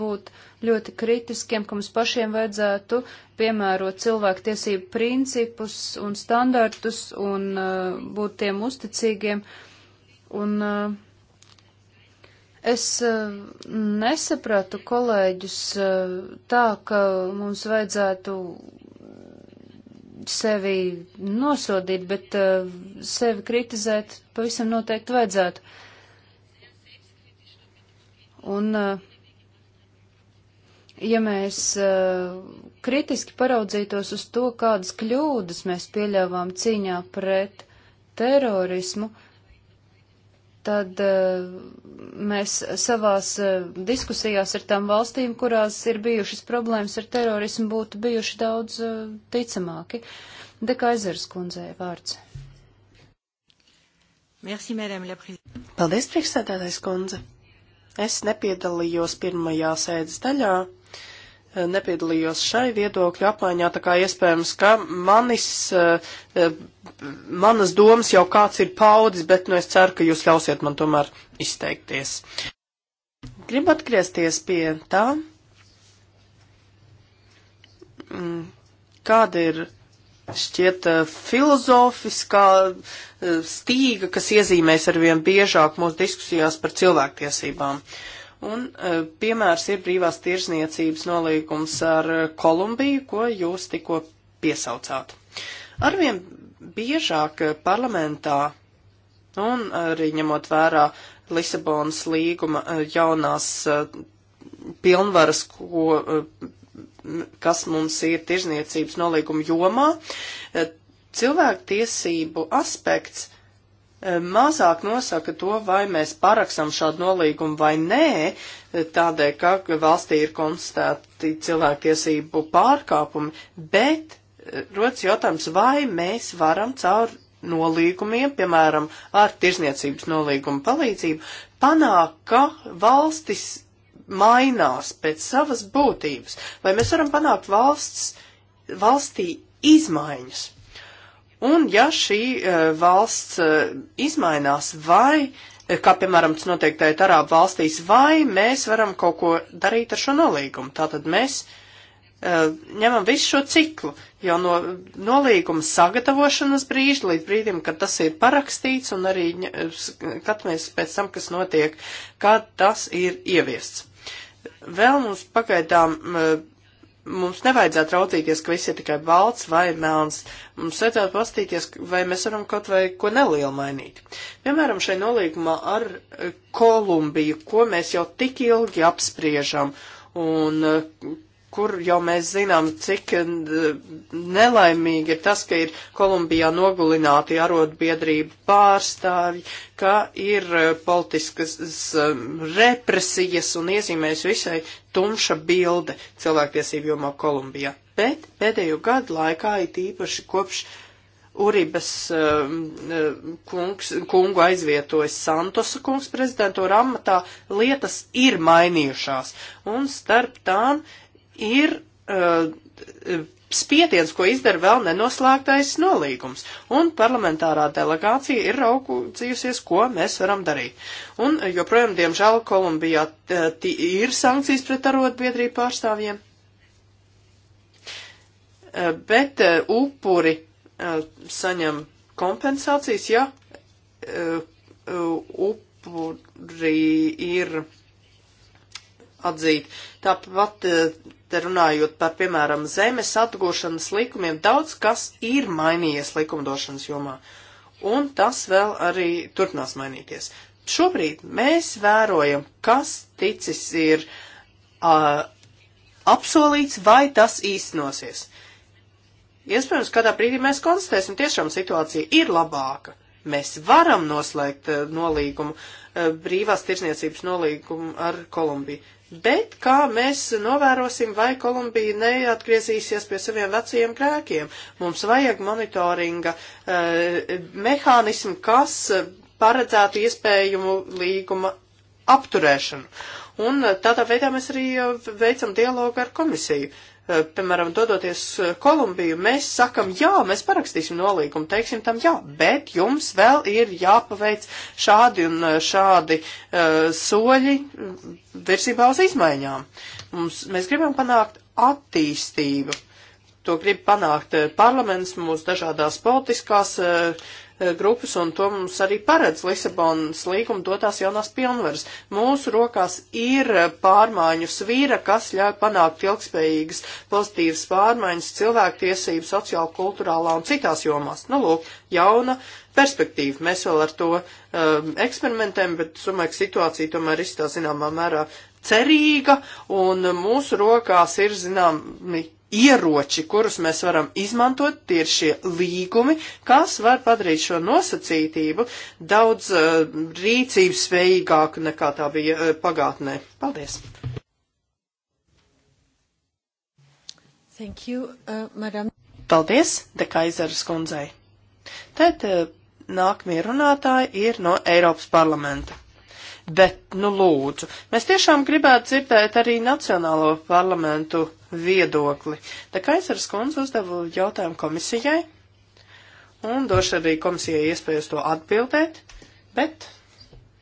būt ļoti kritiskiem, ka mums pašiem vajadzētu piemērot cilvēktiesību principus un standartus un uh, būt tiem uzticīgiem. Un, uh, Es eh, nesapratu kolēģus eh, tā, ka mums vajadzētu sevi nosodīt, bet eh, sevi kritizēt pavisam noteikti vajadzētu. Un, ja mēs kritiski paraudzītos uz to, kādas kļūdas mēs pieļāvām cīņā pret terorismu, tad eh, mēs savās eh, diskusijās ar tām valstīm, kurās ir bijušas problēmas ar terorismu, būtu bijuši daudz eh, ticamāki. Dekaizers kundzei vārds. Merci, madame, la Paldies, priekšsēdētājs kundze. Es nepiedalījos pirmajā sēdes daļā, nepiedalījos šai viedokļu apmaiņā, tā kā iespējams, ka manis, eh, manas domas jau kāds ir paudis, bet nu es ceru, ka jūs ļausiet man tomēr izteikties. Gribu atgriezties pie tā, mm, kāda ir šķiet eh, filozofiskā eh, stīga, kas iezīmēs arvien biežāk mūsu diskusijās par cilvēktiesībām. Uh, Un e, piemērs ir brīvās tirzniecības nolīgums ar e, Kolumbiju, ko jūs tikko piesaucāt. Arvien biežāk parlamentā un arī ņemot vērā Lisabonas līguma e, jaunās pilnvaras, ko, kas mums ir tirzniecības nolīguma jomā, cilvēktiesību aspekts mazāk nosaka to, vai mēs paraksam šādu nolīgumu vai nē, tādēļ, ka valstī ir konstatēti cilvēktiesību pārkāpumi, bet e, rodas jautājums, vai mēs varam caur nolīgumiem, piemēram, ar tirzniecības nolīgumu palīdzību, panākt, ka valstis mainās pēc savas būtības, vai mēs varam panākt valsts, valstī izmaiņas. Un ja šī eh, valsts eh, izmainās vai, eh, kā piemēram tas notiek tajā Arābu valstīs, vai mēs varam kaut ko darīt ar šo nolīgumu. Tātad mēs ņemam visu šo ciklu, jau no nolīguma sagatavošanas brīža līdz brīdim, kad tas ir parakstīts, un arī skatāmies pēc tam, kas notiek, kad tas ir ieviests. Vēl mums pagaidām mums nevajadzētu rautīties, ka viss ir tikai balts vai melns. Mums vajadzētu pastīties, vai mēs varam kaut vai ko nelielu mainīt. Piemēram, šai nolīgumā ar eh, Kolumbiju, ko mēs jau tik ilgi apspriežam, un eh, kur jau mēs zinām, cik eh, nelaimīgi ir tas, ka ir Kolumbijā nogulināti arotbiedrību pārstāvji, ka ir eh, politiskas eh, represijas un iezīmēs visai tumša bilde cilvēktiesību jomā Kolumbijā. Bet pēdējo gadu laikā ir īpaši kopš Uribas um, kungs, kungu aizvietojas Santosa kungs prezidentūra amatā, lietas ir mainījušās. Un starp tām ir uh, spiediens, ko izdara vēl nenoslēgtais nolīgums, un parlamentārā delegācija ir raugūcījusies, ko mēs varam darīt. Un uh, joprojām, diemžēl, Kolumbijā uh, ir sankcijas pret arotbiedrību pārstāvjiem, uh, bet upuri saņem kompensācijas, ja upuri ir atzīt. Tāpat eh, te runājot par, piemēram, zemes atgūšanas likumiem, daudz kas ir mainījies likumdošanas jomā. Un tas vēl arī turpinās mainīties. Šobrīd mēs vērojam, kas ticis ir uh, apsolīts vai tas īstenosies. Iespējams, kādā brīdī mēs konstatēsim, tiešām situācija ir labāka. Mēs varam noslēgt uh, nolīgumu, uh, brīvās tirsniecības nolīgumu ar Kolumbiju. Bet kā mēs novērosim, vai Kolumbija neatgriezīsies pie saviem vecajiem krēkiem? Mums vajag monitoringa eh, mehānismu, kas paredzētu iespējumu līguma apturēšanu. Un eh, tādā veidā mēs arī eh, veicam dialogu ar komisiju. Eh, Eh, piemēram, dodoties eh, Kolumbiju, mēs sakam, jā, mēs parakstīsim nolīgumu, teiksim tam jā, bet jums vēl ir jāpaveic šādi un eh, šādi uh, soļi mm, virsībā uz izmaiņām. Mums, mēs gribam panākt attīstību. To grib panākt parlaments mūsu dažādās politiskās uh, E, grupas, un to mums arī paredz Lisabonas līguma dotās jaunās pilnvaras. Mūsu rokās ir pārmaiņu svīra, kas ļauj panākt ilgspējīgas pozitīvas pārmaiņas cilvēktiesību, sociāla, kulturālā un citās jomās. Nu, lūk, jauna perspektīva. Mēs vēl ar to um, eksperimentējam, bet es domāju, ka situācija tomēr izstāv zināmā mērā cerīga, un mūsu rokās ir zināmi ieroči, kurus mēs varam izmantot, tie ir šie līgumi, kas var padarīt šo nosacītību daudz uh, rīcības spējīgāku nekā tā bija uh, pagātnē. Paldies! Thank you, uh, madam. Paldies, Dekaizaras kundzei. Tad uh, nākamie runātāji ir no Eiropas parlamenta bet, nu, lūdzu, mēs tiešām gribētu dzirdēt arī Nacionālo parlamentu viedokli. Tā kā es ar skundzi uzdevu jautājumu komisijai, un došu arī komisijai iespējas to atbildēt, bet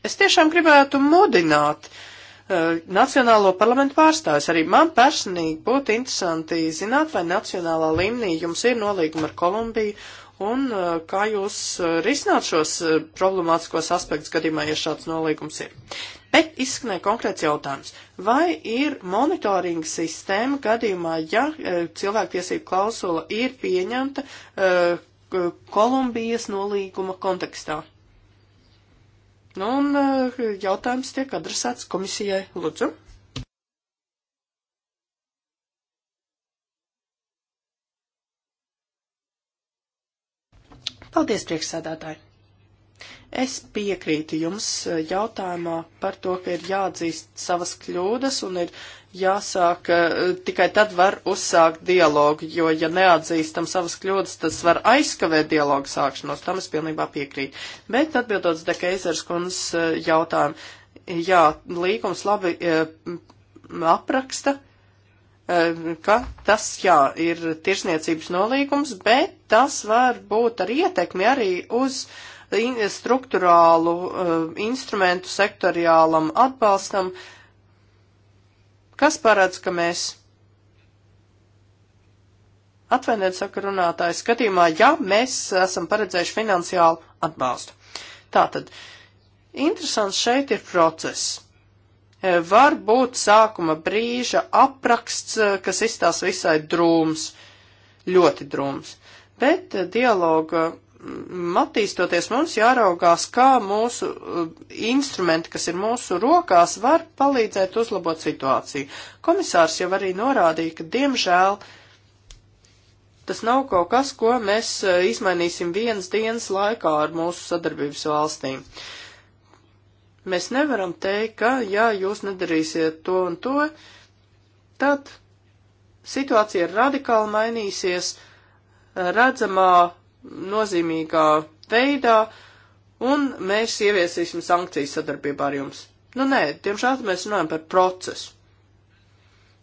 es tiešām gribētu mudināt uh, Nacionālo parlamentu pārstāvis. Arī man personīgi būtu interesanti zināt, vai nacionālā līmenī jums ir nolīguma ar Kolumbiju un uh, kā jūs uh, risināt šos uh, problemātiskos aspektus gadījumā, ja šāds nolīgums ir. Bet izskanēja konkrēts jautājums. Vai ir monitoringa sistēma gadījumā, ja cilvēktiesību klausula ir pieņemta Kolumbijas nolīguma kontekstā? Nu, un jautājums tiek adresēts komisijai. Lūdzu. Paldies, priekšsēdētāji! Es piekrītu jums eh, jautājumā par to, ka ir jāatzīst savas kļūdas un ir jāsāk, eh, tikai tad var uzsākt dialogu, jo ja neatzīstam savas kļūdas, tas var aizkavēt dialogu sākšanos, tam es pilnībā piekrītu. Bet atbildot Dekeizers kundzes eh, jautājumu, jā, līgums labi apraksta Eh, ka tas, jā, ir tirsniecības nolīgums, bet tas var būt ar ietekmi arī uz struktūrālu eh, instrumentu sektoriālam atbalstam, kas paredz, ka mēs atvainojiet saka runātāju skatījumā, ja mēs esam paredzējuši finansiālu atbalstu. Tātad, interesants šeit ir process var būt sākuma brīža apraksts, eh, kas izstās visai drūms, ļoti drūms. Bet eh, dialoga mm, attīstoties mums jāraugās, kā mūsu eh, instrumenti, kas ir mūsu rokās, var palīdzēt uzlabot situāciju. Komisārs jau arī norādīja, ka diemžēl tas nav kaut kas, ko mēs izmainīsim vienas dienas laikā ar mūsu sadarbības valstīm. Uh, Mēs nevaram teikt, ka, ja jūs nedarīsiet to un to, tad situācija radikāli mainīsies redzamā, nozīmīgā veidā, un mēs ieviesīsim sankcijas sadarbībā ar jums. Nu nē, tiemžēl mēs runājam par procesu.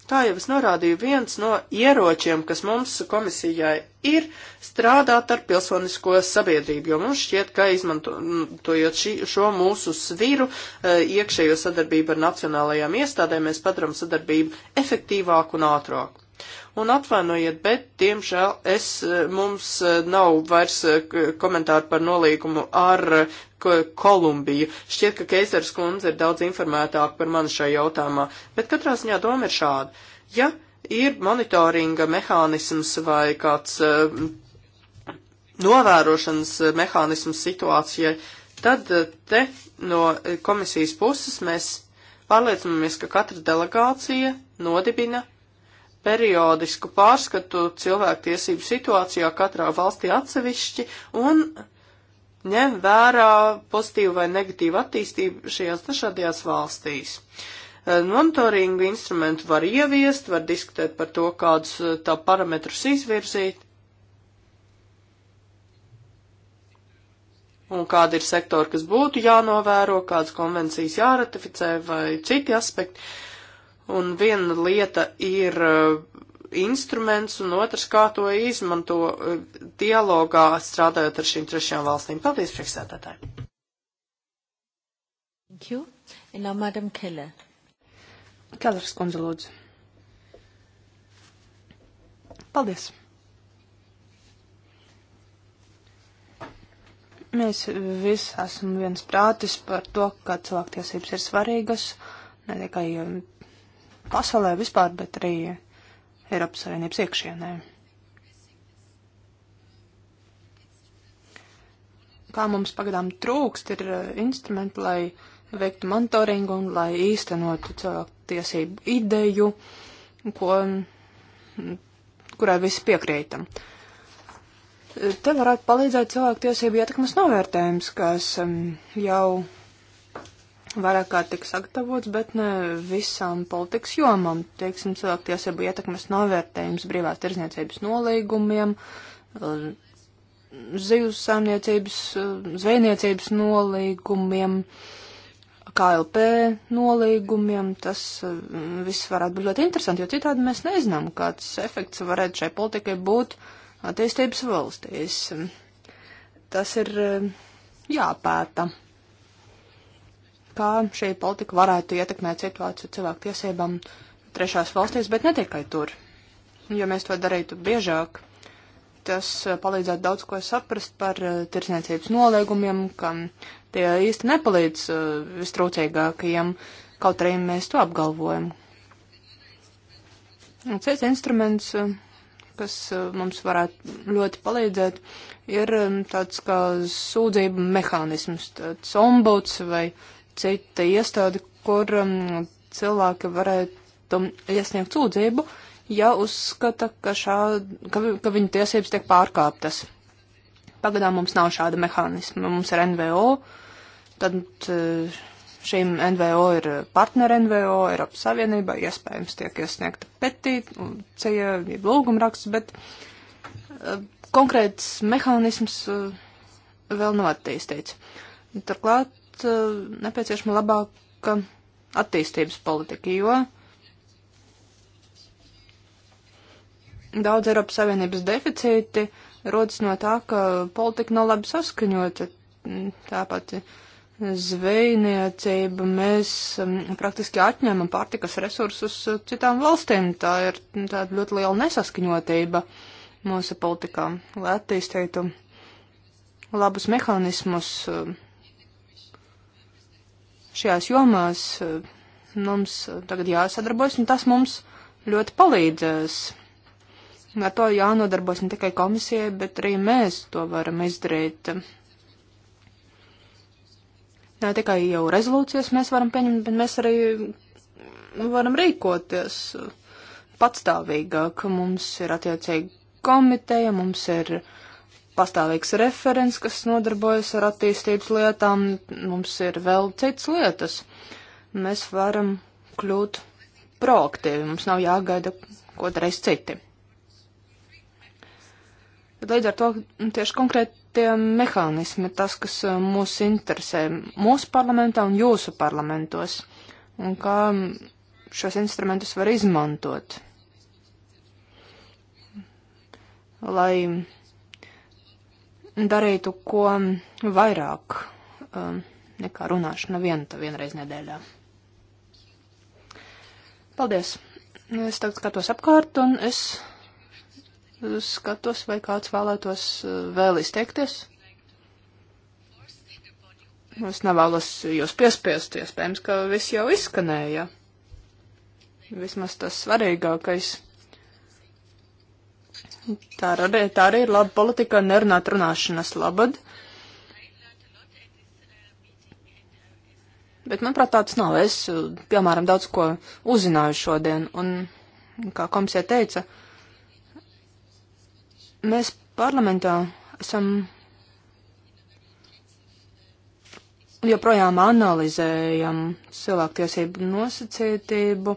Kā jau es norādīju, viens no ieročiem, kas mums komisijai ir, strādāt ar pilsonisko sabiedrību, jo mums šķiet, ka izmantojot šī, šo mūsu sviru e, iekšējo sadarbību ar nacionālajām iestādēm, mēs padaram sadarbību efektīvāku un ātrāku. Un atvainojiet, bet, diemžēl, es, eh, mums eh, nav vairs eh, komentāru par nolīgumu ar Kolumbiju. Šķiet, ka Keizers kundze ir daudz informētāk par mani šajā jautājumā, bet katrā ziņā doma ir šāda. Ja ir monitoringa mehānisms vai kāds novērošanas mehānisms situācijai, tad te no komisijas puses mēs pārliecinamies, ka katra delegācija nodibina periodisku pārskatu cilvēktiesību situācijā katrā valstī atsevišķi un ņem vērā pozitīvu vai negatīvu attīstību šajās dažādajās valstīs. Eh, monitoringu instrumentu var ieviest, var diskutēt par to, kādus eh, tā parametrus izvirzīt. Un kāda ir sektora, kas būtu jānovēro, kādas konvencijas jāratificē vai citi aspekti. Uh, Un viena lieta ir eh, instruments, un otrs, kā to izmanto eh, dialogā strādājot ar šīm trešajām valstīm. Paldies, priekšsēdētāji! Thank you. And now, Madam Keller. Kellers kundze, lūdzu. Paldies! Mēs visi esam viens prātis par to, ka cilvēktiesības ir svarīgas, ne tikai pasaulē vispār, bet arī Eiropas Savienības iekšienē. Kā mums pagadām trūkst, ir eh, instrumenti, lai veiktu monitoringu un lai īstenotu cilvēku tiesību ideju, ko, mm, kurai visi piekrītam. Te varētu palīdzēt cilvēku tiesību ietekmes novērtējums, kas mm, jau vairāk kā tik sagatavots, bet ne visām politikas jomām. Teiksim, cilvēktiesību ietekmes novērtējums brīvās tirzniecības nolīgumiem, eh, zivs saimniecības, eh, zvejniecības nolīgumiem, KLP nolīgumiem. Tas eh, viss varētu būt ļoti interesanti, jo citādi mēs nezinām, kāds efekts varētu šai politikai būt attīstības valstīs. Tas ir jāpēta kā šī politika varētu ietekmēt situāciju cilvēku tiesībām trešās valstīs, bet ne tikai tur. Ja mēs to darītu biežāk, tas eh, palīdzētu daudz ko saprast par eh, tirsniecības noliegumiem, ka tie īsti nepalīdz eh, vistrūcīgākajiem, kaut arī mēs to apgalvojam. Un cits instruments, kas mums varētu ļoti palīdzēt, ir tāds kā sūdzību mehānisms, tāds ombuds vai uh, cita iestāde, kur um, cilvēki varētu iesniegt sūdzību, ja uzskata, ka, šā, ka, ka viņu tiesības tiek pārkāptas. Pagadām mums nav šāda mehānisma. Mums ir NVO, tad eh, šīm NVO ir partneri NVO, Eiropas Savienība, iespējams tiek iesniegta petīcija, lūgumraksts, bet uh, konkrēts mehānisms uh, vēl nav attīstīts. Turklāt bet uh, eh, nepieciešama labāka attīstības politika, jo daudz Eiropas Savienības deficīti rodas no tā, ka politika nav labi saskaņota. Tāpat zvejniecība mēs um, praktiski atņemam pārtikas resursus citām valstīm. Tā ir tāda ļoti liela nesaskaņotība mūsu politikā, lai attīstītu labus mehānismus. Uh, šajās jomās eh, mums eh, tagad jāsadarbojas, un tas mums ļoti palīdzēs. Ar to jānodarbojas ne tikai komisijai, bet arī mēs to varam izdarīt. Ne tikai jau rezolūcijas mēs varam pieņemt, bet mēs arī nu, varam rīkoties patstāvīgāk. Mums ir attiecīgi komiteja, mums ir uh, pastāvīgs referents, kas nodarbojas ar attīstības lietām, mums ir vēl citas lietas. Mēs varam kļūt proaktīvi, mums nav jāgaida ko darīs citi. Bet līdz ar to tieši konkrētie mehānismi, tas, kas eh, mūs interesē mūsu parlamentā un jūsu parlamentos, un kā šos instrumentus var izmantot, lai darītu ko vairāk um, nekā runāšana viena vienreiz nedēļā. Paldies! Es tagad skatos apkārt un es skatos, vai kāds vēlētos uh, vēl izteikties. Es nevēlos jūs piespiest, iespējams, ka viss jau izskanēja. Vismaz tas svarīgākais. Tā arī, tā arī ir laba politika nerunāt runāšanas labad. Bet, manuprāt, tāds nav. Es, piemēram, daudz ko uzzināju šodien, un, kā komisija teica, mēs parlamentā esam joprojām analizējam cilvēktiesību nosacītību,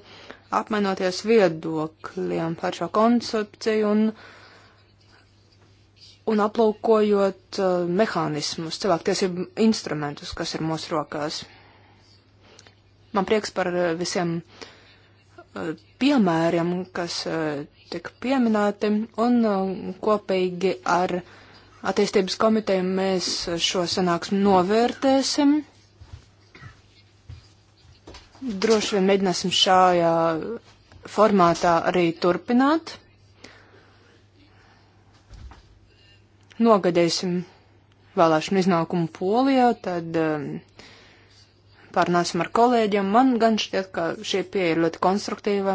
apmainoties viedokļiem par šo koncepciju un un aplaukojot uh, mehānismus, cilvēktiesību instrumentus, kas ir mūsu rokās. Man prieks par uh, visiem uh, piemēriem, kas uh, tika pieminēti, un uh, kopīgi ar attīstības komiteju mēs šo sanāksmu novērtēsim. Droši vien mēģināsim šajā formātā arī turpināt. nogadēsim vēlēšanu iznākumu polijā, tad um, pārnāsim ar kolēģiem. Man gan šķiet, ka šī pieeja ir ļoti konstruktīva.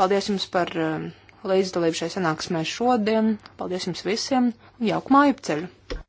Paldies jums par um, līdzdalību šai sanāksmē šodien. Paldies jums visiem un jauku māju ceļu!